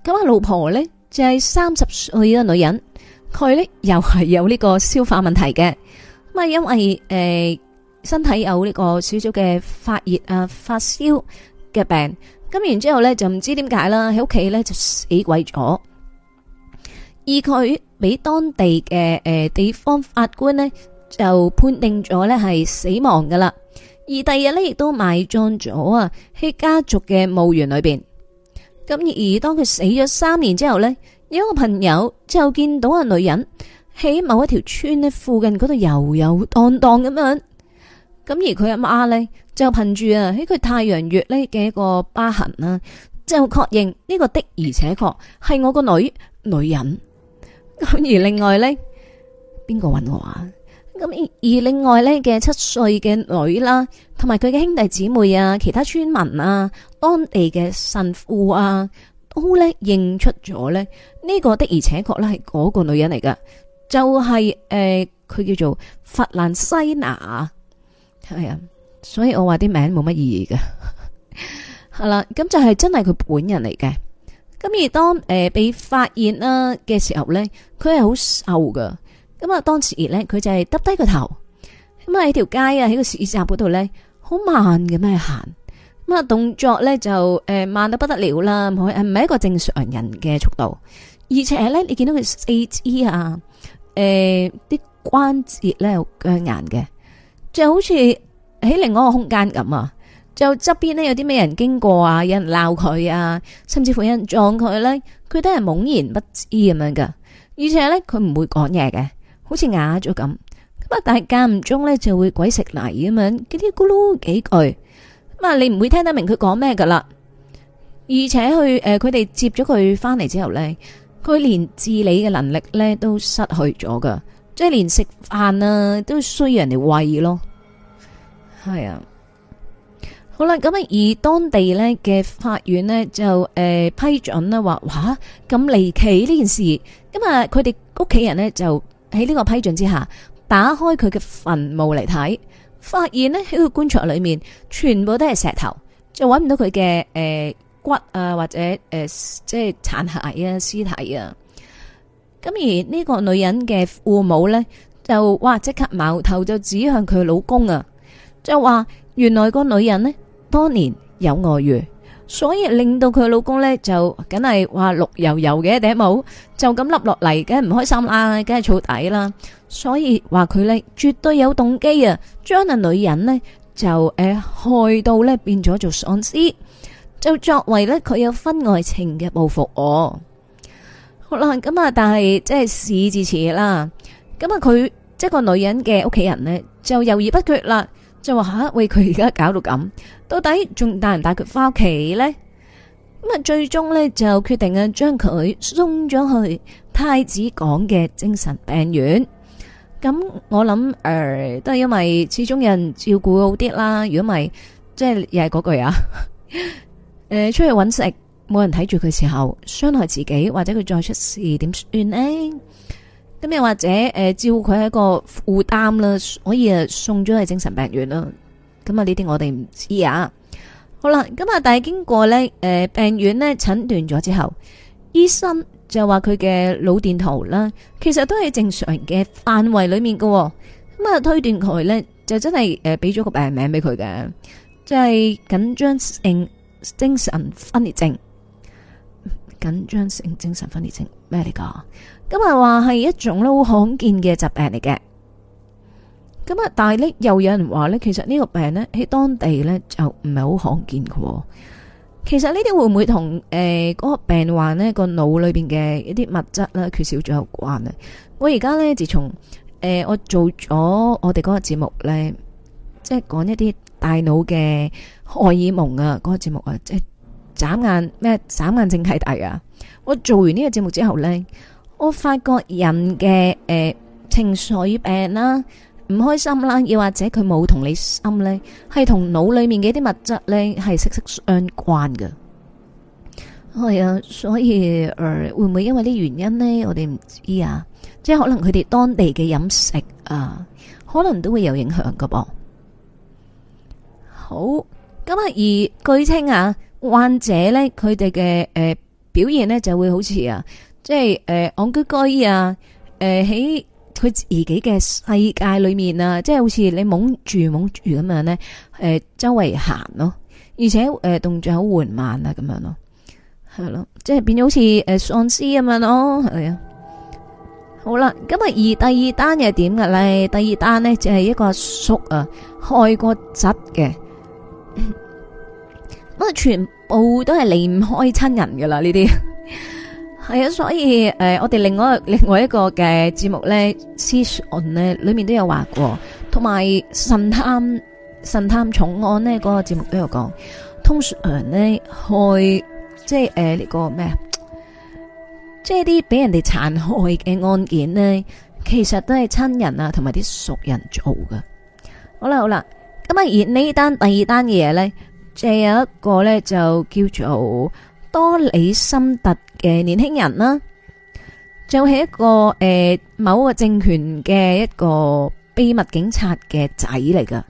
咁阿老婆呢，就係三十歲嘅女人，佢呢，又係有呢個消化問題嘅。咁啊，因為誒、呃、身體有呢個少少嘅發熱啊發燒嘅病，咁然之後咧就唔知點解啦，喺屋企呢，就死鬼咗。而佢俾當地嘅誒、呃、地方法官呢。就判定咗呢係死亡噶啦。而第二日呢，亦都埋葬咗啊，喺家族嘅墓園裏邊。咁而當佢死咗三年之後呢，有一個朋友就見到啊女人喺某一條村呢附近嗰度游游蕩蕩咁樣。咁而佢阿媽呢，就憑住啊喺佢太陽穴呢嘅一個疤痕啦，就確認呢個的而且確係我個女女人。咁而另外呢，邊個搵我啊？咁而另外咧嘅七歲嘅女啦，同埋佢嘅兄弟姊妹啊，其他村民啊，當地嘅神父啊，都咧認出咗咧呢個的，而且確啦係嗰個女人嚟噶，就係誒佢叫做法蘭西娜係啊，所以我話啲名冇乜意義噶，係 啦、 啊，咁就係真係佢本人嚟嘅。咁而當誒、呃、被發現啦嘅時候咧，佢係好瘦噶。咁啊！當時咧，佢就係耷低個頭，咁喺條街啊，喺個市集嗰度咧，好慢嘅咩行，咁啊動作咧就誒慢到不得了啦，唔係唔係一個正常人嘅速度，而且咧你見到佢四肢啊，誒、欸、啲關節咧好僵硬嘅，就好似喺另外一個空間咁啊。就側邊咧有啲咩人經過啊，有人鬧佢啊，甚至乎有人撞佢咧，佢都係懵然不知咁樣㗎。而且咧佢唔會講嘢嘅。好似啞咗咁咁啊！但係間唔中咧就會鬼食泥咁樣，嘰嘰咕嚕幾句咁啊！你唔會聽得明佢講咩噶啦。而且去誒，佢哋接咗佢翻嚟之後咧，佢連自理嘅能力咧都失去咗噶，即係連食飯啊都需要人哋餵咯。係啊，好啦，咁啊，而當地咧嘅法院呢，就、呃、誒批准啦，話哇咁離奇呢件事咁啊，佢哋屋企人呢就。喺呢個批准之下，打開佢嘅墳墓嚟睇，發現呢喺個棺材裏面全部都係石頭，就揾唔到佢嘅誒骨啊或者誒、呃、即係殘骸啊屍體啊。咁而呢個女人嘅父母呢，就哇即刻矛頭就指向佢老公啊，就話原來個女人呢，多年有外遇。所以令到佢老公咧就梗係話，綠油油嘅頂帽，就咁笠落嚟，梗係唔開心啦，梗係燥底啦。所以話佢咧絕對有動機啊，將個女人呢，就誒、呃，害到呢變咗做喪屍，就作為呢佢有婚外情嘅報復我。好啦，咁啊，但係即係事至此啦，咁啊，佢即個女人嘅屋企人呢，就猶豫不決啦。就話吓為佢而家搞到咁，到底仲帶唔帶佢翻屋企呢？咁啊，最終呢，就決定啊，將佢送咗去太子港嘅精神病院。咁我諗誒、呃，都係因為始終有人照顧好啲啦。如果唔係即係又係嗰句啊，誒、呃，出去揾食冇人睇住佢時候，傷害自己或者佢再出事點算呢？咁又或者誒、呃，照顧佢係一個負擔啦，可以誒送咗去精神病院啦。咁啊，呢啲我哋唔知啊。好啦，咁啊，但係經過呢誒，病院呢診斷咗之後，醫生就話佢嘅腦電圖啦，其實都係正常嘅範圍裏面喎。咁啊，推斷佢呢，就真係誒，俾咗個病名俾佢嘅，即係緊張性精神分裂症。緊張性精神分裂症咩嚟噶？咁啊，話係一種咧好罕見嘅疾病嚟嘅。咁啊，但係又有人話呢，其實呢個病呢喺當地呢就唔係好罕見嘅。其實呢啲會唔會同誒嗰個病患腦面呢個腦裏邊嘅一啲物質呢缺少咗有關呢？我而家呢，自從誒我做咗我哋嗰個節目呢，即係講一啲大腦嘅荷爾蒙啊，嗰個節目啊，即係眨眼咩眨眼症係大啊。我做完呢個節目之後呢。我發覺人嘅誒、呃、情緒病啦，唔開心啦，又或者佢冇同你心是跟呢，係同腦裏面嘅啲物質呢係息息相關嘅。係、哎、啊，所以誒、呃、會唔會因為啲原因呢？我哋唔知啊，即係可能佢哋當地嘅飲食啊，可能都會有影響噶噃。好，咁啊，而據稱啊，患者呢，佢哋嘅誒表現呢，就會好似啊。即係誒，戇居居啊！誒，喺、呃、佢自己嘅世界裏面啊，即係好似你矇住矇住咁樣咧，誒、呃，周圍行咯，而且誒，動作好緩慢啊，咁樣咯，係咯，即係變咗好似誒喪屍咁樣咯，係啊。好啦，今日而第二單又點㗎咧？第二單呢就係、是、一個阿叔啊，開個執嘅，乜 全部都係離唔開親人噶啦呢啲。 係啊，所以誒、呃，我哋另外另外一個嘅節目咧 section 呢裏面都有話過，同埋神探神探重案呢嗰、嗰個節目都有講。通常呢，去即係誒，呢個咩啊，即係啲俾人哋殘害嘅案件呢，其實都係親人啊，同埋啲熟人做噶。好啦，好啦，咁啊，而呢單第二單嘢咧，就有一個咧，就叫做多里森特。嘅年輕人啦，就係一個誒某個政權嘅一個秘密警察嘅仔嚟㗎。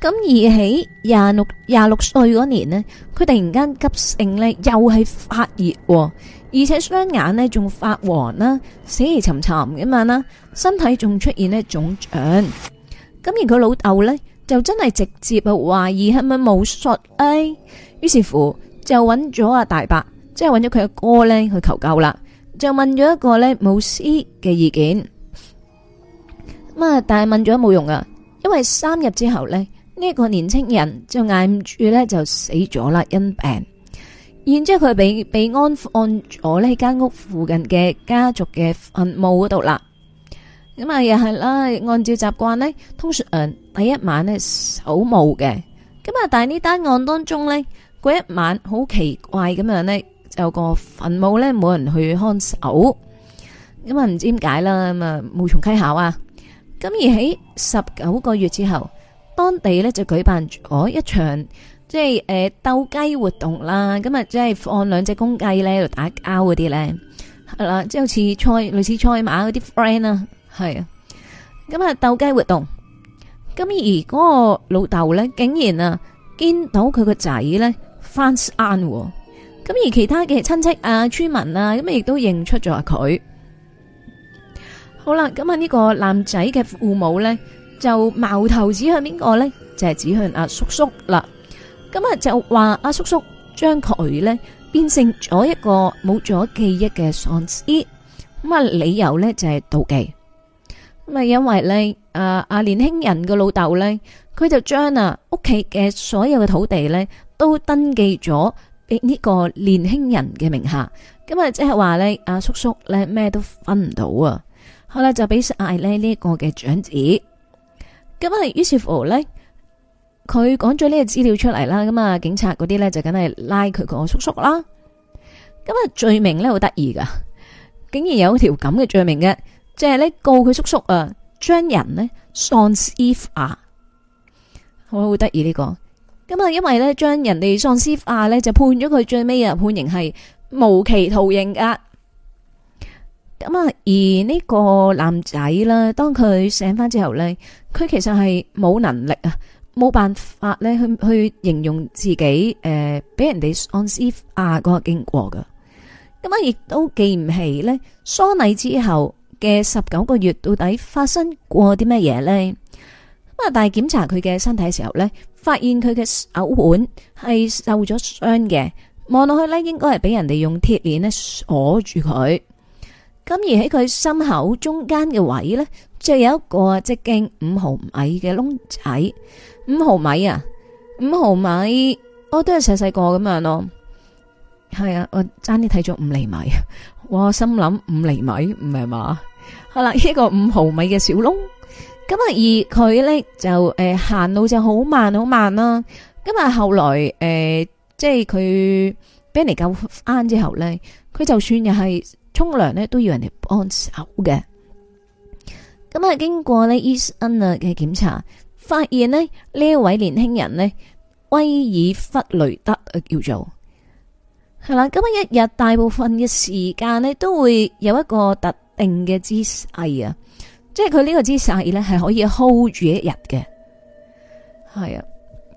咁而喺廿六廿六歲嗰年呢，佢突然間急性呢，又係發熱，而且雙眼呢仲發黃啦，死氣沉沉嘅嘛啦，身體仲出現呢腫脹。咁而佢老豆呢就真係直接去懷疑係咪巫術，哎，於是乎就揾咗阿大伯。即係揾咗佢阿哥咧去求救啦，就問咗一個咧牧師嘅意見。咁啊，但係問咗冇用噶，因為三日之後呢，呢、這、一個年青人就挨唔住咧就死咗啦，因病。然之後佢被被安放咗呢喺間屋附近嘅家族嘅墳墓嗰度啦。咁啊，又係啦，按照習慣呢，通常第一晚咧守墓嘅。咁啊，但係呢單案當中呢，嗰一晚好奇怪咁樣呢。有個墳墓咧，冇人去看守，咁啊唔知點解啦，咁啊無從稽考啊。咁而喺十九個月之後，當地咧就舉辦咗一場即係誒鬥雞活動啦。咁啊即係放兩隻公雞咧喺度打交嗰啲咧，係啦，即係好似賽類似賽馬嗰啲 friend 啊，係、呃、啊。咁啊鬥雞活動，咁而嗰個老豆咧竟然啊見到佢個仔咧翻山。咁而其他嘅親戚啊、村民啊，咁亦都認出咗佢。好啦，咁啊呢個男仔嘅父母呢，就矛頭指向邊個呢？就係指向阿叔叔啦。咁啊就話阿叔叔將佢呢，變成咗一個冇咗記憶嘅喪屍。咁啊理由呢，就係妒忌。咁啊因為呢，啊啊年輕人嘅老豆呢，佢就將啊屋企嘅所有嘅土地呢，都登記咗，呢呢個年輕人嘅名下，咁啊即係話咧，阿叔叔咧咩都分唔到啊，好嚟就俾阿咧呢一個嘅長子，咁啊於是乎咧，佢講咗呢個資料出嚟啦，咁啊警察嗰啲咧就梗係拉佢個叔叔啦，咁啊罪名咧好得意噶，竟然有一條咁嘅罪名嘅，即係咧告佢叔叔啊，將人呢 s n 咧喪 f 啊，我好得意呢個。咁啊，因為咧將人哋喪屍化咧，就判咗佢最尾啊判刑係無期徒刑噶。咁啊，而呢個男仔啦，當佢醒翻之後咧，佢其實係冇能力啊，冇辦法咧去去形容自己誒，俾人哋喪屍化嗰個經過噶。咁啊，亦都記唔起咧喪禮之後嘅十九個月到底發生過啲乜嘢咧。咁啊，但係檢查佢嘅身體嘅時候咧。發現佢嘅手腕係受咗傷嘅，望落去咧應該係俾人哋用鐵鏈咧鎖住佢，咁而喺佢心口中間嘅位咧，就有一個直徑五毫米嘅窿仔，五毫米啊，五毫米，我、哦、都係細細個咁樣咯，係啊，我爭啲睇咗五厘米，我心諗五厘米唔係嘛，好啦，一、這個五毫米嘅小窿。咁啊，而佢咧就誒、呃、行路就好慢好慢啦。咁啊，後來誒、呃，即係佢俾人哋救翻之後咧，佢就算又係沖涼咧，都要人哋幫手嘅。咁啊，經過呢醫生啊嘅檢查，發現呢，呢一位年輕人呢，威爾弗雷德啊叫做係啦。咁啊，一日大部分嘅時間呢，都會有一個特定嘅姿勢啊。即係佢呢個姿勢咧，係可以 hold 住一日嘅，係啊，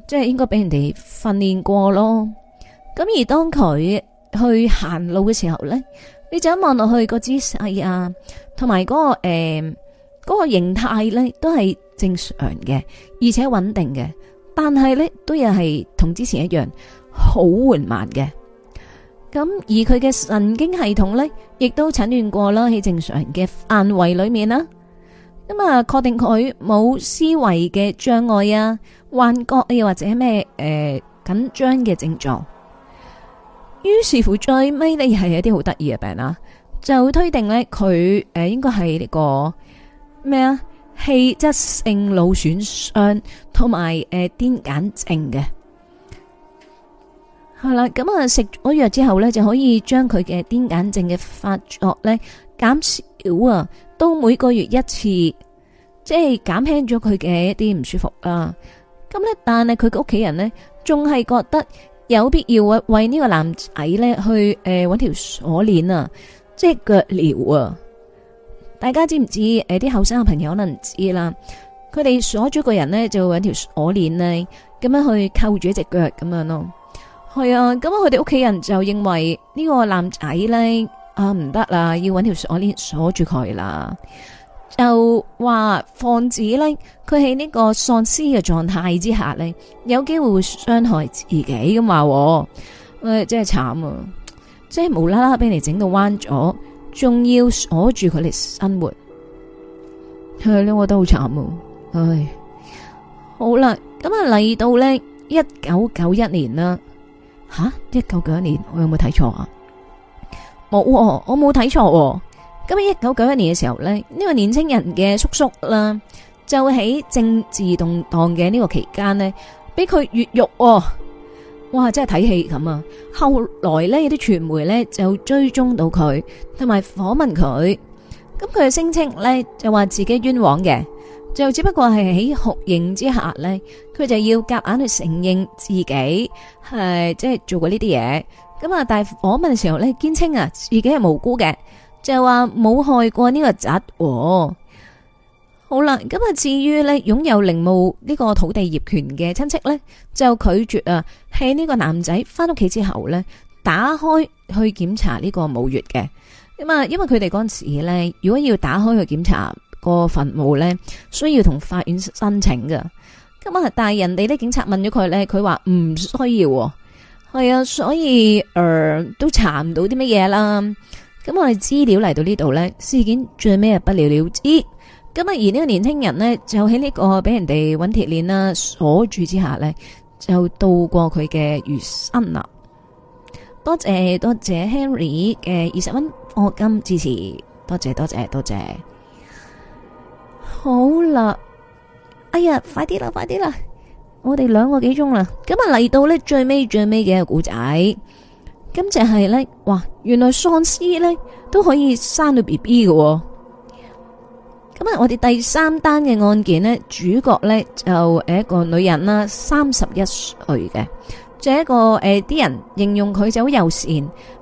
即係應該俾人哋訓練過咯。咁而當佢去行路嘅時候咧，你就一望落去個姿勢啊，同埋嗰個誒嗰個形態咧，都係正常嘅，而且穩定嘅。但係咧，都又係同之前一樣好緩慢嘅。咁而佢嘅神經系統咧，亦都診斷過啦，喺正常嘅範圍裏面啦。咁啊，確定佢冇思維嘅障礙啊，幻覺，又或者咩誒緊張嘅症狀。於是乎，最尾呢，係一啲好得意嘅病啦，就推定呢，佢誒應該係呢個咩啊，器質性腦損傷同埋誒癲癇症嘅。係啦，咁啊食咗藥之後呢，就可以將佢嘅癲癇症嘅發作呢減少啊。都每個月一次，即係減輕咗佢嘅一啲唔舒服啊。咁咧，但係佢嘅屋企人呢，仲係覺得有必要啊，為呢個男仔呢去誒揾條鎖鏈啊，即係腳鐐啊。大家知唔知？誒、呃，啲後生嘅朋友可能唔知啦。佢哋鎖咗一個人呢，就揾條鎖鏈呢，咁樣去扣住一隻腳咁樣咯。係啊，咁啊，佢哋屋企人就認為呢個男仔呢。啊唔得啦，要搵條鎖鏈鎖住佢啦。就話放子呢，佢喺呢個喪屍嘅狀態之下呢，有機會會傷害自己咁話，誒、哎，真係慘啊！即係無啦啦俾人整到彎咗，仲要鎖住佢哋生活，咧，我覺得好慘啊！唉，好啦，咁啊嚟到呢，一九九一年啦，吓，一九九一年，我有冇睇錯啊？冇、哦，我冇睇錯。咁喺一九九一年嘅時候呢，呢、呢個年青人嘅叔叔啦，就喺政治動盪嘅呢個期間呢，俾佢越獄、哦。哇，真係睇戲咁啊！後來呢，有啲傳媒呢就追蹤到佢，同埋訪問佢。咁佢聲稱呢，就話自己冤枉嘅，就只不過係喺酷刑之下呢，佢就要夾硬去承認自己係即係做過呢啲嘢。咁啊！但係訪問嘅時候咧，堅稱啊，自己係無辜嘅，就係話冇害過呢個侄。哦。好啦，咁啊，至於咧擁有陵墓呢個土地業權嘅親戚咧，就拒絕啊，喺呢個男仔翻屋企之後咧，打開去檢查呢個墓穴嘅。咁啊，因為佢哋嗰陣時咧，如果要打開去檢查個墳墓咧，需要同法院申請噶。咁啊，但係人哋啲警察問咗佢咧，佢話唔需要。係啊，所以誒、呃、都查唔到啲乜嘢啦。咁我哋資料嚟到呢度呢，事件最尾係不了了之。咁啊，而呢個年輕人呢，就喺呢個俾人哋揾鐵鏈啦鎖住之下呢，就度過佢嘅餘生啦。多謝多謝 Henry 嘅二十蚊課金支持，多謝多謝多謝。好啦，哎呀，快啲啦，快啲啦！我哋兩個幾鐘啦，咁啊，嚟到呢最尾最尾嘅一個故仔，咁就係、是、呢，哇，原來喪屍呢都可以生到 B B 嘅，咁啊，我哋第三單嘅案件呢，主角呢就誒一個女人啦，三十一歲嘅，做、就是、一個誒啲、呃、人形容佢就好友善、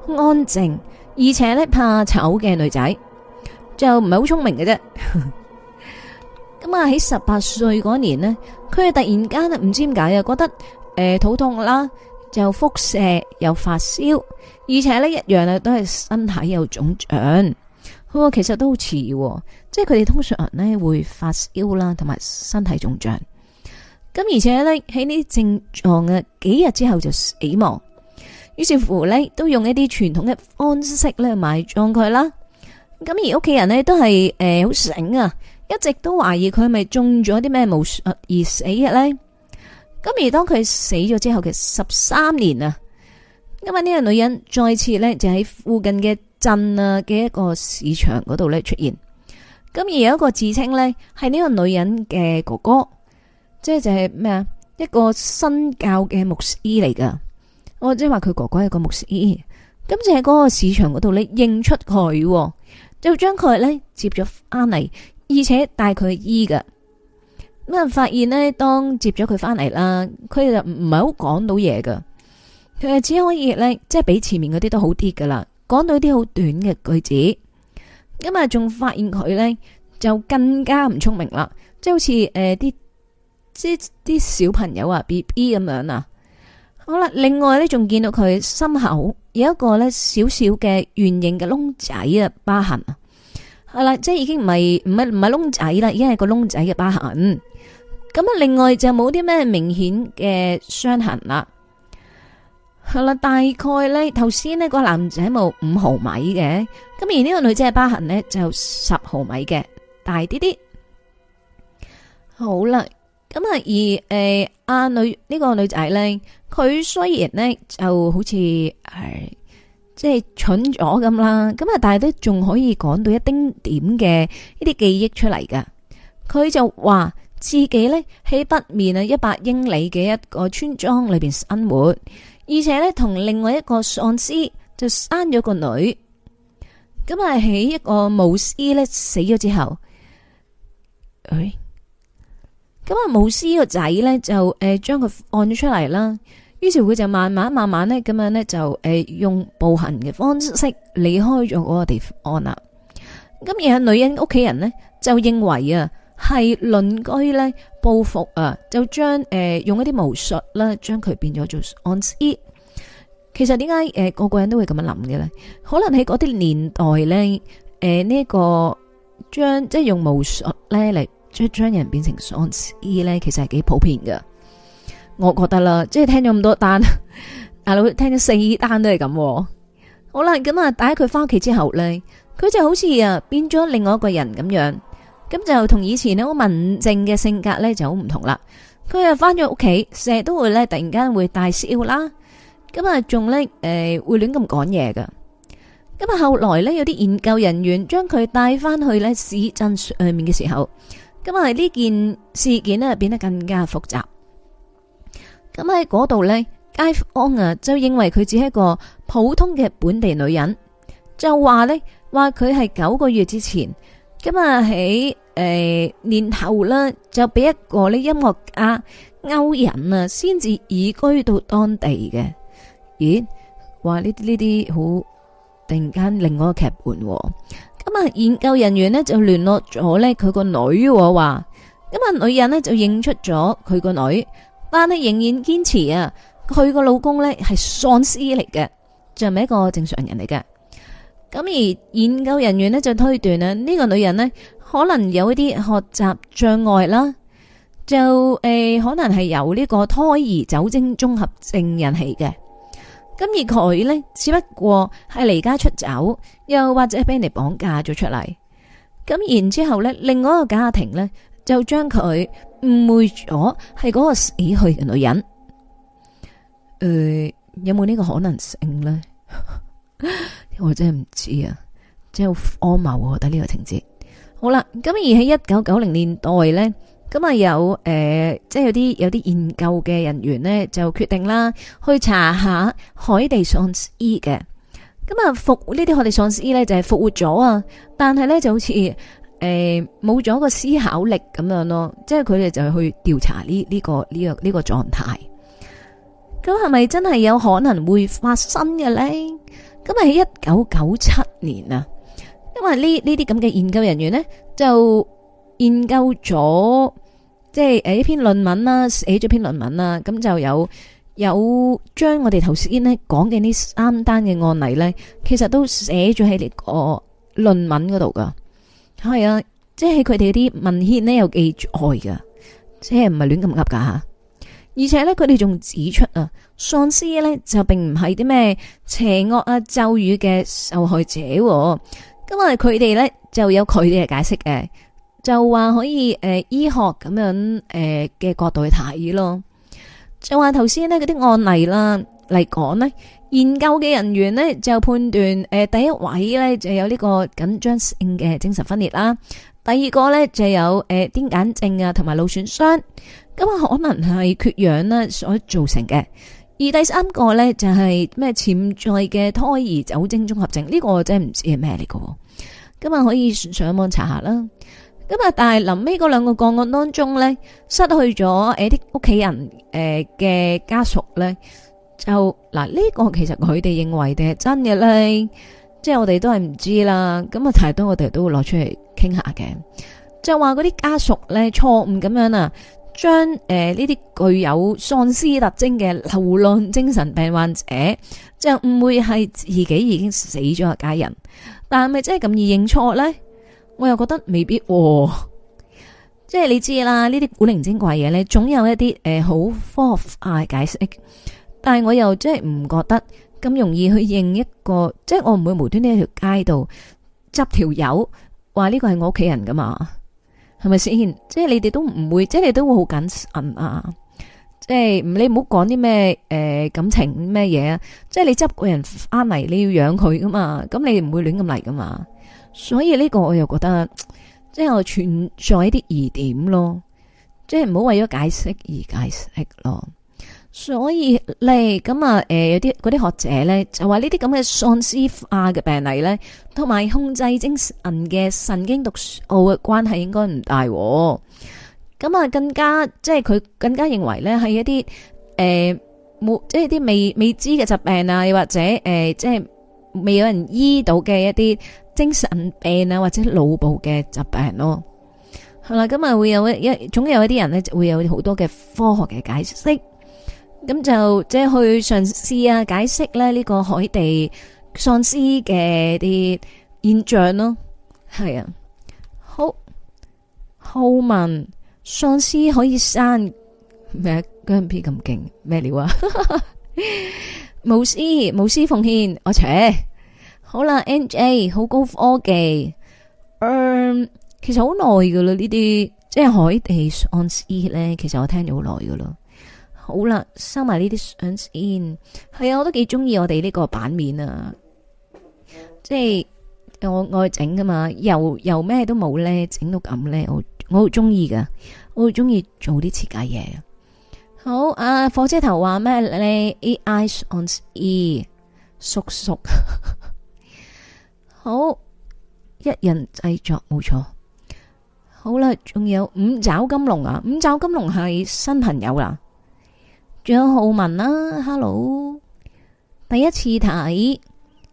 安靜，而且呢怕醜嘅女仔，就唔係好聰明嘅啫。 咁啊！喺十八歲嗰年呢，佢突然間咧唔知點解又覺得誒、呃、肚痛啦，又腹瀉又發燒，而且呢一樣啊都係身體有腫脹。佢、哦、其實都好喎、哦，即係佢哋通常呢會發燒啦，同埋身體腫脹。咁而且呢，喺呢啲症狀嘅幾日之後就死亡，於是乎呢都用一啲傳統嘅方式咧埋葬佢啦。咁而屋企人呢，都係誒好醒啊！一直都懷疑佢係咪中咗啲咩巫術而死嘅呢？咁而當佢死咗之後嘅十三年啊，因為呢個女人再次呢就喺附近嘅鎮啊嘅一個市場嗰度呢出現。咁而有一個自稱呢係呢個女人嘅哥哥，即係就係咩啊一個新教嘅牧師嚟噶。我即係話佢哥哥係個牧師。咁就喺嗰個市場嗰度呢認出佢，就將佢呢接咗翻嚟。而且帶佢醫㗎。咁啊發現呢，當接咗佢翻嚟啦，佢就唔係好講到嘢㗎。佢只可以呢，即係比前面嗰啲都好啲噶啦，講到啲好短嘅句子。咁啊，仲發現佢呢，就更加唔聰明啦，即係好似誒啲即啲小朋友啊，BB 咁樣啊。好啦，另外呢，仲見到佢心口有一個呢，小小嘅圓形嘅窿仔啊，疤痕。係啦，即係已經唔係唔係唔係窿仔啦，已經係個窿仔嘅疤痕。咁啊，另外就冇啲咩明顯嘅傷痕啦。係啦，大概咧，頭先呢個男仔冇五毫米嘅，咁而呢個女仔嘅疤痕咧就十毫米嘅，大啲啲。好啦，咁啊而誒阿、呃、女呢、呢個女仔咧，佢雖然呢就好似誒。即係蠢咗咁啦，咁啊，但係都仲可以講到一丁點嘅呢啲記憶出嚟噶。佢就話自己呢喺北面啊一百英里嘅一個村莊裏邊生活，而且呢同另外一個喪屍就生咗個女。咁啊喺一個巫師呢死咗之後，咁、哎、啊巫師個仔呢就誒將佢按咗出嚟啦。於是佢就慢慢慢慢咧咁樣咧就誒、呃、用步行嘅方式離開咗嗰個地方啦。咁而家女人屋企人咧就認為啊係鄰居咧報復啊就將誒、呃、用一啲巫術啦將佢變咗做喪屍。其實點解誒個個人都會咁樣諗嘅咧？可能喺嗰啲年代咧誒呢、呃這個將即係用巫術咧嚟，將將人變成喪屍咧，其實係幾普遍㗎。我覺得啦，即係聽咗咁多單，大佬聽咗四單都係咁。好啦，咁啊，帶佢翻屋企之後呢，佢就好似啊變咗另外一個人咁樣，咁就同以前呢好文靜嘅性格呢就好唔同啦。佢啊翻咗屋企成日都會呢突然間會大笑啦，咁啊仲呢誒會亂咁講嘢㗎。咁啊後來呢，有啲研究人員將佢帶翻去呢市鎮上面嘅時候，咁啊呢件事件呢變得更加複雜。咁喺嗰度呢，街坊啊就認為佢只係一個普通嘅本地女人，就話呢話佢係九個月之前，咁啊喺誒年頭啦，就俾一個呢音樂家勾引啊，先至移居到當地嘅。咦？話呢啲呢啲好突然間另外一個劇本。咁啊，研究人員呢就聯絡咗呢佢個女，話咁啊女人呢就認出咗佢個女。但係仍然堅持啊！佢個老公呢係喪屍嚟嘅，就唔係一個正常人嚟嘅。咁而研究人員呢，就推斷啊，呢個女人呢，可能有一啲學習障礙啦，就誒、呃、可能係由呢個胎兒酒精綜合症引起嘅。咁而佢呢，只不過係離家出走，又或者俾人哋綁架咗出嚟。咁然之後呢，另外一個家庭呢，就將佢。誤會咗係嗰個死去嘅女人，誒、呃，有冇呢個可能性呢？ 我真係唔知啊，真係好荒謬啊！我覺得呢個情節。好啦，咁而喺一九九零年代呢，咁啊有誒，即、呃、係、就是、有啲有啲研究嘅人員呢，就決定啦，去查下海地喪屍嘅。咁啊復呢啲海地喪屍呢，就係復活咗啊，但係呢，就好似。誒，冇咗個思考力咁樣咯，即係佢哋就去調查呢呢個呢個呢個狀態。咁係咪真係有可能會發生嘅咧？咁喺一九九七年啊，因為呢呢啲咁嘅研究人員呢，就研究咗，即係誒呢篇論文啦，寫咗篇論文啦。咁就有有將我哋頭先呢講嘅呢三單嘅案例呢，其實都寫咗喺呢個論文嗰度噶。係啊，即係佢哋嗰啲文獻呢，有記載噶，即係唔係亂咁噏噶吓。而且咧，佢哋仲指出啊，喪屍咧就並唔係啲咩邪惡啊咒語嘅受害者。咁啊，佢哋咧就有佢哋嘅解釋嘅，就話可以誒醫學咁樣誒嘅角度去睇咯。就話頭先呢，嗰啲案例啦。嚟講呢，研究嘅人員呢就判斷誒，第一位呢就有呢個緊張性嘅精神分裂啦。第二個呢就有誒癲癇症啊，同埋腦損傷，咁啊可能係缺氧啦，所造成嘅。而第三個呢就係咩潛在嘅胎兒酒精綜合症，呢、這個真係唔知係咩嚟嘅。咁啊可以上網查下啦。咁啊，但係臨尾嗰兩個個案當中呢，失去咗誒啲屋企人誒嘅家屬呢。就嗱，呢個其實佢哋認為嘅真嘅咧，即係我哋都係唔知啦。咁啊，太多我哋都會攞出嚟傾下嘅。就話嗰啲家屬咧，錯誤咁樣啊，將誒呢啲具有喪屍特徵嘅流浪精神病患者，就誤會係自己已經死咗嘅家人，但係咪真係咁易認錯咧？我又覺得未必，即係你知啦，呢啲古靈精怪嘢咧，總有一啲誒好科學解釋。但係我又即係唔覺得咁容易去認一個，即係我唔會無端端喺條街度執條友，話呢個係我屋企人噶嘛，係咪先？即係你哋都唔會，即係你都會好謹慎啊，即係你唔好講啲咩誒感情咩嘢啊。即係你執個人翻嚟，你要養佢噶嘛，咁你唔會亂咁嚟噶嘛。所以呢個我又覺得即係我存在啲疑點咯，即係唔好為咗解釋而解釋咯。所以你咁啊，誒、呃，有啲嗰啲學者咧就話呢啲咁嘅喪屍化嘅病例咧，同埋控制精神嘅神經毒素嘅關係應該唔大、哦。咁啊，更加即係佢更加認為咧係一啲誒，冇、呃、即係啲未未知嘅疾病啊，又或者誒、呃，即係未有人醫到嘅一啲精神病啊，或者腦部嘅疾病咯。係啦，咁啊，會有一總有一啲人咧，就會有好多嘅科學嘅解釋。咁就即係去嘗試啊，解釋咧呢個海地喪屍嘅啲現象咯，係啊。好，好問喪屍可以刪咩薑片咁勁咩料啊？無私無私奉獻，我扯好啦。N J 好高科技，嗯，其實好耐噶啦呢啲，即係海地喪屍咧，其實我聽咗好耐噶啦。好啦，收埋呢啲相先。係啊，我都幾中意我哋呢個版面啊。即係我愛整噶嘛，由由咩都冇咧，整到咁咧，我我好中意噶。我，我好中意做啲設計嘢。好啊，火車頭話咩？你 A I on E 叔叔 好，一人製作，冇錯。好啦，仲有五爪金龍啊！五爪金龍係新朋友啦。仲有浩文啦，Hello，第一次睇，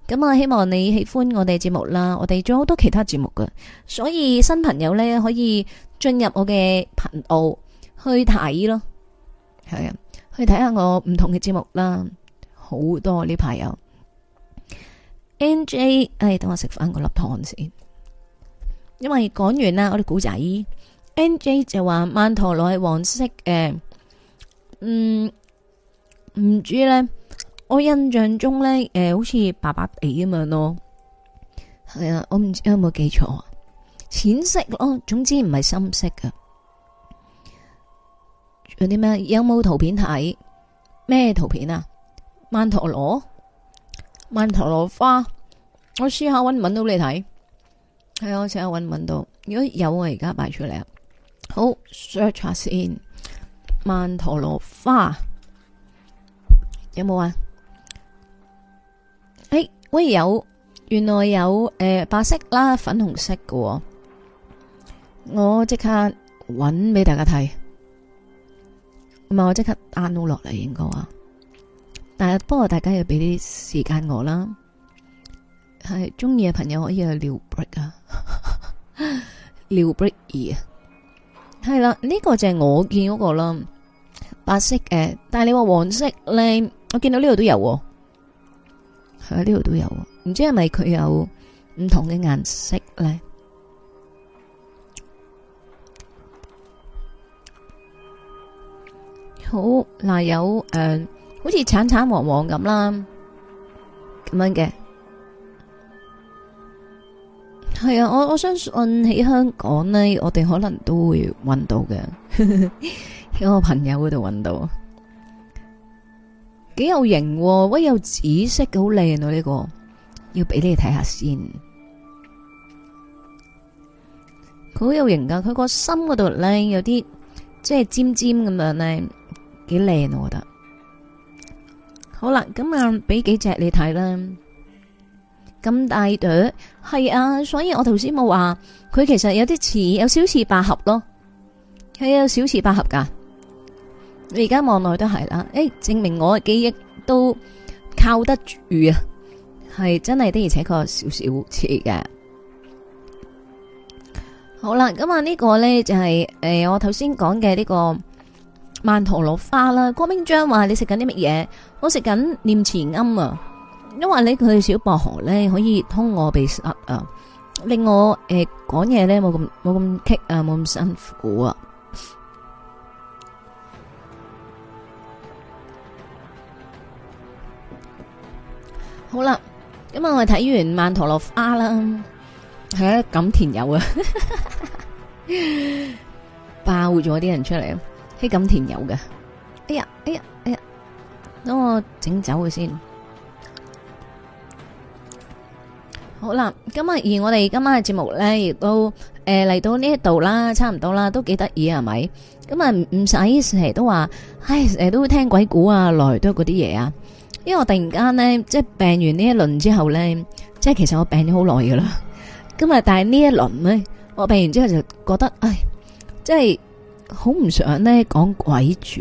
咁啊希望你喜歡我哋節目啦，我哋仲有好多其他節目噶，所以新朋友呢可以進入我嘅頻道去睇咯，係啊，去睇下我唔同嘅節目啦，好多呢排有，N J，唉、哎，等我食翻個粒糖先，因為講完啦，我哋古仔，N J 就話曼陀羅係黃色嘅，嗯。唔知呢，我印象中呢，誒、呃，好似白白地咁樣咯。係啊，我唔知有冇記錯，淺色咯，總之唔係深色嘅。有啲咩？有冇圖片睇？咩圖片啊？曼陀羅，曼陀羅花。我試下揾唔揾到，你睇。係啊，我試下揾唔揾到。如果有啊，我而家擺出嚟啊。好，search 下先。曼陀羅花。有冇啊？誒、欸，喂，有，原來有誒、呃、白色啦，粉紅色嘅、哦。我即刻搵俾大家睇，咁啊，我即刻按落嚟應該啊。但係，不過大家要俾啲時間我啦。係中意嘅朋友可以去撩 break 啊，撩 break 二啊。係啦，呢、這個就係我見嗰個啦，白色誒，但係你話黃色靚。我見到呢度都有啊，係啊，呢度都有、啊，唔知係咪佢有唔同嘅顏色咧？好嗱、啊，有誒、呃，好似橙橙黃黃咁啦，咁樣嘅。係啊，我我相信喺香港呢，我哋可能都會揾到嘅，喺 我朋友嗰度揾到。幾有型，喂，有紫色嘅，好靚啊。呢、這個要俾你睇下先，好有型噶。佢個心嗰度靚有啲即係尖尖咁樣呢幾靚我覺得。好啦，咁啊，俾幾隻你睇啦。咁大朵係啊，所以我頭先冇話佢其實有啲似，有少似百合咯，係有少似百合噶。你而家望落去都係啦，誒證明我嘅記憶都靠得住啊，係真係的、的，而且確少少似嘅。好啦，咁啊呢個呢，就係、是、誒、呃、我頭先講嘅呢個曼陀羅花啦。郭明章話你食緊啲乜嘢？我食緊念慈庵啊，因為你佢小薄荷呢，可以通我鼻塞啊，令我誒講嘢呢，冇咁冇咁棘啊，冇咁辛苦啊。好啦，咁啊，我哋睇完《曼陀羅花》啦，係啊，錦田有啊，爆咗啲人出嚟，喺錦田有嘅，哎呀，哎呀，哎呀，等我整走佢先。好啦，咁啊，而我哋今晚嘅節目呢，亦都誒嚟到呢一度啦，差唔多啦，都幾得意係咪？咁啊，唔唔使成日都話，唉，成日都會聽鬼故啊，來都嗰啲嘢啊。因為我突然間咧，即係病完呢一輪之後咧，即係其實我病咗好耐噶啦。咁啊，但係呢一輪咧，我病完之後就覺得，唉，即係好唔想咧講鬼住，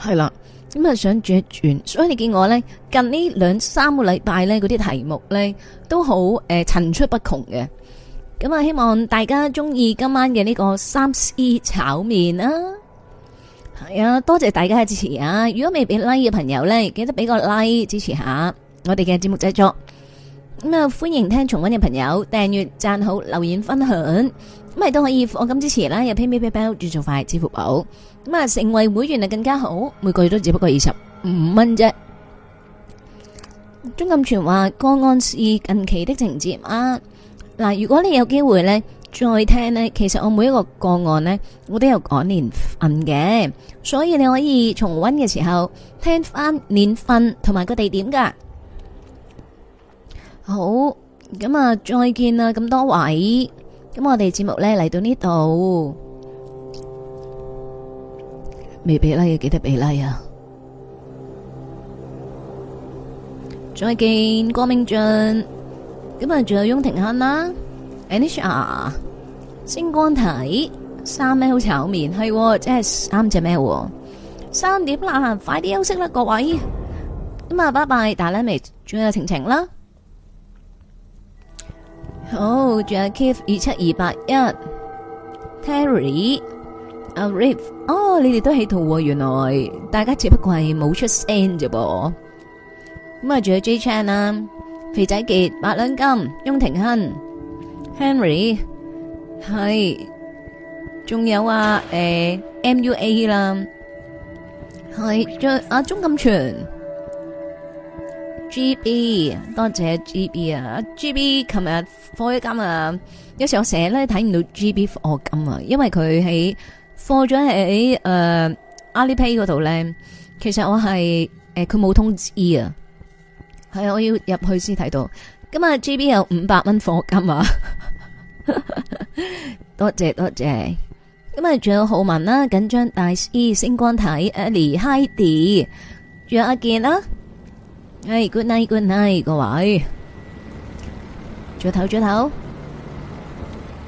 係啦。咁啊，想轉一轉，所以你見我咧近呢兩三個禮拜咧，嗰啲題目咧都好誒，層出不窮嘅。咁啊，希望大家中意今晚嘅呢個三屍炒麵啦！係啊，多謝大家嘅支持啊！如果未俾 like 嘅朋友呢，記得俾個 like 支持下我哋嘅節目製作。咁啊，歡迎聽重溫嘅朋友訂閱、讚好、留言、分享。咁係都可以現金支持啦，有 p a y p a y b e y p a y 轉賬快、支付寶。咁啊，成為會員啊更加好，每個月都只不過二十五蚊啫。鍾幹全話，個案是近期的情節啊。嗱，如果你有機會呢再聽呢，其實我每一個個案呢，我都有講年份嘅，所以你可以重溫嘅時候聽翻年份同埋個地點噶。好，咁啊，再見啦咁多位，咁我哋節目呢，嚟到呢度，未俾 like，要記得俾 like 啊！再見，郭明俊，咁啊，仲有翁庭漢啦。Anisha，星光體三咩好炒麵係，即係三隻咩？三點啦，快啲休息啦，各位。咁啊，拜拜！打啦咪，仲有晴晴啦，好，仲有 Kiff 二七二八一，Terry 阿 Rip 哦，你哋都喺度，原來大家只不過係冇出聲啫噃。咁啊，仲有 J Chan 啦，肥仔杰，八兩金，雍廷亨。Henry，係仲有啊！誒、欸、MUA 啦，係鐘啊鐘金全 GB 多謝 GB 啊！GB 琴日課金啊，有時候我成日咧睇唔到 GB 課金啊，因為佢喺課咗喺誒 Alipay 嗰度咧，其實我係誒佢冇通知啊，係我要入去先睇到。今日 GB 有五百蚊課金啊 多！多謝多謝。咁啊，仲有浩文啦，緊張大師星光體 Ellie Heidi，仲有阿健啦，哎 good night good night 各位，早唞早唞，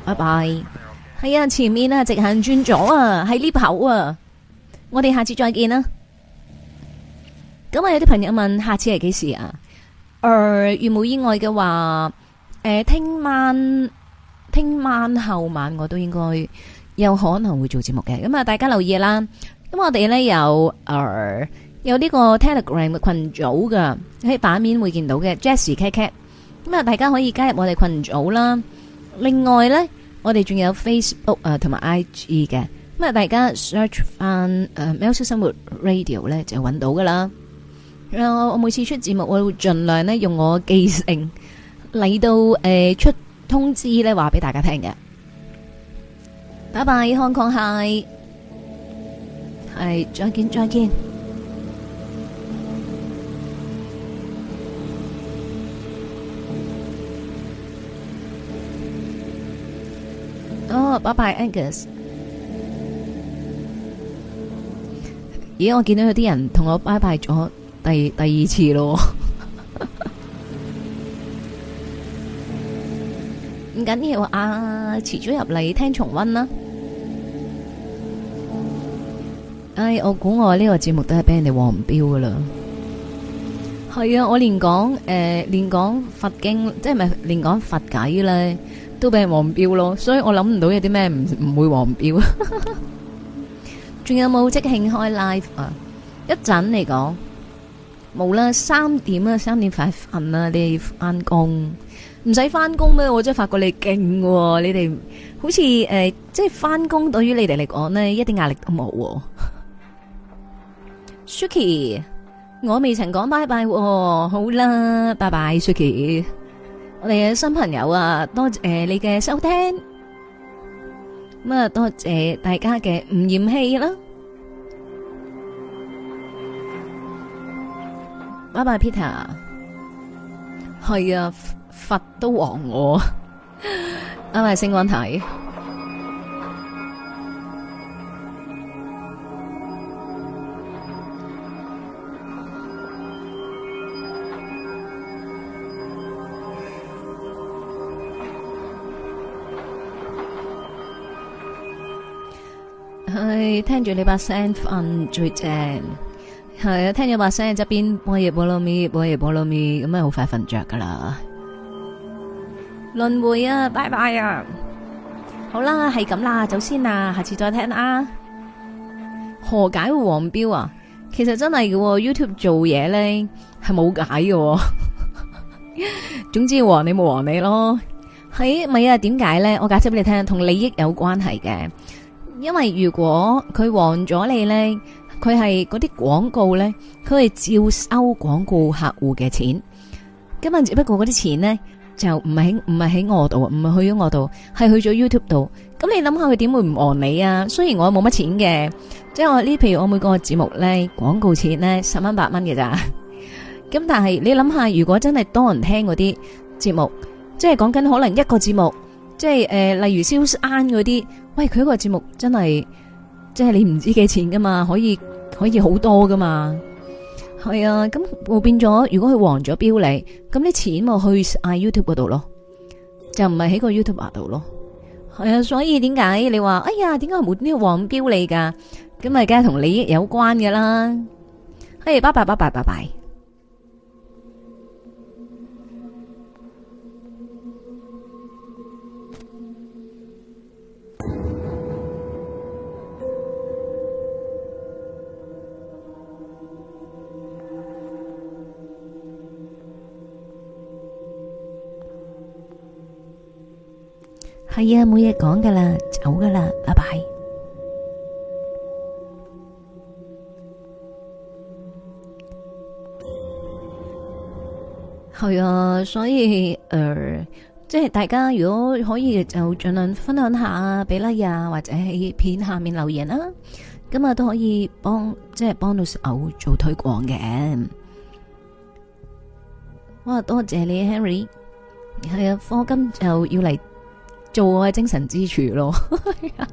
拜拜。係、哎、啊，前面啊直行轉左啊，喺呢口啊。我哋下次再見啦。咁啊，有啲朋友問下次係幾時啊？誒、呃，如冇意外嘅話，誒、呃，聽晚聽晚後晚我都應該有可能會做節目嘅。咁啊，大家留意啦。咁我哋咧有誒、呃、有呢個 Telegram 嘅群組噶喺版面會見到嘅，Jazzy Cat Cat。咁啊，大家可以加入我哋群組啦。另外咧，我哋仲有 Facebook 啊同埋 IG 嘅。咁啊，大家 search 翻誒喵式生活 Radio 咧就揾到噶啦。我我每次出節目我會盡量咧用我嘅記性嚟到誒出通知咧話俾大家聽嘅，拜拜康康係係再見再見。哦，拜拜 Angus，咦，我見到有啲人同我拜拜咗。第第二次咯， 唔緊要啊！遲咗入嚟聽重溫啦。唉、哎，我估我呢個節目都係俾人哋黃標噶啦。係啊，我連講誒、呃，連講佛經，即係咪連講佛偈咧，都俾人黃標咯。所以我諗唔到有啲咩唔唔會黃標。仲 有冇即興開 live 啊？一陣嚟講。冇啦，三點啦，三點快瞓啦，你翻工，唔使翻工咩？我真係發覺你勁嘅，你哋好似誒，即係翻工對於你哋嚟講咧，一啲壓力都冇。Suki，我未曾講拜拜，好啦，拜拜，Suki，我哋嘅新朋友啊，多謝你嘅收聽，咁啊多謝大家嘅唔嫌棄啦。拜拜，Peter。係啊，佛，佛都黃我。 拜拜，星光台。係聽住你把聲瞓最正。係啊，聽咗把聲喺側邊，波耶波羅蜜，波耶波羅蜜，咁咪好快瞓着噶啦。輪回啊，拜拜啊！好啦，係咁啦，走先啦，下次再聽啊。何解會黃標啊？其實真係嘅，YouTube 做嘢咧係冇解嘅。總之，黃你冇黃你咯。係咪啊？點解咧？我解釋俾你聽，同利益有關係嘅。因為如果佢黃咗你咧。佢係嗰啲廣告咧，佢係照收廣告客戶嘅錢。今日只不過嗰啲錢咧，就唔係喺唔係喺我度啊，唔係去咗我度，係去咗 YouTube 度。咁你諗下佢點會唔按你啊？雖然我冇乜錢嘅，即係我呢，譬如我每個節目咧廣告錢咧十蚊八蚊嘅咋。咁但係你諗下，如果真係多人聽嗰啲節目，即係講緊可能一個節目，即係、呃、例如蕭山嗰啲，喂佢個節目真係。即係你唔知幾錢噶嘛，可以可以好多噶嘛，係啊，咁會變咗如果佢黃咗標你，咁啲錢咪去 I YouTube 嗰度咯，就唔係喺個 YouTube 度咯，係啊，所以點解你話哎呀，點解冇呢個黃標你噶，咁咪梗係同利益有關噶啦，嘿、hey，拜拜拜拜拜拜。係啊，冇嘢講噶啦，走噶啦，拜拜。係啊，所以誒、呃，即係大家如果可以就盡量分享下比、like、啊，或者喺片下面留言啦、啊。噉啊，都可以幫即係幫到我做推廣嘅。哇，多謝你 Harry。係啊，課金就要嚟。做我嘅精神支柱咯，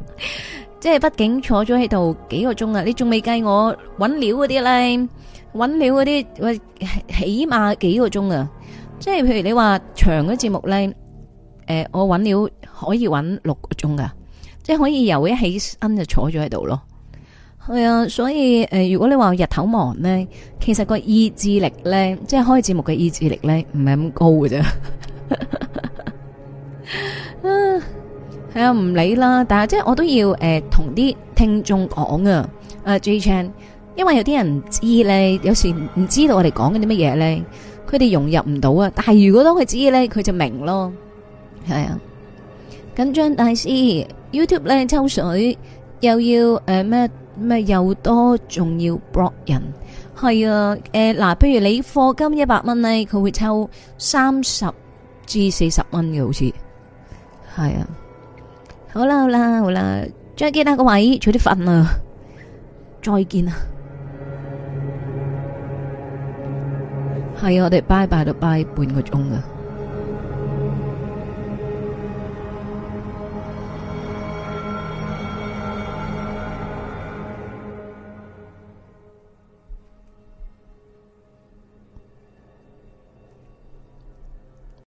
即係畢竟坐咗喺度幾個鐘啊！你仲未計我搵料嗰啲咧，搵料嗰啲喂起碼幾個鐘啊！即係譬如你話長嘅節目咧，誒、呃，我搵料可以搵六個鐘噶，即係可以由一起身就坐咗喺度咯。係啊，所以誒、呃，如果你話日頭忙咧，其實個意志力咧，即係開節目嘅意志力咧，唔係咁高嘅啫。 嗯，係啊，唔理啦。但係即係我都要誒，同、呃、啲聽眾講啊。阿、呃、J Chan，因為有啲人唔知咧，有時唔知道我哋講緊啲乜嘢咧，佢哋融入唔到啊。但係如果當佢知咧，佢就明咯。係啊，緊張大師 YouTube 咧抽水，又要誒咩咩又多，仲要 block 人。係啊，誒、呃、嗱、呃，譬如你課金一百蚊咧，佢會抽三十至四十蚊嘅，好似。係啊，好啦好啦好啦，再見啦各位，早啲瞓啊，再見啊 是啊，係我哋拜拜都拜半個鐘啊。